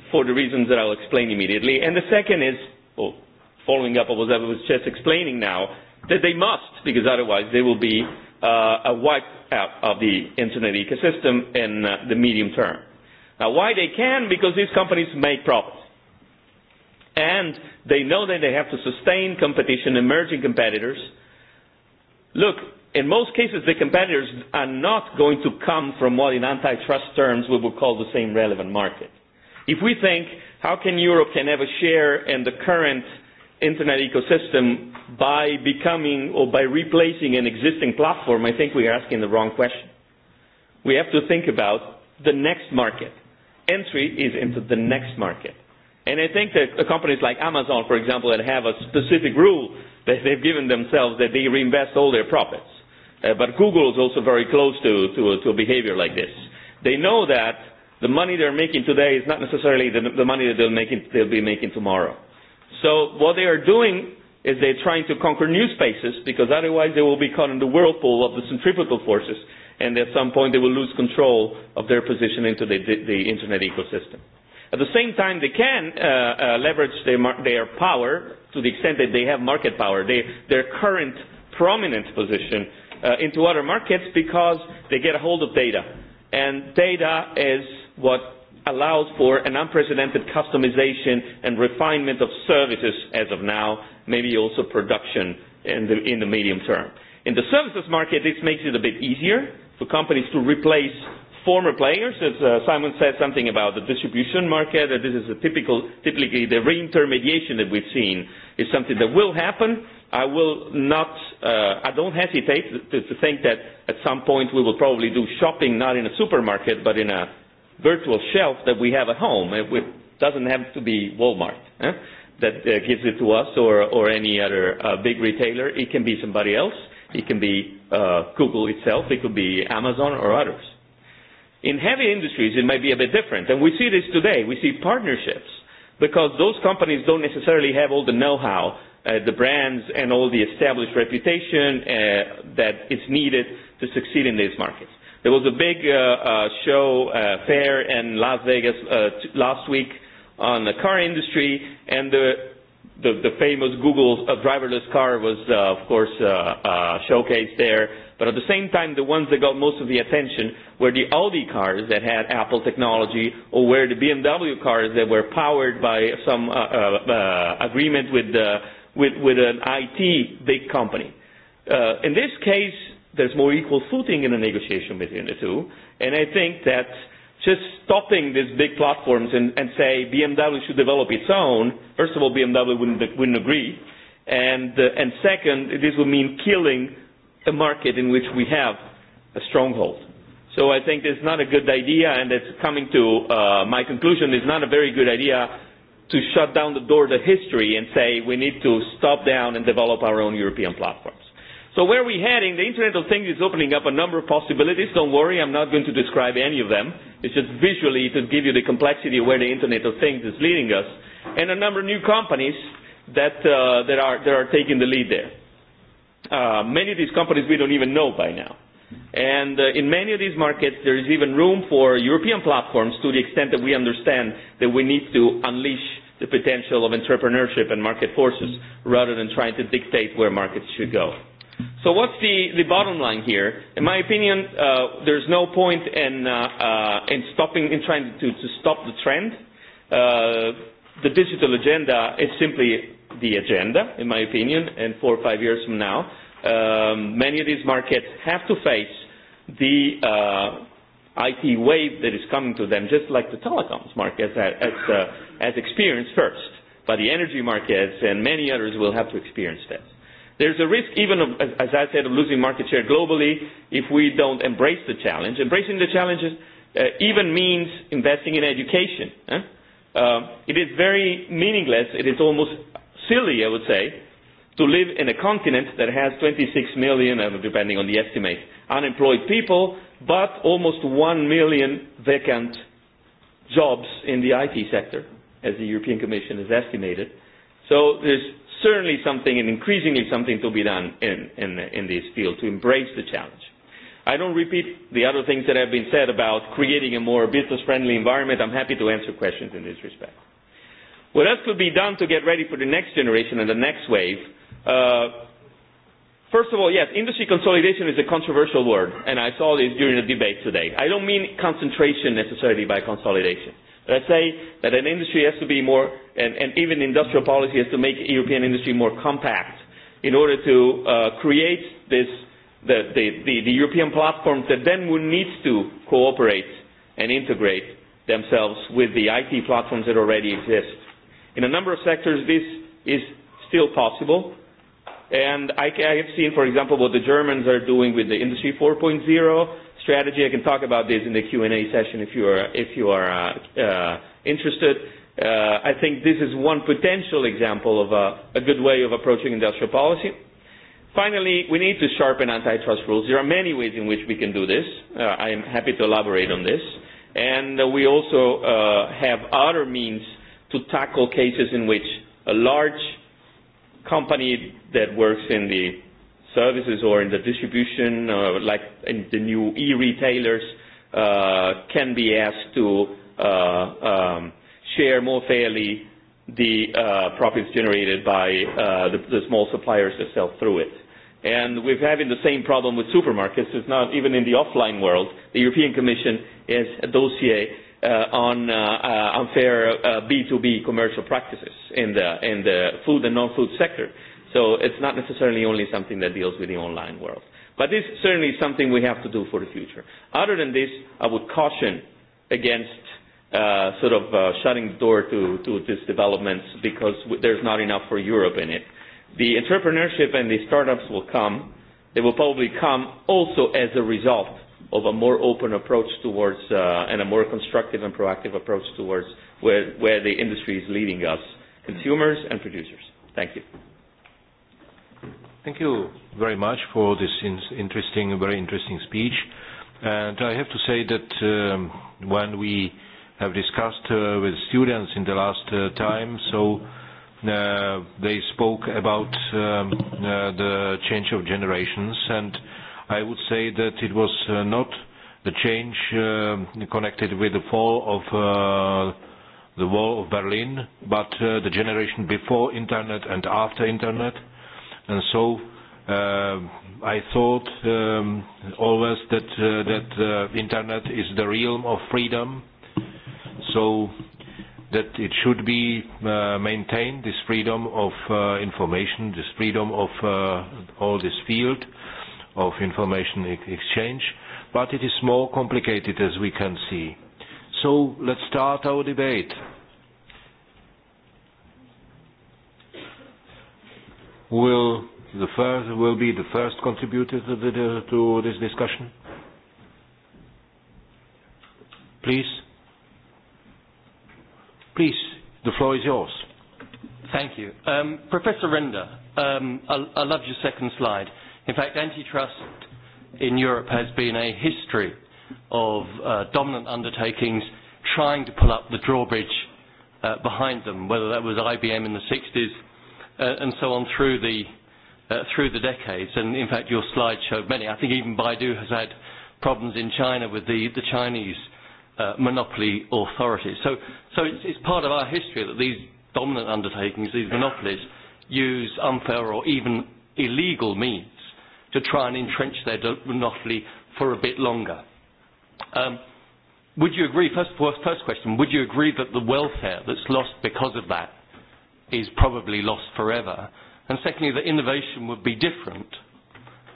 for the reasons that I'll explain immediately. And the second is, well, oh, following up on what I was just explaining now, that they must, because otherwise they will be uh, a wipe out of the internet ecosystem in uh, the medium term. Now, why they can? Because these companies make profit and they know that they have to sustain competition, emerging competitors. Look, in most cases, the competitors are not going to come from what, in antitrust terms, we would call the same relevant market. If we think, how can Europe can have a share in the current internet ecosystem by becoming or by replacing an existing platform, I think we're asking the wrong question. We have to think about the next market. Entry is into the next market. And I think that companies like Amazon, for example, that have a specific rule that they've given themselves that they reinvest all their profits. Uh, but Google is also very close to, to, to a behavior like this. They know that the money they're making today is not necessarily the, the money that they'll, make in, they'll be making tomorrow. So what they are doing is they're trying to conquer new spaces because otherwise they will be caught in the whirlpool of the centrifugal forces and at some point they will lose control of their position into the, the, the internet ecosystem. At the same time, they can uh, uh, leverage their, mar- their power to the extent that they have market power, they, their current prominent position uh, into other markets because they get a hold of data. And data is what allows for an unprecedented customization and refinement of services as of now, maybe also production in the, in the medium term. In the services market, this makes it a bit easier for companies to replace former players, as uh, Simon said something about the distribution market, that this is typically the re-intermediation that we've seen is something that will happen. I uh, don't hesitate to think that at some point we will probably do shopping, not in a supermarket, but in a virtual shelf that we have at home. It doesn't have to be Walmart that uh, gives it to us or any other big retailer. It can be somebody else. It can be Google itself. It could be Amazon or others. In heavy industries, it may be a bit different. And we see this today. We see partnerships because those companies don't necessarily have all the know how, uh, the brands, and all the established reputation uh, that is needed to succeed in these markets. There was a big uh, uh, show uh, fair in Las Vegas uh, t- last week on the car industry, and the, the, the famous Google uh, driverless car was, uh, of course, uh, uh, showcased there. But at the same time, the ones that got most of the attention were the Audi cars that had Apple technology, or were the BMW cars that were powered by some uh, uh, uh, agreement with, uh, with, with an IT big company. Uh, in this case, there's more equal footing in the negotiation between the two, and I think that just stopping these big platforms and, and say BMW should develop its own, first of all, BMW wouldn't, wouldn't agree, and, uh, and second, this would mean killing a market in which we have a stronghold. So I think it's not a good idea, and it's coming to uh, my conclusion it's not a very good idea to shut down the door to history and say we need to stop down and develop our own European platforms. So where are we heading? The Internet of Things is opening up a number of possibilities. Don't worry, I'm not going to describe any of them. It's just visually to give you the complexity of where the Internet of Things is leading us. And a number of new companies that, uh, that, are, that are taking the lead there. Uh, many of these companies we don't even know by now. And uh, in many of these markets, there is even room for European platforms to the extent that we understand that we need to unleash the potential of entrepreneurship and market forces rather than trying to dictate where markets should go. So what's the, the bottom line here? In my opinion, uh, there's no point in, uh, uh, in stopping, in trying to, to stop the trend. Uh, the digital agenda is simply the agenda, in my opinion, and four or five years from now, um, many of these markets have to face the uh, IT wave that is coming to them, just like the telecoms markets as, uh, as experienced first, but the energy markets and many others will have to experience this. There's a risk even, of, as I said, of losing market share globally if we don't embrace the challenge. Embracing the challenges uh, even means investing in education. Eh? Uh, it is very meaningless. It is almost silly, I would say, to live in a continent that has 26 million, uh, depending on the estimate, unemployed people, but almost 1 million vacant jobs in the IT sector, as the European Commission has estimated. So there's certainly something, and increasingly something, to be done in, in, in this field to embrace the challenge. I don't repeat the other things that have been said about creating a more business friendly environment. I'm happy to answer questions in this respect. What else could be done to get ready for the next generation and the next wave? Uh, first of all, yes, industry consolidation is a controversial word, and I saw this during the debate today. I don't mean concentration necessarily by consolidation. But I say that an industry has to be more, and, and even industrial policy has to make European industry more compact in order to uh, create this, the, the, the, the European platform that then would need to cooperate and integrate themselves with the IT platforms that already exist. In a number of sectors, this is still possible. And I, I have seen, for example, what the Germans are doing with the Industry 4.0 strategy. I can talk about this in the Q&A session if you are, if you are uh, uh, interested. Uh, I think this is one potential example of a, a good way of approaching industrial policy. Finally, we need to sharpen antitrust rules. There are many ways in which we can do this. Uh, I am happy to elaborate on this. And uh, we also uh, have other means to tackle cases in which a large company that works in the services or in the distribution, uh, like in the new e-retailers, uh, can be asked to uh, um, share more fairly the uh, profits generated by uh, the, the small suppliers that sell through it. And we're having the same problem with supermarkets. It's not even in the offline world. The European Commission has a dossier Uh, uh, uh, unfair B2B commercial practices in the food and non-food sector. It's not necessarily only something that deals with the online world. This is certainly something we have to do for the future. Other than this, I would caution against sort of shutting the door to these developments because there's not enough for Europe in it. The entrepreneurship and the startups will come. They will probably come also as a result of a more open approach towards uh, and a more constructive and proactive approach towards where, where the industry is leading us, consumers and producers. Thank you. Thank you very much for this in- interesting, very interesting speech. And I have to say that um, when we have discussed uh, with students in the last uh, time, so uh, they spoke about um, uh, the change of generations and. I would say that it was uh, not the change uh, connected with the fall of uh, the wall of Berlin, but uh, the generation before internet and after internet. And so uh, I thought um, always that, uh, that uh, internet is the realm of freedom. So that it should be uh, maintained, this freedom of uh, information, this freedom of uh, all this field of information e-, exchange, but it is more complicated as we can see. So let's start our debate. Will the first will be the first contributor to, the, to this discussion? Please. Please, the floor is yours. Thank you. Um, Professor Render, um, I, I loved your second slide. In fact, antitrust in Europe has been a history of uh, dominant undertakings trying to pull up the drawbridge uh, behind them, whether that was IBM in the 60s uh, and so on through the, uh, through the decades. And in fact, your slide showed many. I think even Baidu has had problems in China with the, the Chinese uh, monopoly authorities. So, so it's, it's part of our history that these dominant undertakings, these monopolies, use unfair or even illegal means to try and entrench their monopoly for a bit longer. Um, would you agree, first, first question, would you agree that the welfare that's lost because of that is probably lost forever? And secondly, that innovation would be different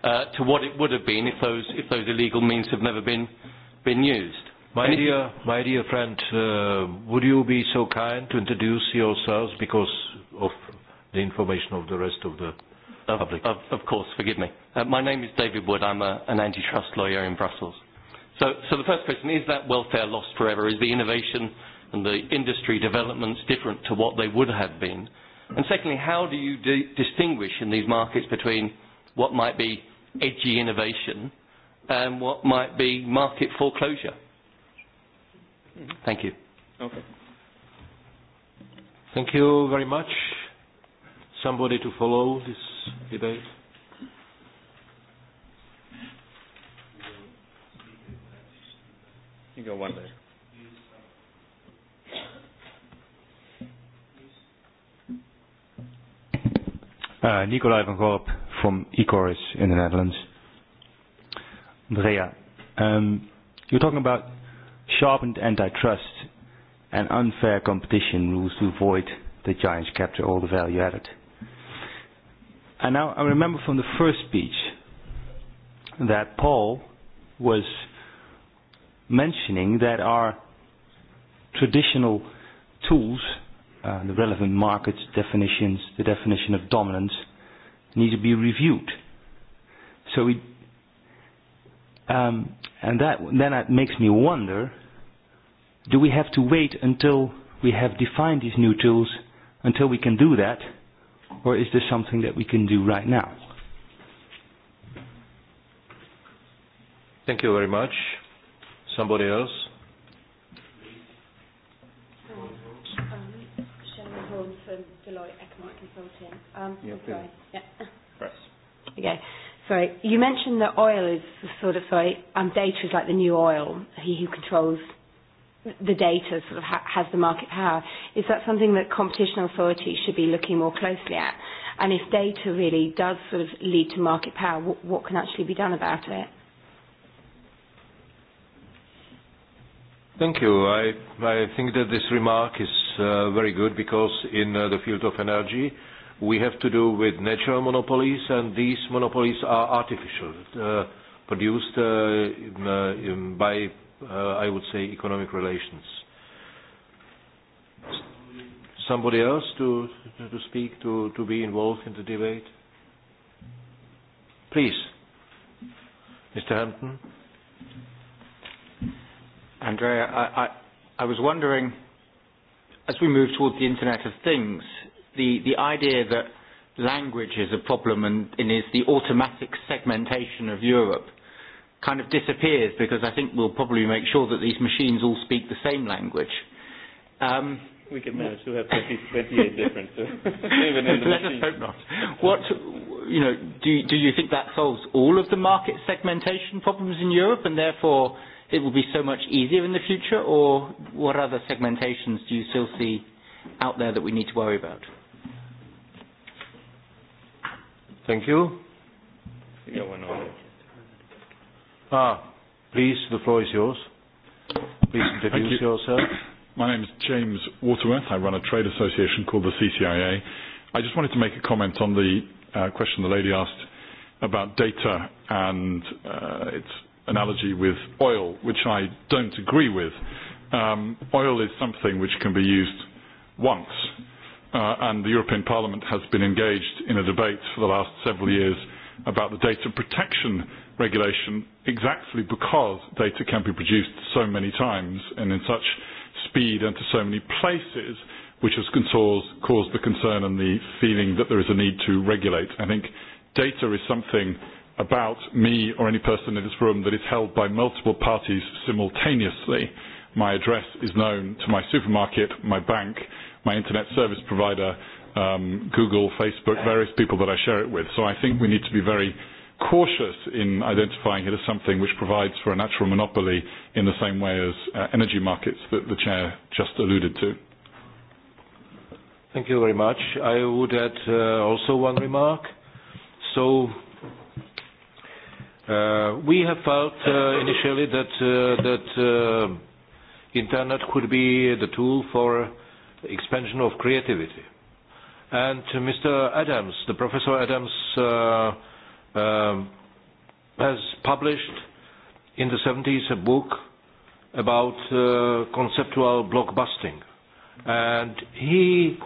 uh, to what it would have been if those, if those illegal means have never been, been used. My dear, my dear friend, uh, would you be so kind to introduce yourselves because of the information of the rest of the of, public. Of, of course, forgive me. Uh, my name is David Wood. I'm a, an antitrust lawyer in Brussels. So, so the first question, is that welfare lost forever? Is the innovation and the industry developments different to what they would have been? And secondly, how do you di distinguish in these markets between what might be edgy innovation and what might be market foreclosure? Thank you. Okay. Thank you very much. Somebody to follow this idej? You go one day. Uh, Nicolai van Gorp from Ecoris in the Netherlands. Andrea, um, you're talking about sharpened antitrust and unfair competition rules to avoid the giants capture all the value added. And now I remember from the first speech that Paul was mentioning that our traditional tools, uh, the relevant markets, definitions, the definition of dominance, need to be reviewed. So we, um, and that then that makes me wonder do we have to wait until we have defined these new tools until we can do that? Or is this something that we can do right now? Thank you very much. Somebody else? Um, um, okay. Sorry. You mentioned that oil is the sort of, sorry, um, data is like the new oil. He who controls the data sort of ha- has the market power. Is that something that competition authorities should be looking more closely at? And if data really does sort of lead to market power, w- what can actually be done about it? Thank you. I, I think that this remark is uh, very good because in uh, the field of energy, we have to do with natural monopolies, and these monopolies are artificial, uh, produced uh, in, uh, in by uh, I would say, economic relations. Somebody else to, to speak, to, to be involved in the debate? Please. Mr. Hampton. Andrea, I, I, I was wondering, as we move towards the Internet of Things, the, the idea that language is a problem and, and is the automatic segmentation of Europe kind of disappears because I think we'll probably make sure that these machines all speak the same language. Um, we can manage to have 20, 28 differences. Let us hope not. What, you know, do, do you think that solves all of the market segmentation problems in Europe and therefore it will be so much easier in the future or what other segmentations do you still see out there that we need to worry about? Thank you. Yeah, Ah, please, the floor is yours. Please introduce Thank you. yourself. My name is James Waterworth. I run a trade association called the CCIA. I just wanted to make a comment on the uh, question the lady asked about data and uh, its analogy with oil, which I don't agree with. Um, oil is something which can be used once, uh, and the European Parliament has been engaged in a debate for the last several years about the data protection regulation exactly because data can be produced so many times and in such speed and to so many places, which has caused the concern and the feeling that there is a need to regulate. I think data is something about me or any person in this room that is held by multiple parties simultaneously. My address is known to my supermarket, my bank, my internet service provider, um, Google, Facebook, various people that I share it with. So I think we need to be very cautious in identifying it as something which provides for a natural monopoly in the same way as uh, energy markets that the chair just alluded to. Thank you very much. I would add uh, also one remark. So uh, we have felt uh, initially that, uh, that uh, Internet could be the tool for expansion of creativity. And Mr. Adams, the Professor Adams, uh, um, has published in the 70s a book about uh, conceptual blockbusting. And he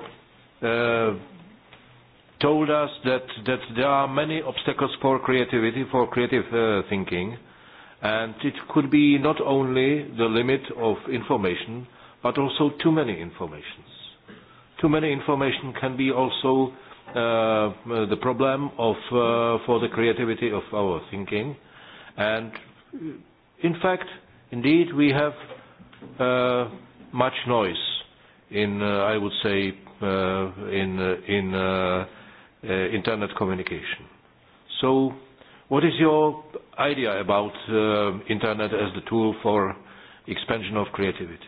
uh, told us that, that there are many obstacles for creativity, for creative uh, thinking, and it could be not only the limit of information, but also too many informations. Too many information can be also uh, Uh, the problem of uh, for the creativity of our thinking and in fact indeed we have uh, much noise in uh, i would say uh, in uh, in uh, uh, internet communication so what is your idea about uh, internet as the tool for expansion of creativity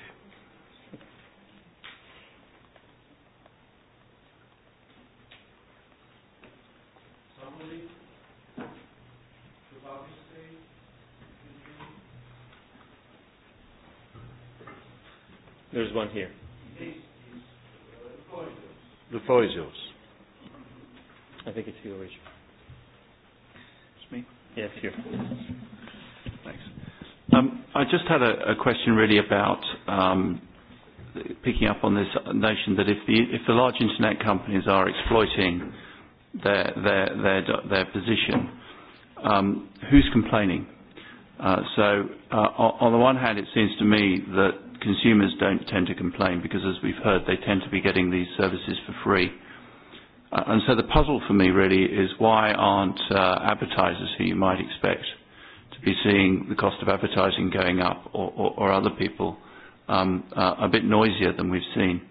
one here. The Foizos. I think it's you, Richard. It's me? Yes, you. Thanks. Um, I just had a, a question really about um, picking up on this notion that if the, if the large internet companies are exploiting their, their, their, their position, um, who's complaining? Uh, so uh, on the one hand, it seems to me that consumers don't tend to complain because, as we've heard, they tend to be getting these services for free. Uh, and so the puzzle for me really is why aren't uh, advertisers who you might expect to be seeing the cost of advertising going up or, or, or other people um, uh, a bit noisier than we've seen?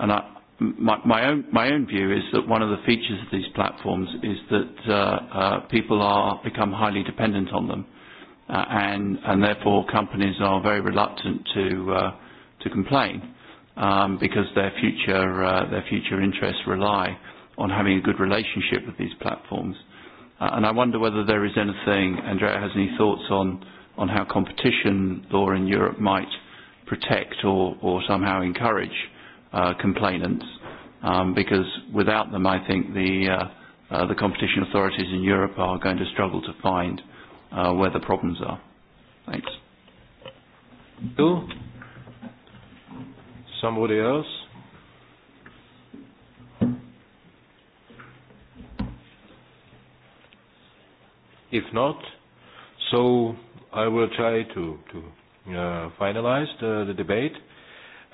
And I, my, my, own, my own view is that one of the features of these platforms is that uh, uh, people are become highly dependent on them uh, and, and therefore companies are very reluctant to, uh, to complain um, because their future, uh, their future interests rely on having a good relationship with these platforms. Uh, and I wonder whether there is anything, Andrea has any thoughts on, on how competition law in Europe might protect or, or somehow encourage uh, complainants um, because without them I think the, uh, uh, the competition authorities in Europe are going to struggle to find uh, uh, where the problems are. Thanks. Bill? Somebody else? If not, so I will try to, to uh, finalize the, the debate.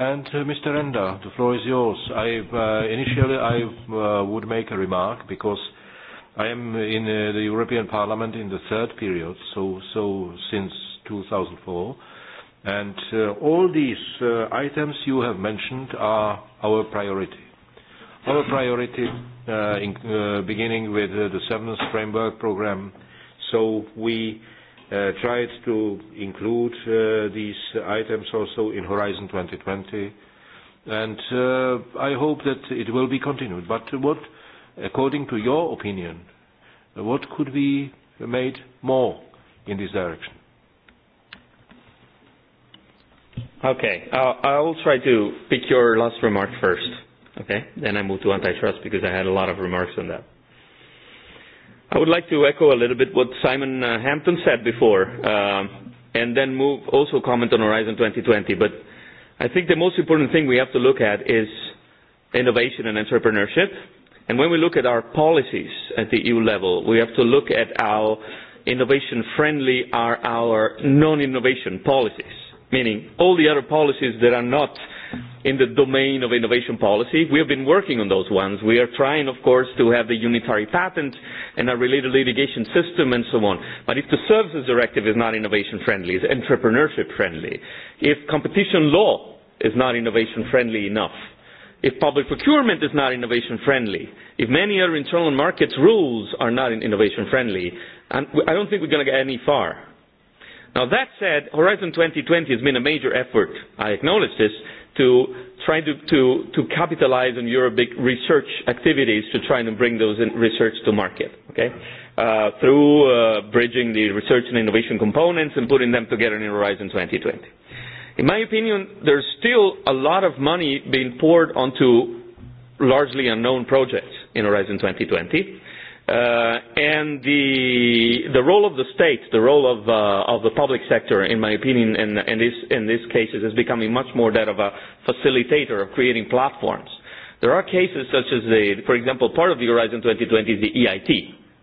And uh, Mr. Renda, the floor is yours. I've, uh, initially, I uh, would make a remark because I am in uh, the European Parliament in the third period, so, so since 2004. And uh, all these uh, items you have mentioned are our priority. Our priority uh, in, uh, beginning with uh, the seventh framework program. So we uh, tried to include uh, these items also in Horizon 2020. And uh, I hope that it will be continued. But what according to your opinion, what could be made more in this direction? Okay, I'll, I'll try to pick your last remark first. Okay, then I move to antitrust because I had a lot of remarks on that. I would like to echo a little bit what Simon uh, Hampton said before, um, and then move also comment on Horizon 2020. But I think the most important thing we have to look at is innovation and entrepreneurship. And when we look at our policies at the EU level, we have to look at how innovation friendly are our non innovation policies, meaning all the other policies that are not in the domain of innovation policy. We have been working on those ones. We are trying, of course, to have the unitary patent and a related litigation system and so on. But if the services directive is not innovation friendly, it's entrepreneurship friendly. If competition law is not innovation friendly enough, if public procurement is not innovation friendly, if many other internal markets rules are not innovation friendly, and I don't think we're going to get any far. Now, that said, Horizon 2020 has been a major effort, I acknowledge this, to try to, to, to capitalize on Eurobic research activities to try and bring those in research to market, okay? Uh, through uh, bridging the research and innovation components and putting them together in Horizon 2020. In my opinion, there's still a lot of money being poured onto largely unknown projects in Horizon 2020. Uh, and the the role of the state, the role of uh, of the public sector, in my opinion, in in this in these cases, is becoming much more that of a facilitator of creating platforms. There are cases such as the, for example, part of the Horizon 2020 is the EIT,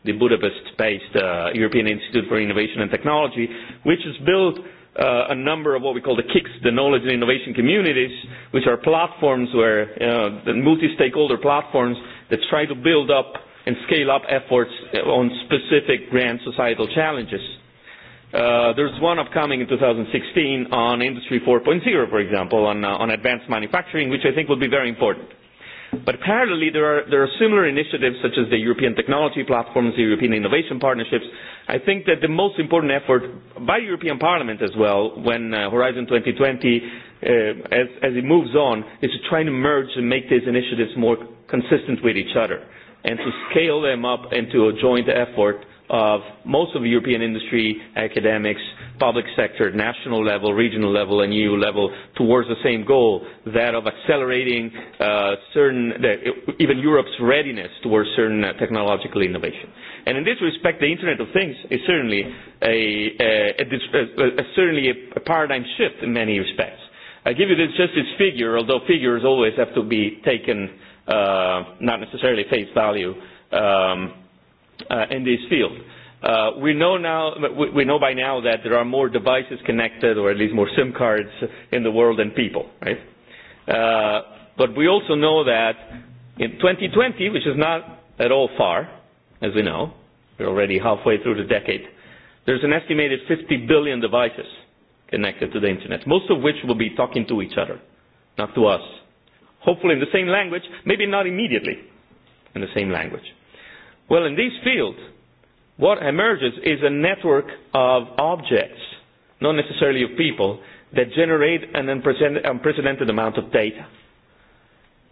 the Budapest-based uh, European Institute for Innovation and Technology, which is built uh, a number of what we call the KICS, the Knowledge and Innovation Communities, which are platforms where you know, the multi-stakeholder platforms that try to build up and scale up efforts on specific grand societal challenges. Uh, there's one upcoming in 2016 on Industry 4.0, for example, on, uh, on advanced manufacturing, which I think will be very important. But parallelly, there are, there are similar initiatives such as the European Technology Platforms, the European Innovation Partnerships. I think that the most important effort by the European Parliament as well, when uh, Horizon 2020, uh, as, as it moves on, is to try and merge and make these initiatives more consistent with each other and to scale them up into a joint effort of most of the European industry, academics, public sector, national level, regional level, and EU level, towards the same goal, that of accelerating uh, certain, uh, even Europe's readiness towards certain uh, technological innovation. And in this respect, the Internet of Things is certainly a, a, a, a, a, a, certainly a, a paradigm shift in many respects. I give you this just this figure, although figures always have to be taken, uh, not necessarily face value, um, uh, in this field. Uh, Uh, we know now, we know by now that there are more devices connected, or at least more SIM cards in the world than people, right? Uh, but we also know that in 2020, which is not at all far, as we know, we're already halfway through the decade, there's an estimated 50 billion devices connected to the internet, most of which will be talking to each other, not to us. Hopefully in the same language, maybe not immediately in the same language. Well, in these fields, what emerges is a network of objects, not necessarily of people, that generate an unprecedented amount of data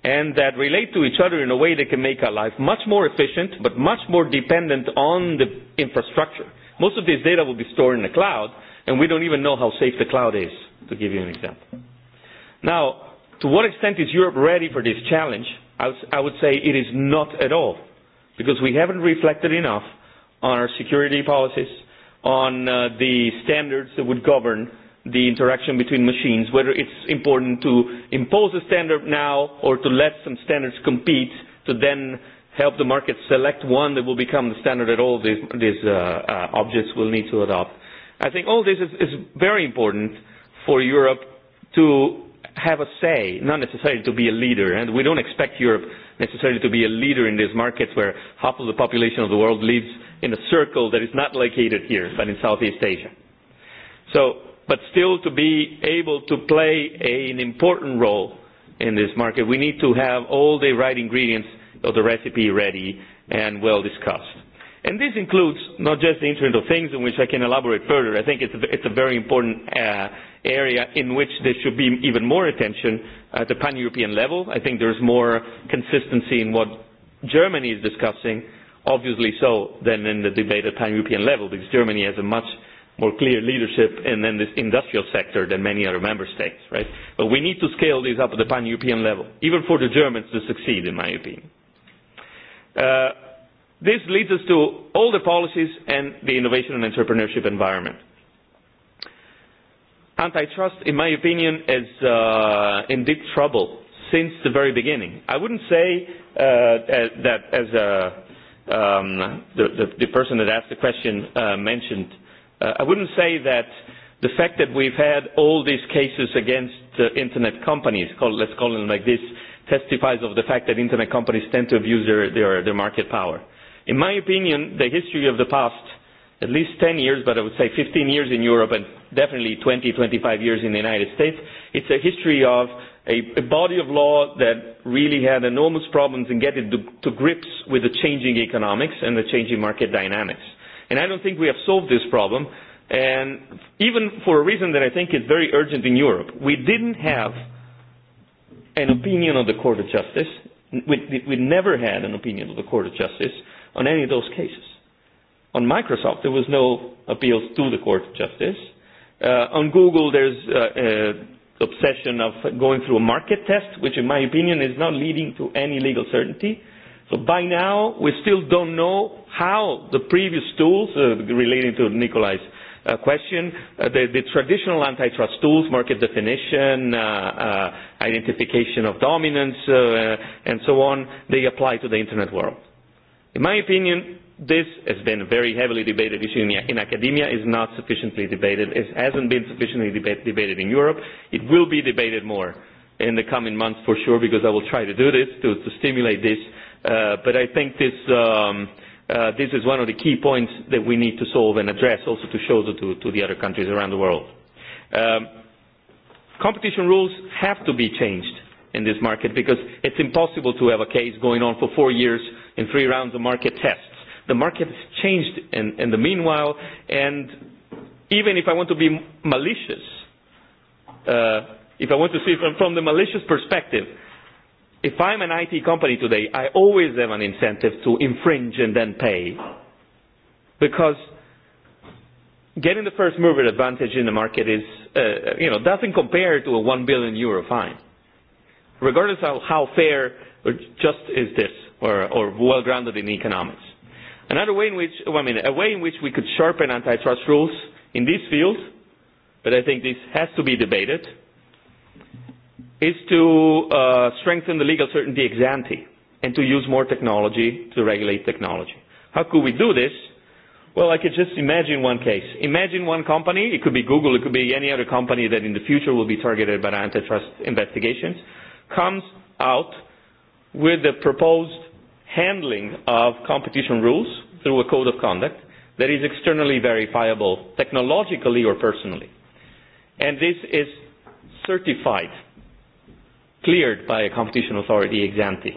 and that relate to each other in a way that can make our life much more efficient but much more dependent on the infrastructure. Most of this data will be stored in the cloud and we don't even know how safe the cloud is, to give you an example. Now, to what extent is Europe ready for this challenge? I would say it is not at all because we haven't reflected enough on our security policies, on uh, the standards that would govern the interaction between machines, whether it's important to impose a standard now or to let some standards compete to then help the market select one that will become the standard that all these, these uh, uh, objects will need to adopt. I think all this is, is very important for Europe to have a say, not necessarily to be a leader. And we don't expect Europe necessarily to be a leader in these markets where half of the population of the world lives in a circle that is not located here, but in Southeast Asia. So, but still to be able to play a, an important role in this market, we need to have all the right ingredients of the recipe ready and well discussed. And this includes not just the Internet of Things, in which I can elaborate further. I think it's a, it's a very important uh, area in which there should be even more attention at the pan-European level. I think there's more consistency in what Germany is discussing uh, obviously so than in the debate at pan-European level because Germany has a much more clear leadership in, in this industrial sector than many other member states, right? But we need to scale this up at the pan-European level, even for the Germans to succeed, in my opinion. Uh, this leads us to all the policies and the innovation and entrepreneurship environment. Antitrust, in my opinion, is uh, in deep trouble since the very beginning. I wouldn't say uh, that as a um, the, the, the person that asked the question uh, mentioned. Uh, I wouldn't say that the fact that we've had all these cases against uh, internet companies, call, let's call them like this, testifies of the fact that internet companies tend to abuse their, their, their market power. In my opinion, the history of the past, at least 10 years, but I would say 15 years in Europe and definitely 20, 25 years in the United States, it's a history of a, a body of law that really had enormous problems in getting to, to grips with the changing economics and the changing market dynamics. And I don't think we have solved this problem, and even for a reason that I think is very urgent in Europe. We didn't have an opinion of the Court of Justice. We, we never had an opinion of the Court of Justice on any of those cases. On Microsoft, there was no appeals to the Court of Justice. Uh, on Google, there's uh, uh, obsession of going through a market test, which in my opinion is not leading to any legal certainty. So by now, we still don't know how the previous tools, uh, relating to Nikolai's uh, question, uh, the, the traditional antitrust tools, market definition, uh, uh, identification of dominance, uh, uh, and so on, they apply to the internet world. In my opinion, this has been a very heavily debated issue in academia, is not sufficiently debated. It hasn't been sufficiently deba- debated in Europe. It will be debated more in the coming months for sure, because I will try to do this, to, to stimulate this. Uh, but I think this, um, uh, this is one of the key points that we need to solve and address also to show to, to the other countries around the world. Um, competition rules have to be changed in this market because it's impossible to have a case going on for four years in three rounds of market tests the market has changed in, in the meanwhile, and even if I want to be malicious, uh, if I want to see from, from the malicious perspective, if I'm an IT company today, I always have an incentive to infringe and then pay. Because getting the first mover advantage in the market is, uh, you know, doesn't compare to a 1 billion euro fine. Regardless of how fair or just is this, or, or well grounded in economics. Another way in which, well, I mean, a way in which we could sharpen antitrust rules in this field, but I think this has to be debated, is to uh, strengthen the legal certainty ex ante and to use more technology to regulate technology. How could we do this? Well, I could just imagine one case. Imagine one company. It could be Google. It could be any other company that in the future will be targeted by antitrust investigations. Comes out with the proposed handling of competition rules through a code of conduct that is externally verifiable, technologically or personally. And this is certified, cleared by a competition authority ex ante,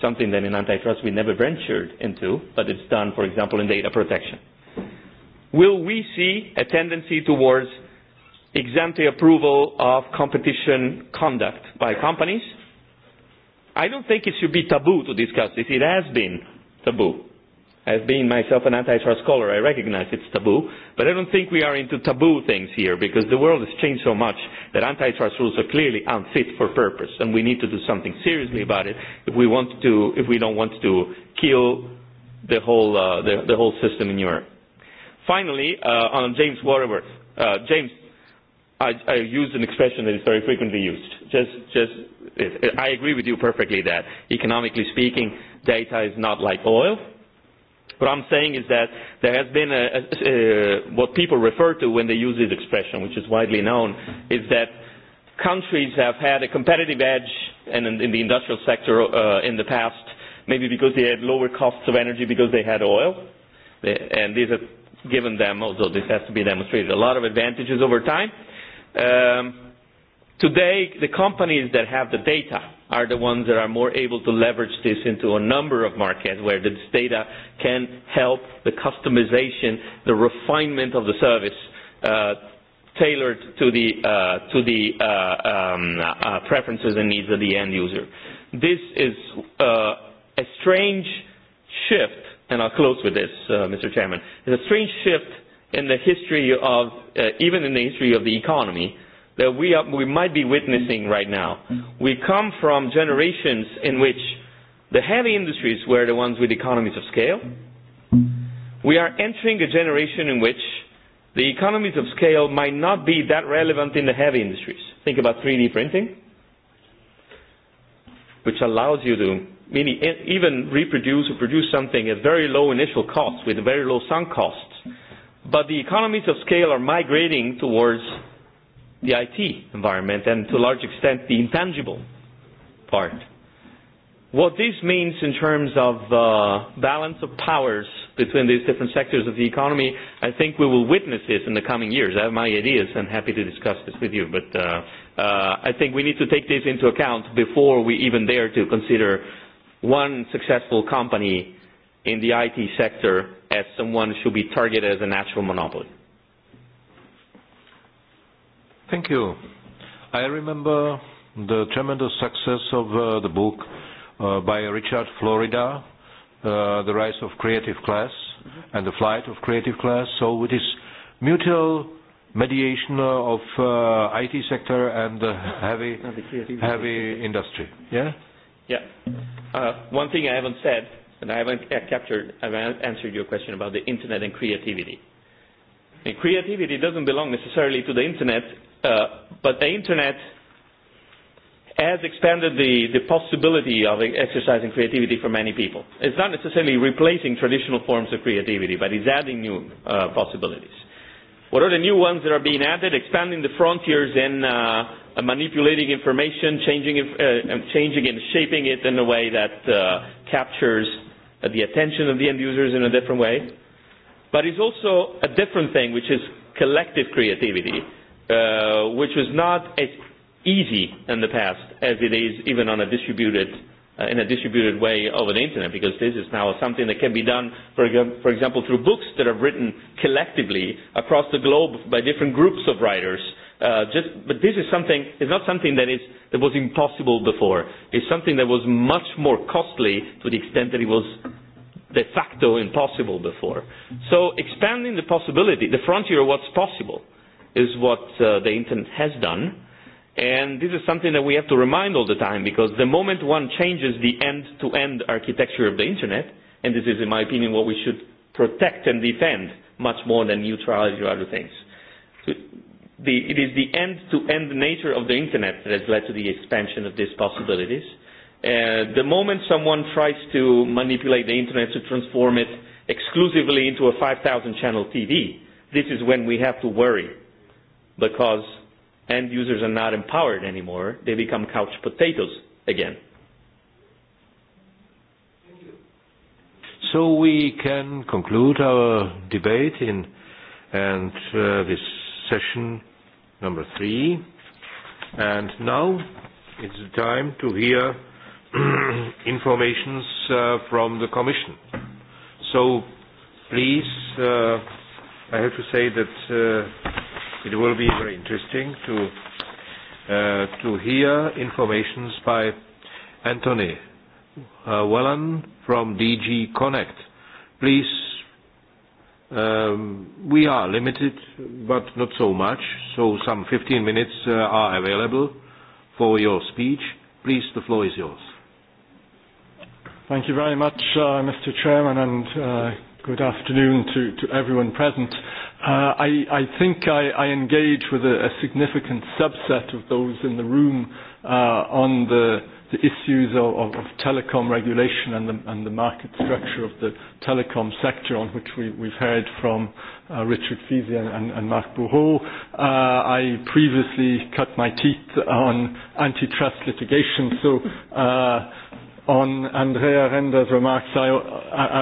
something that in antitrust we never ventured into, but it's done, for example, in data protection. Will we see a tendency towards ex ante approval of competition conduct by companies? I don't think it should be taboo to discuss this. It has been taboo. As being myself an antitrust scholar, I recognize it's taboo, but I don't think we are into taboo things here because the world has changed so much that antitrust rules are clearly unfit for purpose, and we need to do something seriously about it if we, want to, if we don't want to kill the whole, uh, the, the whole system in Europe. Finally, uh, on James Waterworth. Uh, James, I, I use an expression that is very frequently used. Just, just, it, it, I agree with you perfectly that economically speaking, data is not like oil. What I'm saying is that there has been a, a, a, what people refer to when they use this expression, which is widely known, is that countries have had a competitive edge in, in the industrial sector uh, in the past, maybe because they had lower costs of energy because they had oil. And these have given them, although this has to be demonstrated, a lot of advantages over time. Uh, um, today the companies that have the data are the ones that are more able to leverage this into a number of markets where this data can help the customization, the refinement of the service uh, tailored to the, uh, to the uh, um, uh, preferences and needs of the end user. This is uh, a strange shift, and I'll close with this, uh, Mr. Chairman. It's a strange shift uh, in the history of uh, even in the history of the economy that we are, we might be witnessing right now. Mm-hmm. We come from generations in which the heavy industries were the ones with economies of scale. Mm-hmm. We are entering a generation in which the economies of scale might not be that relevant in the heavy industries. Think about 3D printing, which allows you to really e-, even reproduce or produce something at very low initial cost with a very low sunk cost But the economies of scale are migrating towards the IT environment and to a large extent the intangible part. What this means in terms of uh, balance of powers between these different sectors of the economy, I think we will witness this in the coming years. I have my ideas and happy to discuss this with you, but uh, uh, I think we need to take this into account before we even dare to consider one successful company in the IT sector as someone should be targeted as a natural monopoly. Thank you. I remember the tremendous success of uh, the book uh, by Richard Florida, uh, The Rise of Creative Class mm-hmm. and the Flight of Creative Class. So it is mutual mediation of uh, IT sector and uh, heavy, the heavy industry. Yeah? Yeah. Uh, one thing I haven't said but I haven't captured I've answered your question about the internet and creativity. And creativity doesn't belong necessarily to the internet, uh, but the internet has expanded the, the possibility of e-, exercising creativity for many people. It's not necessarily replacing traditional forms of creativity, but it's adding new uh, possibilities. What are the new ones that are being added? Expanding the frontiers in uh, manipulating information, changing, uh, changing and shaping it in a way that uh, captures the attention of the end users in a different way. But it's also a different thing, which is collective creativity, uh, which was not as easy in the past as it is even on a distributed, uh, in a distributed way over the internet, because this is now something that can be done, for, for example, through books that are written collectively across the globe by different groups of writers. Uh, just, but this is something, it's not something that, is, that was impossible before. It's something that was much more costly to the extent that it was de facto impossible before. So expanding the possibility, the frontier of what's possible, is what uh, the Internet has done. And this is something that we have to remind all the time because the moment one changes the end to end architecture of the Internet, and this is, in my opinion, what we should protect and defend much more than neutrality or other things the, it is the end-to-end nature of the internet that has led to the expansion of these possibilities. Uh, the moment someone tries to manipulate the internet to transform it exclusively into a 5,000-channel TV, this is when we have to worry, because end users are not empowered anymore. They become couch potatoes again. So we can conclude our debate in and uh, this session number three. Now it's the time to hear informations uh, from the commission. Please, uh, I have to say that uh, it will be very interesting to hear informations by Anthony Wallin from DG CONNECT. Please, Um, we are limited, but not so much, so some 15 minutes uh, are available for your speech. Please, the floor is yours. Thank you very much, uh, Mr. Chairman, and uh, good afternoon to, to everyone present. Uh, I, I think I, I engage with a, a significant subset of those in the room uh, on the the issues of, of, of telecom regulation and the, and the market structure of the telecom sector, on which we, we've heard from uh, Richard Feasey and, and, and Marc Bourreau. Uh, I previously cut my teeth on antitrust litigation, so uh, on Andrea Renda's remarks, I,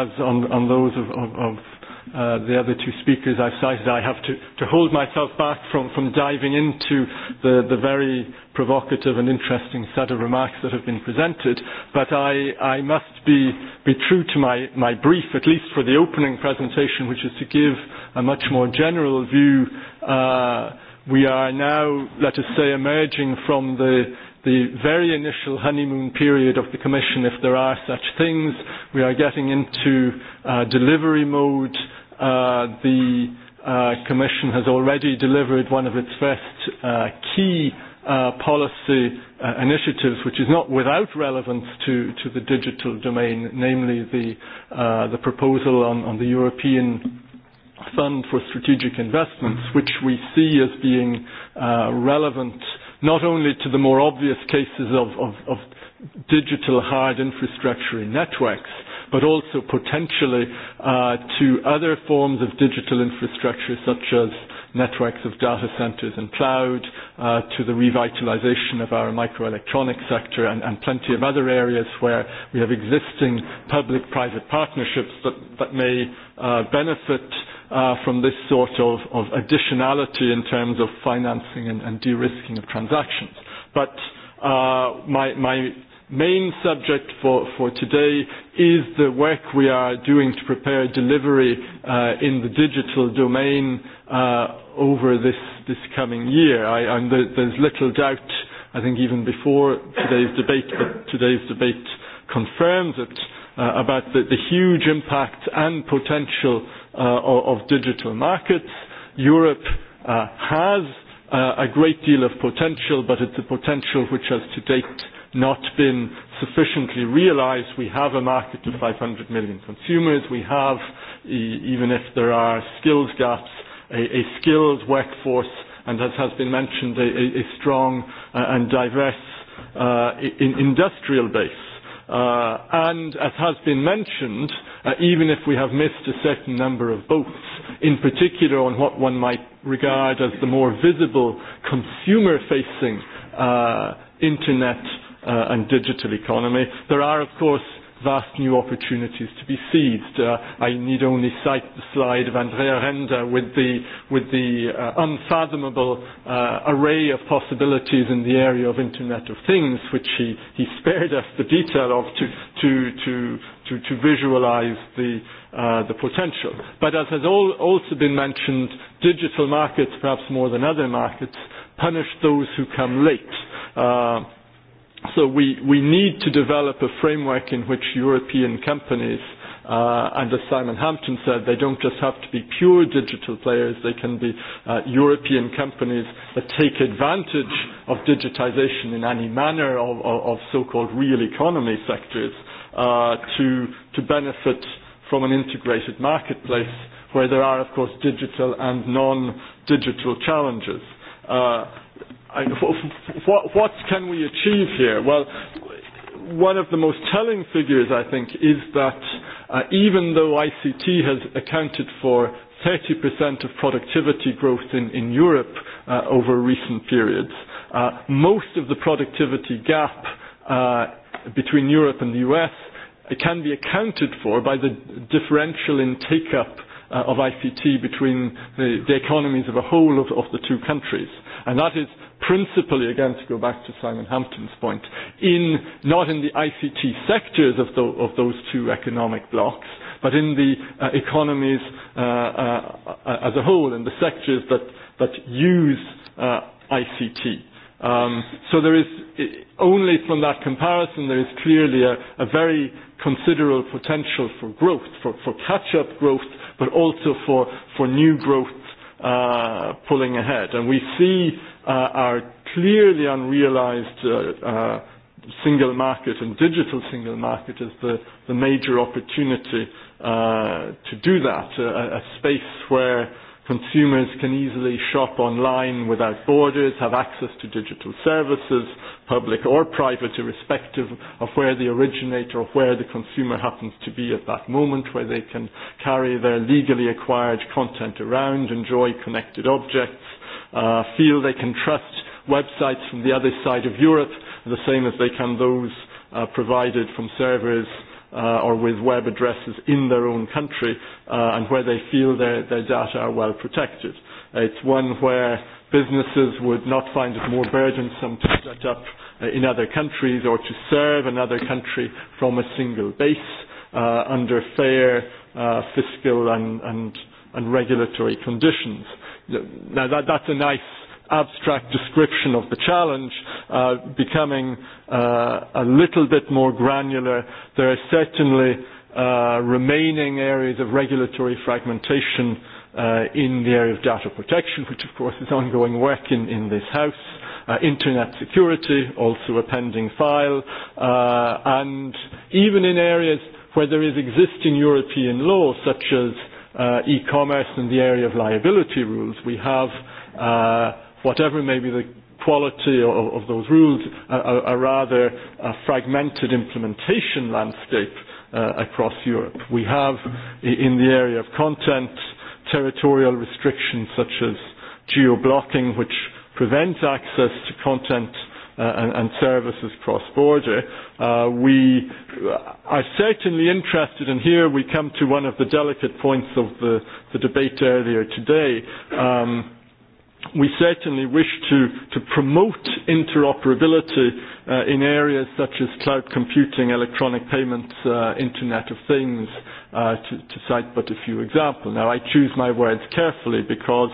as on, on those of, of, of Uh, the other two speakers I've cited, I have to, to hold myself back from, from diving into the, the very provocative and interesting set of remarks that have been presented. But I, I must be, be true to my, my brief, at least for the opening presentation, which is to give a much more general view. Uh, we are now, let us say, emerging from the, the very initial honeymoon period of the Commission, if there are such things. We are getting into uh, delivery mode. Uh, the uh, Commission has already delivered one of its first uh, key uh, policy uh, initiatives, which is not without relevance to, to the digital domain, namely the, uh, the proposal on, on the European Fund for Strategic Investments, which we see as being uh, relevant not only to the more obvious cases of, of, of digital hard infrastructure in networks, but also potentially uh, to other forms of digital infrastructure such as networks of data centers and cloud, uh, to the revitalization of our microelectronics sector and, and plenty of other areas where we have existing public-private partnerships that, that may uh, benefit uh, from this sort of, of additionality in terms of financing and, and de-risking of transactions. But uh, my, my main subject for, for today is the work we are doing to prepare delivery uh, in the digital domain uh, over this, this coming year. I, I'm the, there's little doubt, I think even before today's debate, but today's debate confirms it, uh, about the, the huge impact and potential uh, of, of digital markets. Europe uh, has uh, a great deal of potential, but it's a potential which has to date uh, not been sufficiently realized. We have a market of 500 million consumers. We have, e, even if there are skills gaps, a skilled workforce, and as has been mentioned, a strong uh, and diverse uh, industrial base. Uh, as has been mentioned, even if we have missed a certain number of boats, in particular on what one might regard as the more visible consumer-facing internet uh, and digital economy. There are, of course, vast new opportunities to be seized. Uh, I need only cite the slide of Andrea Renda with the, with the uh, unfathomable uh, array of possibilities in the area of Internet of Things, which he, he spared us the detail of to, to, to, to, to visualize the, uh, the potential. But as has all, also been mentioned, digital markets, perhaps more than other markets, punish those who come late. Uh, so we, we need to develop a framework in which European companies, uh, and as Simon Hampton said, they don't just have to be pure digital players, they can be uh, European companies that take advantage of digitization in any manner of, of, of so-called real economy sectors uh, to, to benefit from an integrated marketplace where there are, of course, digital and non-digital challenges. Uh, what can we achieve here? Well, one of the most telling figures, I think, is that uh, even though ICT has accounted for 30% of productivity growth in, in Europe uh, over recent periods, uh, most of the productivity gap uh, between Europe and the US can be accounted for by the differential in take-up uh, of ICT between the, the economies of a whole of, of the two countries. And that is principally, again, to go back to Simon Hampton's point, in, not in the ICT sectors of, the, of those two economic blocks, but in the uh, economies uh, uh, as a whole, in the sectors that, that use uh, ICT. Um, so there is, only from that comparison, there is clearly a, a very considerable potential for growth, for, for catch-up growth, but also for, for new growth uh, pulling ahead. And we see Uh, are clearly unrealized uh, uh, single market and digital single market is the, the major opportunity uh, to do that, uh, a, a space where consumers can easily shop online without borders, have access to digital services, public or private, irrespective of where the originator or where the consumer happens to be at that moment, where they can carry their legally acquired content around, enjoy connected objects, uh, feel they can trust websites from the other side of Europe the same as they can those uh, provided from servers uh, or with web addresses in their own country uh, and where they feel their, their data are well protected. It's one where businesses would not find it more burdensome to set up uh, in other countries or to serve another country from a single base uh, under fair uh, fiscal and, and, and regulatory conditions now that, that's a nice abstract description of the challenge. Uh, becoming uh, a little bit more granular, there are certainly uh, remaining areas of regulatory fragmentation uh, in the area of data protection, which of course is ongoing work in, in this house, uh, internet security, also a pending file, uh, and even in areas where there is existing European law, such as Uh, e-commerce and the area of liability rules, we have, uh, whatever may be the quality of, of those rules, uh, a, a rather uh, fragmented implementation landscape uh, across Europe. We have, in the area of content, territorial restrictions such as geo-blocking, which prevents access to content uh, Uh, and, and services cross border. Uh, we are certainly interested, and here we come to one of the delicate points of the, the debate earlier today. Um, we certainly wish to, to promote interoperability uh, in areas such as cloud computing, electronic payments, uh, Internet of Things, uh, to, to cite but a few examples. Now, I choose my words carefully because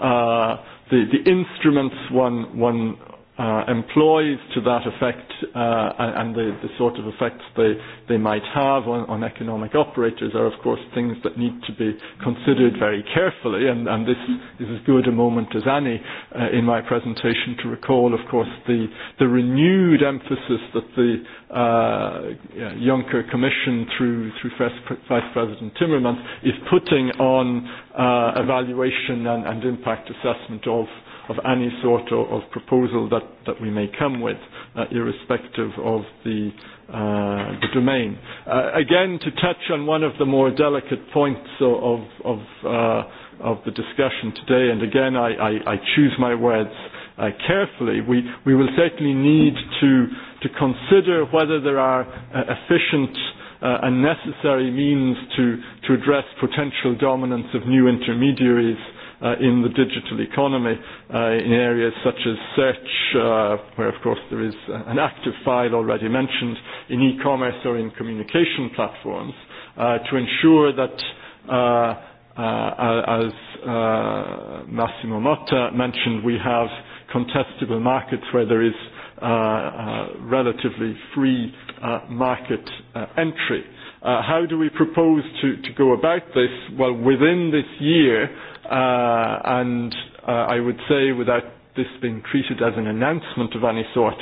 uh, the, the instruments one, one uh, employees to that effect uh, and the, the sort of effects they, they might have on, on economic operators are, of course, things that need to be considered very carefully. And, and this is as good a moment as any uh, in my presentation to recall, of course, the, the renewed emphasis that the uh, yeah, Juncker Commission, through, through First Pre- Vice President Timmermans, is putting on uh, evaluation and, and impact assessment of of any sort of, of proposal that, that we may come with, uh, irrespective of the, uh, the domain. Uh, again, to touch on one of the more delicate points of, of, uh, of the discussion today, and again, I, I, I choose my words uh, carefully, we, we will certainly need to, to consider whether there are uh, efficient uh, a necessary means to, to address potential dominance of new intermediaries uh, in the digital economy uh, in areas such as search, uh, where of course there is uh, an active file already mentioned, in e-commerce or in communication platforms, uh, to ensure that uh, uh, as uh, Massimo Motta mentioned, we have contestable markets where there is uh, uh, relatively free uh, market uh, entry. Uh, how do we propose to, to go about this? Well, within this year, uh, and uh, I would say without this being treated as an announcement of any sort,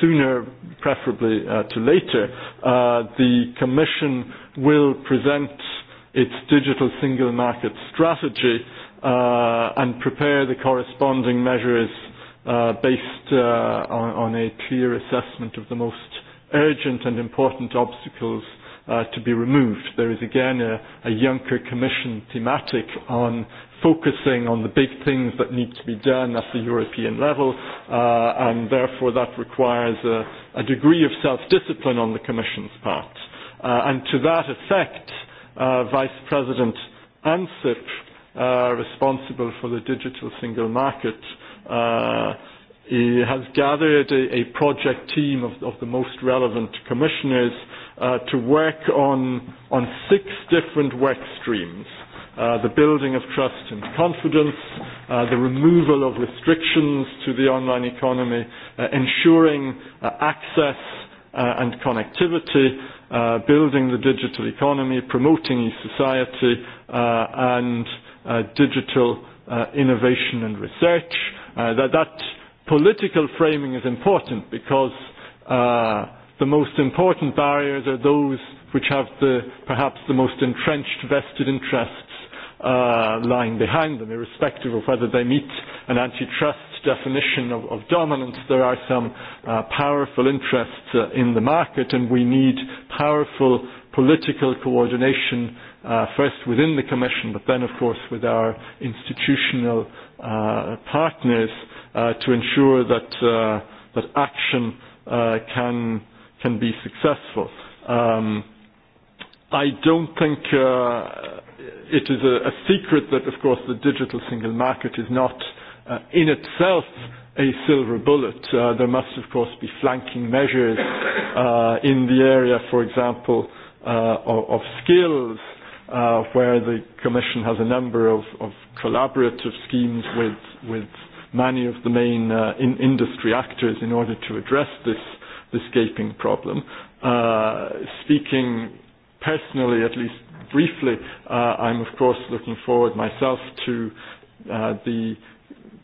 sooner, preferably uh, to later, uh, the Commission will present its digital single market strategy uh, and prepare the corresponding measures uh, based uh, on, on a clear assessment of the most urgent and important obstacles Uh, to be removed. There is again a, a Juncker Commission thematic on focusing on the big things that need to be done at the European level, uh, and therefore that requires a, a degree of self-discipline on the Commission's part. Uh, and to that effect, uh, Vice President Ansip, uh, responsible for the digital single market, uh, he has gathered a, a project team of, of the most relevant commissioners uh, to work on, on six different work streams. Uh, the building of trust and confidence, uh, the removal of restrictions to the online economy, uh, ensuring uh, access uh, and connectivity, uh, building the digital economy, promoting e-society uh, and uh, digital uh, innovation and research. Uh, that, that political framing is important because uh, the most important barriers are those which have the, perhaps the most entrenched vested interests uh, lying behind them, irrespective of whether they meet an antitrust definition of, of dominance. There are some uh, powerful interests uh, in the market, and we need powerful political coordination uh, first within the Commission, but then, of course, with our institutional uh, partners uh, to ensure that, uh, that action uh, can can be successful. Um, I don't think uh, it is a, a secret that, of course, the digital single market is not uh, in itself a silver bullet. Uh, there must, of course, be flanking measures uh, in the area, for example, uh, of, of skills, uh, where the Commission has a number of, of collaborative schemes with, with many of the main uh, in industry actors in order to address this the scaping problem. Uh, speaking personally, at least briefly, uh, I'm of course looking forward myself to uh, the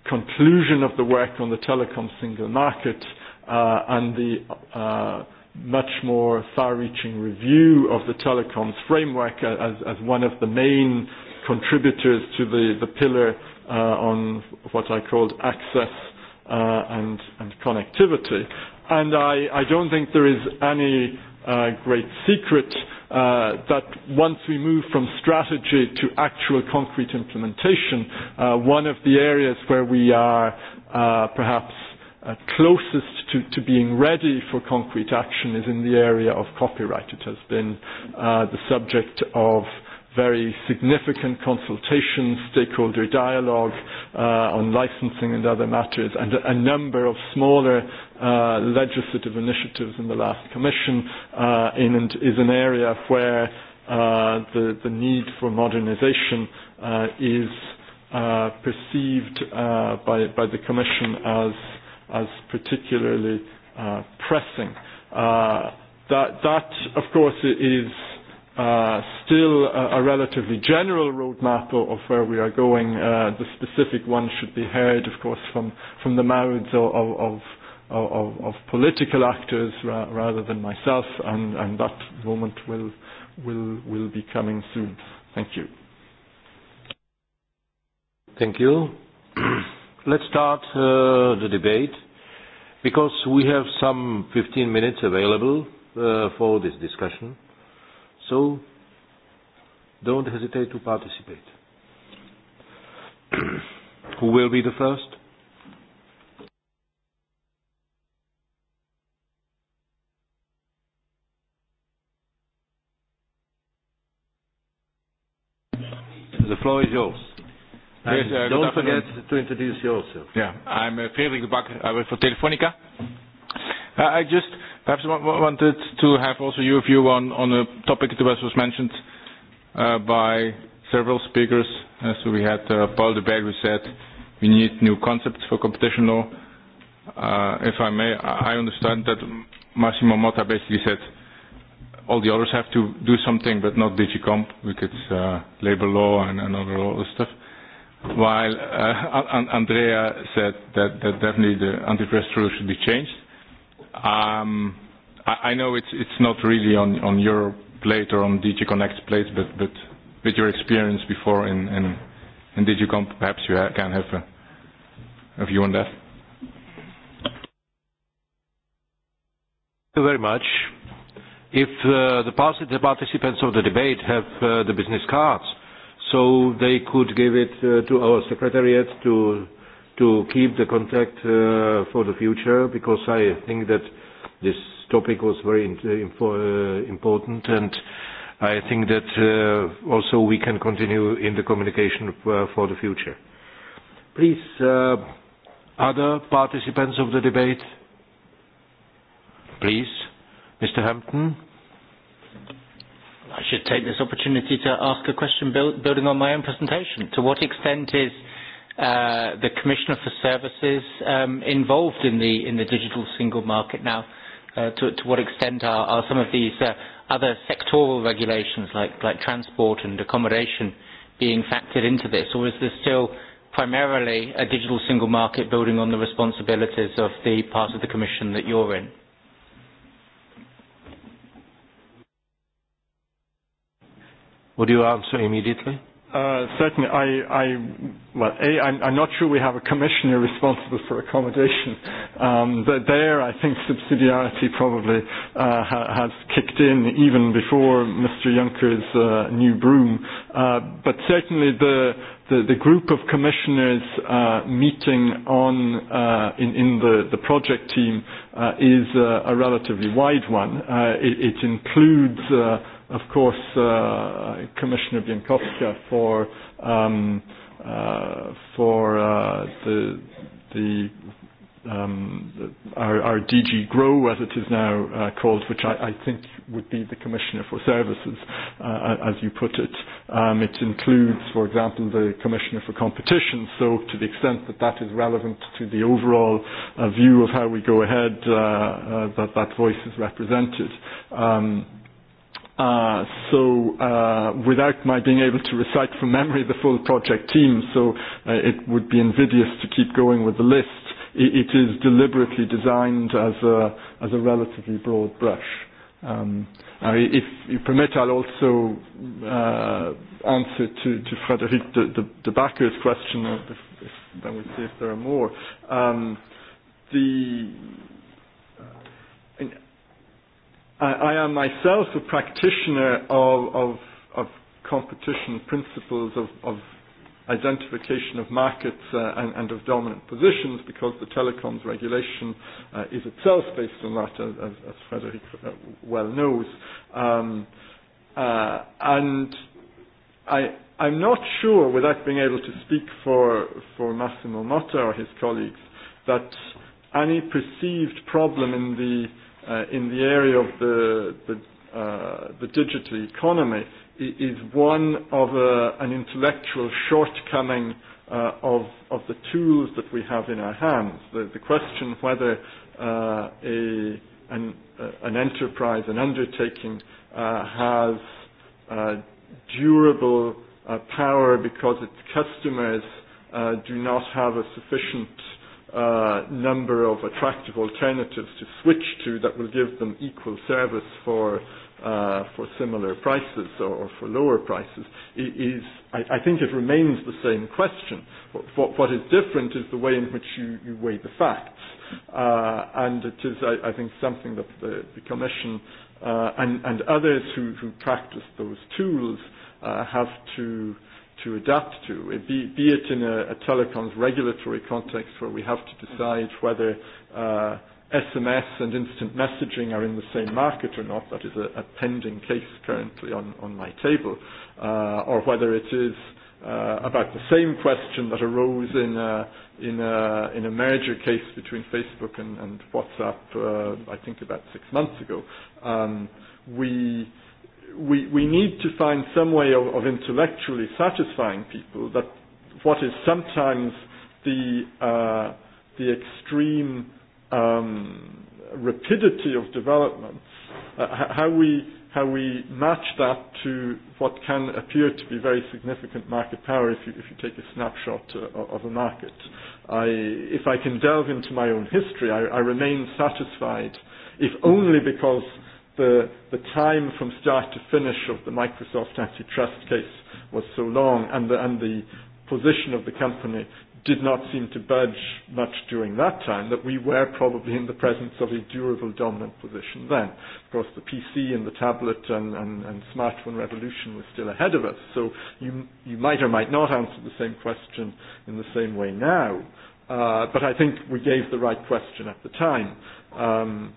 conclusion of the work on the telecom single market uh, and the uh, much more far-reaching review of the telecoms framework as, as one of the main contributors to the, the pillar uh, on what I called access uh, and, and connectivity and I, I don't think there is any uh, great secret uh, that once we move from strategy to actual concrete implementation, uh, one of the areas where we are uh, perhaps uh, closest to, to being ready for concrete action is in the area of copyright. It has been uh, the subject of very significant consultation, stakeholder dialogue uh, on licensing and other matters, and a, a number of smaller uh, legislative initiatives in the last commission uh, in, in, is an area where uh, the, the need for modernization uh, is uh, perceived uh, by, by the commission as, as particularly uh, pressing. Uh, that, that, of course, is Uh, still a relatively general roadmap of where we are going. Uh, the specific one should be heard, of course, from, from the mouths of, of, of, of political actors ra- rather than myself, and, and that moment will, will, will be coming soon. Thank you. Thank you. Let's start uh, the debate because we have some 15 minutes available uh, for this discussion. So don't hesitate to participate. Who will be the first? The floor is yours. Yes, uh, don't forget to introduce yourself. Yeah, I'm uh, Frederik de Bakker. I uh, work for Telefonica. Uh, I just perhaps wanted to have also your view on a topic that was mentioned uh, by several speakers. Uh, we had Paul Dubery who said we need new concepts for competition law. If I may, I understand that Massimo Motta basically said all the others have to do something, but not DG Comp, because labor law and other law stuff. While Andrea said that definitely the antitrust rules should be changed. Um, I know it's not really on your plate or on Digi Connect's plate, but with your experience before in Digicom, perhaps you can have a view on that. Thank you very much. If uh, the participants of the debate have uh, the business cards, so they could give it uh, to our secretariat to to keep the contact uh, for the future because I think that this topic was very uh, uh, important, and I think that also we can continue in the communication for the future. Please, other participants of the debate. Please, Mr. Hampton. I should take this opportunity to ask a question building on my own presentation. To what extent is uh, the Commissioner for Services um, involved in the in the digital single market now? Uh, to, to what extent are, are some of these uh, other sectoral regulations, like like transport and accommodation, being factored into this, or is this still primarily a digital single market building on the responsibilities of the part of the Commission that you're in? Would you answer immediately? Uh, certainly, I, I, well, A, I'm, I'm not sure we have a commissioner responsible for accommodation, um, but there I think subsidiarity probably uh, ha- has kicked in even before Mr. Juncker's uh, new broom. Uh, but certainly the, the, the group of commissioners uh, meeting on, uh, in, in the, the project team uh, is uh, a relatively wide one. Uh, it, it includes uh, of course, uh, Commissioner Biankowska for um, uh, for uh, the the, um, the our, our DG Grow, as it is now uh, called, which I, I think would be the Commissioner for Services, uh, as you put it. Um, it includes, for example, the Commissioner for Competition. So, to the extent that that is relevant to the overall uh, view of how we go ahead, uh, uh, that that voice is represented. Um, Uh, so uh, without my being able to recite from memory the full project team, so uh, it would be invidious to keep going with the list. It, it is deliberately designed as a, as a relatively broad brush. Um, uh, if you permit, I'll also uh, answer to, to Frederic de, de, de Backer's question, if, if, then we'll see if there are more. Um, the, I, I am myself a practitioner of, of, of competition principles of, of identification of markets uh, and, and of dominant positions because the telecoms regulation uh, is itself based on that, as, as, as Frederick uh, well knows. Um, uh, and I, I'm not sure, without being able to speak for, for Massimo Motta or his colleagues, that any perceived problem in the uh, Uh, in the area of the, the, uh, the digital economy is one of a, uh, an intellectual shortcoming uh, of, of the tools that we have in our hands. The, the question whether uh, a, an, uh, an enterprise, an undertaking, uh, has uh, durable uh, power because its customers uh, do not have a sufficient uh, Uh, number of attractive alternatives to switch to that will give them equal service for uh, for similar prices or, or for lower prices is I, I think it remains the same question. What, what, what is different is the way in which you, you weigh the facts, uh, and it is I, I think something that the, the Commission uh, and, and others who, who practice those tools uh, have to to adapt to, eh, be it in a telecoms regulatory context where we have to decide whether SMS uh, and instant messaging are in the same market or not. That is a pending case currently on my table. Uh, or whether it is uh, about the same question that arose in a merger case between Facebook and WhatsApp, I think about six months ago. Um, we, we need to find some way of, of intellectually satisfying people that what is sometimes the, uh, the extreme um, rapidity of developments, uh, how, we, how we match that to what can appear to be very significant market power if you, if you take a snapshot uh, of a market. I, if I can delve into my own history, I, I remain satisfied, if only because the, the time from start to finish of the Microsoft antitrust case was so long, and the, and the position of the company did not seem to budge much during that time, that we were probably in the presence of a durable dominant position then. Of course, the PC and the tablet and, and, and smartphone revolution was still ahead of us, so you, you might or might not answer the same question in the same way now. Uh, but I think we gave the right question at the time. Um,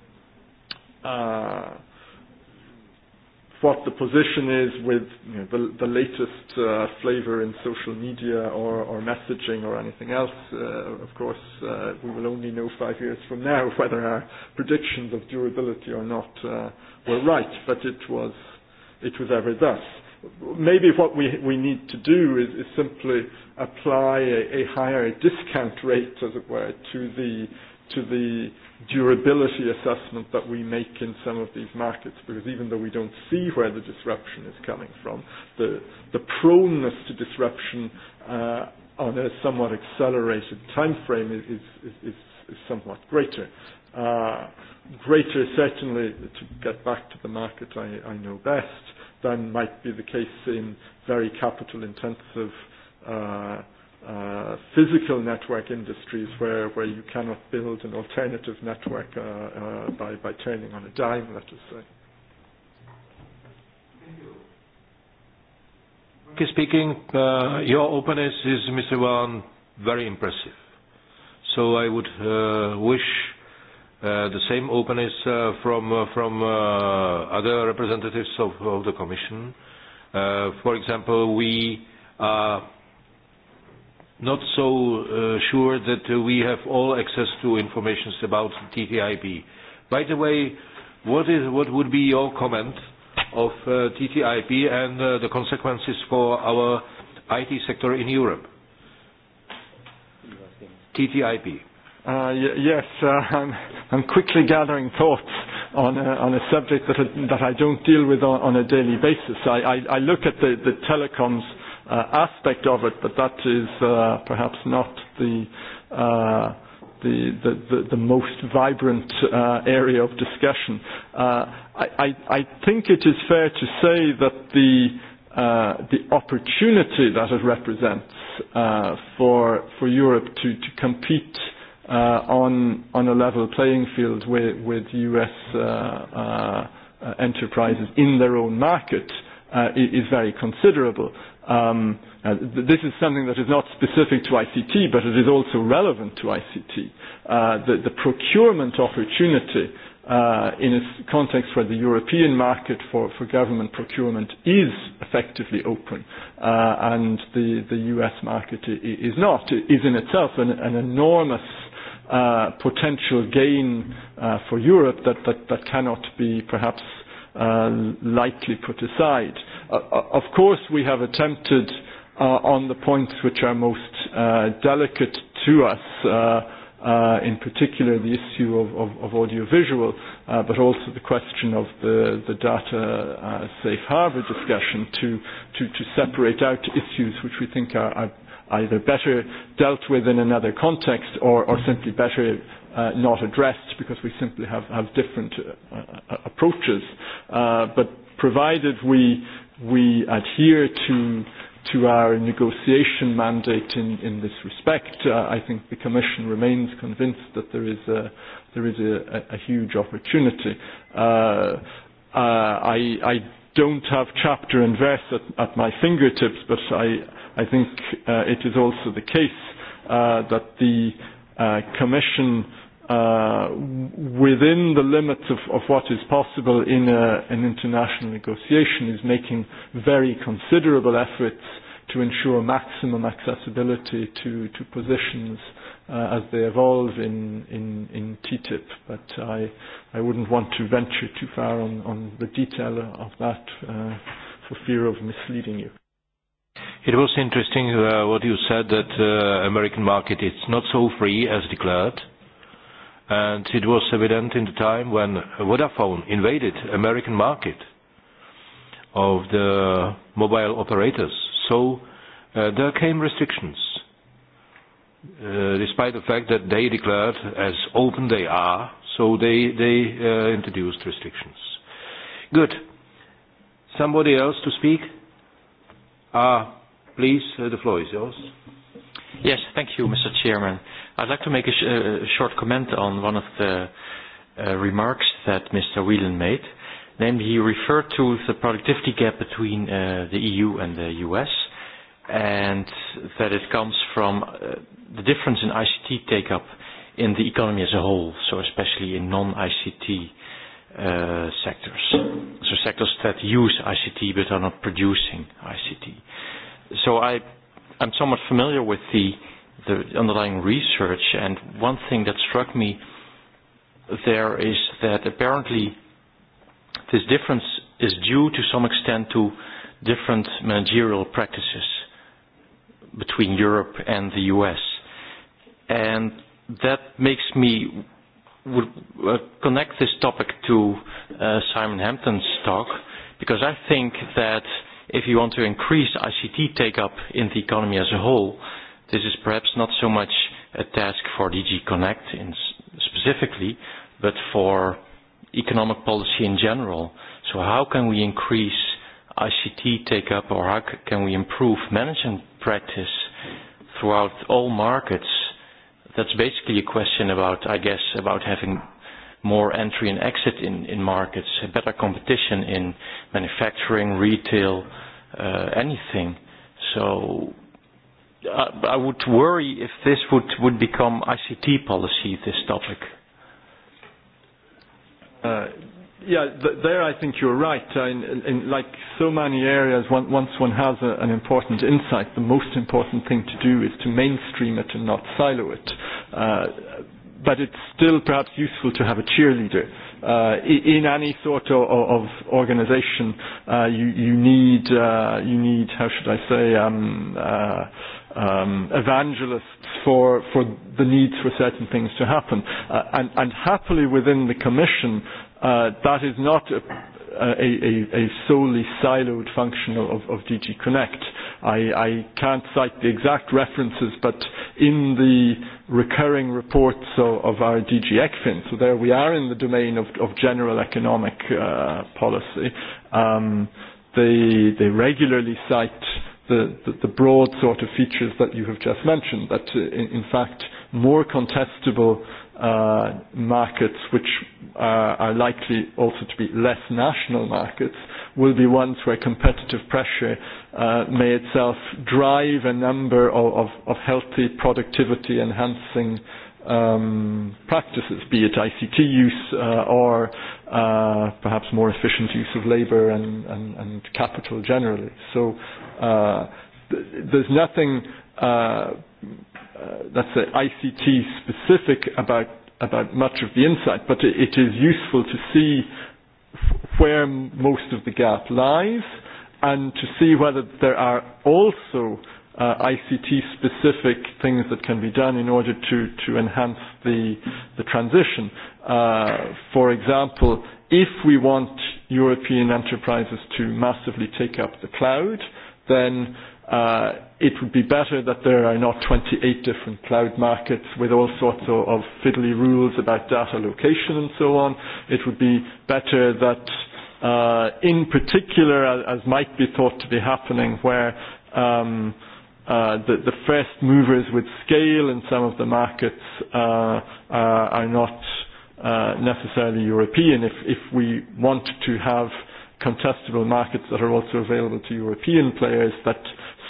uh, what the position is with you know, the, the latest uh, flavor in social media or, or messaging or anything else. Uh, of course, uh, we will only know five years from now whether our predictions of durability or not uh, were right, but it was, it was ever thus. Maybe what we, we need to do is, is simply apply a, a higher discount rate, as it were, to the, to the uh, durability assessment that we make in some of these markets, because even though we don't see where the disruption is coming from, the, the proneness to disruption uh, on a somewhat accelerated time frame is, is, is, is somewhat greater. Uh, greater, certainly, to get back to the market I, I know best, than might be the case in very capital intensive uh, Uh, physical network industries where, where you cannot build an alternative network uh, uh, by, by turning on a dime, let us say. Speaking, uh, your openness is, Mr. Wan, very impressive. So I would uh, wish uh, the same openness uh, from uh, from uh, other representatives of, of the Commission. Uh, for example, we are not so uh, sure that uh, we have all access to information about TTIP. By the way, what would be your comment of uh, TTIP and the consequences for our IT sector in Europe? TTIP. Yes. I'm quickly gathering thoughts on a subject that I don't deal with on a daily basis. I look at the telecoms uh, aspect of it, but that is uh, perhaps not the, uh, the, the, the, the most vibrant uh, area of discussion. Uh, I, I, I think it is fair to say that the, uh, the opportunity that it represents uh, for, for Europe to, to compete uh, on, on a level playing field with, with US uh, uh, enterprises in their own market uh, is very considerable um, uh, this is something that is not specific to ICT, but it is also relevant to ICT. Uh, the, the procurement opportunity uh, in a context where the European market for, for government procurement is effectively open uh, and the, the US market is not, is in itself an, an enormous uh, potential gain uh, for Europe that, that, that cannot be perhaps Uh, lightly put aside. Uh, uh, of course, we have attempted uh, on the points which are most uh, delicate to us, uh, uh, in particular the issue of, of, of audiovisual, uh, but also the question of the, the data uh, safe harbor discussion to, to, to separate out issues which we think are, are either better dealt with in another context or, or simply better uh, not addressed because we simply have, have different uh, uh, approaches. Uh, but provided we, we adhere to, to our negotiation mandate in, in this respect, uh, I think the Commission remains convinced that there is a, there is a, a, a huge opportunity. Uh, uh, I, I don't have chapter and verse at, at my fingertips, but I, I think uh, it is also the case uh, that the uh, Commission uh, Uh, within the limit of, of what is possible in a, an international negotiation is making very considerable efforts to ensure maximum accessibility to, to positions uh, as they evolve in, in, in TTIP. But I, I wouldn't want to venture too far on, on the detail of that uh, for fear of misleading you. It was interesting uh, what you said that uh, American market is not so free as declared and it was evident in the time when Vodafone invaded American market of the mobile operators. So uh, there came restrictions, uh, despite the fact that they declared as open they are, so they, they uh, introduced restrictions. Good. Somebody else to speak? Uh, please, uh, the floor is yours. Yes, thank you, Mr. Chairman. I'd like to make a, sh uh, a short comment on one of the uh, remarks that Mr. Whelan made. Namely, he referred to the productivity gap between uh, the EU and the US, and that it comes from uh, the difference in ICT take-up in the economy as a whole, so especially in non-ICT uh, sectors, so sectors that use ICT but are not producing ICT. So I, I'm somewhat familiar with the the underlying research. And one thing that struck me there is that apparently this difference is due to some extent to different managerial practices between Europe and the US. And that makes me uh, connect this topic to uh, Simon Hampton's talk, because I think that if you want to increase ICT take up in the economy as a whole, this is perhaps not so much a task for DG Connect in specifically, but for economic policy in general. So how can we increase ICT take-up or how can we improve management practice throughout all markets? That's basically a question about, I guess, about having more entry and exit in, in markets, a better competition in manufacturing, retail, uh, anything. So uh, I would worry if this would, would become ICT policy, this topic. Uh, yeah, th there I think you're right. Uh, in, in, like so many areas, one, once one has a, an important insight, the most important thing to do is to mainstream it and not silo it. Uh, but it's still perhaps useful to have a cheerleader. Uh, in any sort of, of organization, uh, you, you, need, uh, you need, how should I say, um, uh, um, evangelists for, for the need for certain things to happen. Uh, and, and happily within the commission, uh, that is not a, a, a, a solely siloed function of, of DG Connect. I, I can't cite the exact references, but in the recurring reports of, of our DG ECFIN, so there we are in the domain of, of general economic uh, policy, um, they, they regularly cite the, the, the broad sort of features that you have just mentioned, that uh, in, in fact more contestable uh, markets, which uh, are likely also to be less national markets, will be ones where competitive pressure uh, may itself drive a number of, of, of healthy productivity enhancing uh, um, practices, be it ICT use uh, or uh, perhaps more efficient use of labour and, and, and capital generally. So uh, th- there's nothing, uh, uh, let's say, ICT specific about, about much of the insight, but it, it is useful to see f- where m- most of the gap lies and to see whether there are also uh, uh, ICT-specific things that can be done in order to, to enhance the, the transition. Uh, for example, if we want European enterprises to massively take up the cloud, then uh, it would be better that there are not 28 different cloud markets with all sorts of, of fiddly rules about data location and so on. It would be better that, uh, in particular, as, as might be thought to be happening, where um, uh, uh, the, the first movers with scale in some of the markets uh, uh, are not uh, necessarily European. If, if we want to have contestable markets that are also available to European players, that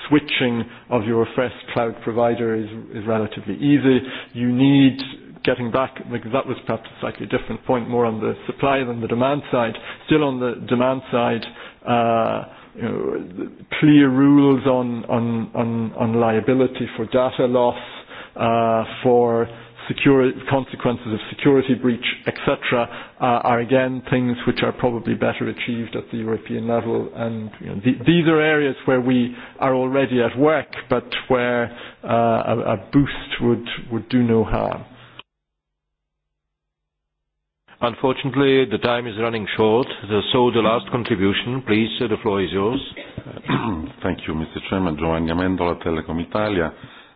switching of your first cloud provider is, is relatively easy. You need getting back, because that was perhaps a slightly different point, more on the supply than the demand side. Still on the demand side, uh, clear rules on, on, on, on liability for data loss, uh, for security, consequences of security breach, etc., uh, are again things which are probably better achieved at the European level. And you know, th- these are areas where we are already at work, but where uh, a, a boost would, would do no harm. Unfortunately, the time is running short, so the last contribution, please, the floor is yours. Thank you, Mr. Chairman. Giovanni Amendola, Telecom Italia.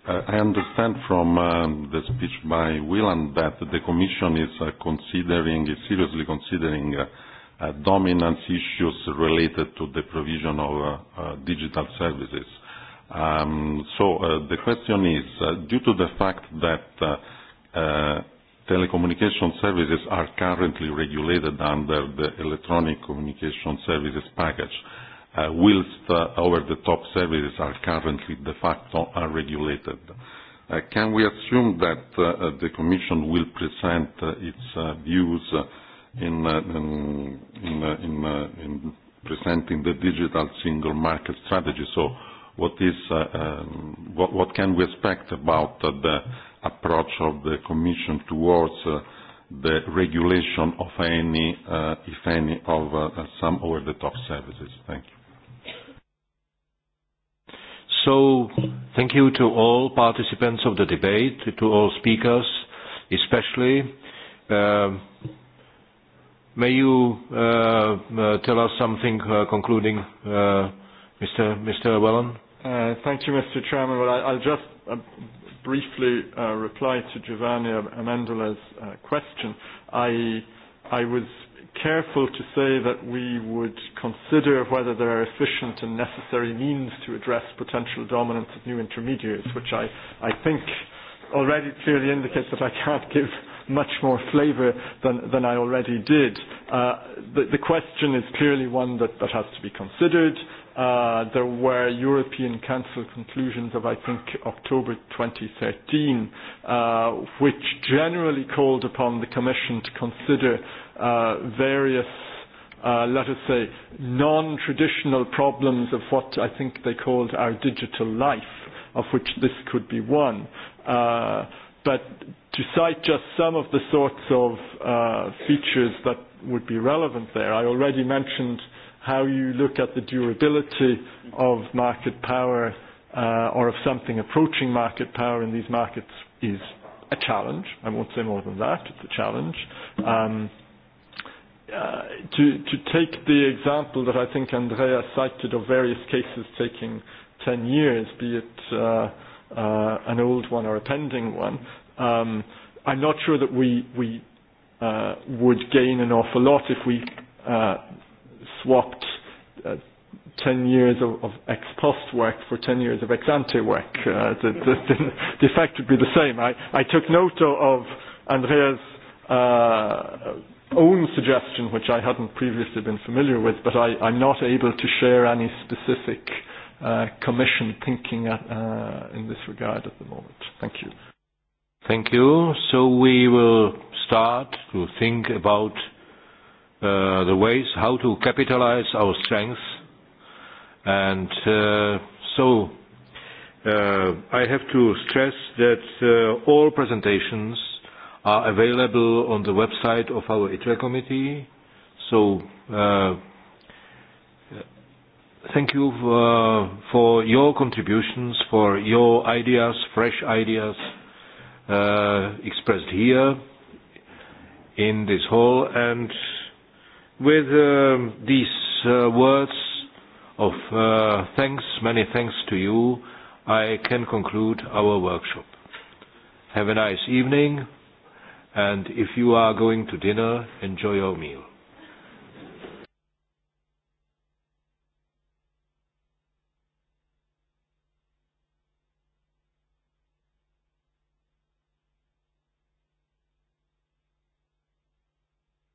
Uh, I understand from um, the speech by Willan that the Commission is uh, considering, is seriously considering uh, uh, dominance issues related to the provision of uh, uh, digital services. Um, so uh, the question is, uh, due to the fact that uh, uh, telecommunication services are currently regulated under the electronic communication services package, uh, whilst uh, over-the-top services are currently de facto unregulated. Uh, can we assume that uh, uh the Commission will present uh, its uh, views uh, in, uh, in, uh, in, uh, in presenting the digital single market strategy? So what, is, uh, um, what, what can we expect about uh, the approach of the Commission towards uh, the regulation of any, uh, if any, of uh, some over-the-top services. Thank you. So, thank you to all participants of the debate, to all speakers, especially. Uh, may you uh, uh, tell us something uh, concluding, uh, Mr. Mr. Wellen? Uh, thank you, Mr. Chairman. Well, I, I'll just uh, briefly uh, reply to Giovanni Amendola's uh, question. I, I was careful to say that we would consider whether there are efficient and necessary means to address potential dominance of new intermediaries, which I, I think already clearly indicates that I can't give much more flavour than, than I already did. Uh, the, the question is clearly one that, that has to be considered uh, there were European Council conclusions of, I think, October 2013, uh, which generally called upon the Commission to consider uh, various, uh, let us say, non-traditional problems of what I think they called our digital life, of which this could be one. Uh, but to cite just some of the sorts of uh, features that would be relevant there, I already mentioned uh, how you look at the durability of market power uh, or of something approaching market power in these markets is a challenge. I won't say more than that. It's a challenge. Um, uh, to, to take the example that I think Andrea cited of various cases taking 10 years, be it uh, uh, an old one or a pending one, um, I'm not sure that we, we uh, would gain an awful lot if we uh, swapped uh, 10 years of, of ex post work for 10 years of ex ante work. Uh, the, the, the, the effect would be the same. I, I took note of Andrea's uh, own suggestion, which I hadn't previously been familiar with, but I, I'm not able to share any specific uh, commission thinking at, uh, in this regard at the moment. Thank you. Thank you. So we will start to think about. Uh, the ways how to capitalize our strengths. Uh, uh, I have to stress that all presentations are available on the website of our ITRE committee. Thank you for your contributions, for your ideas, fresh ideas expressed here in this hall with uh, these uh, words of uh, thanks, many thanks to you, I can conclude our workshop. Have a nice evening, and if you are going to dinner, enjoy your meal.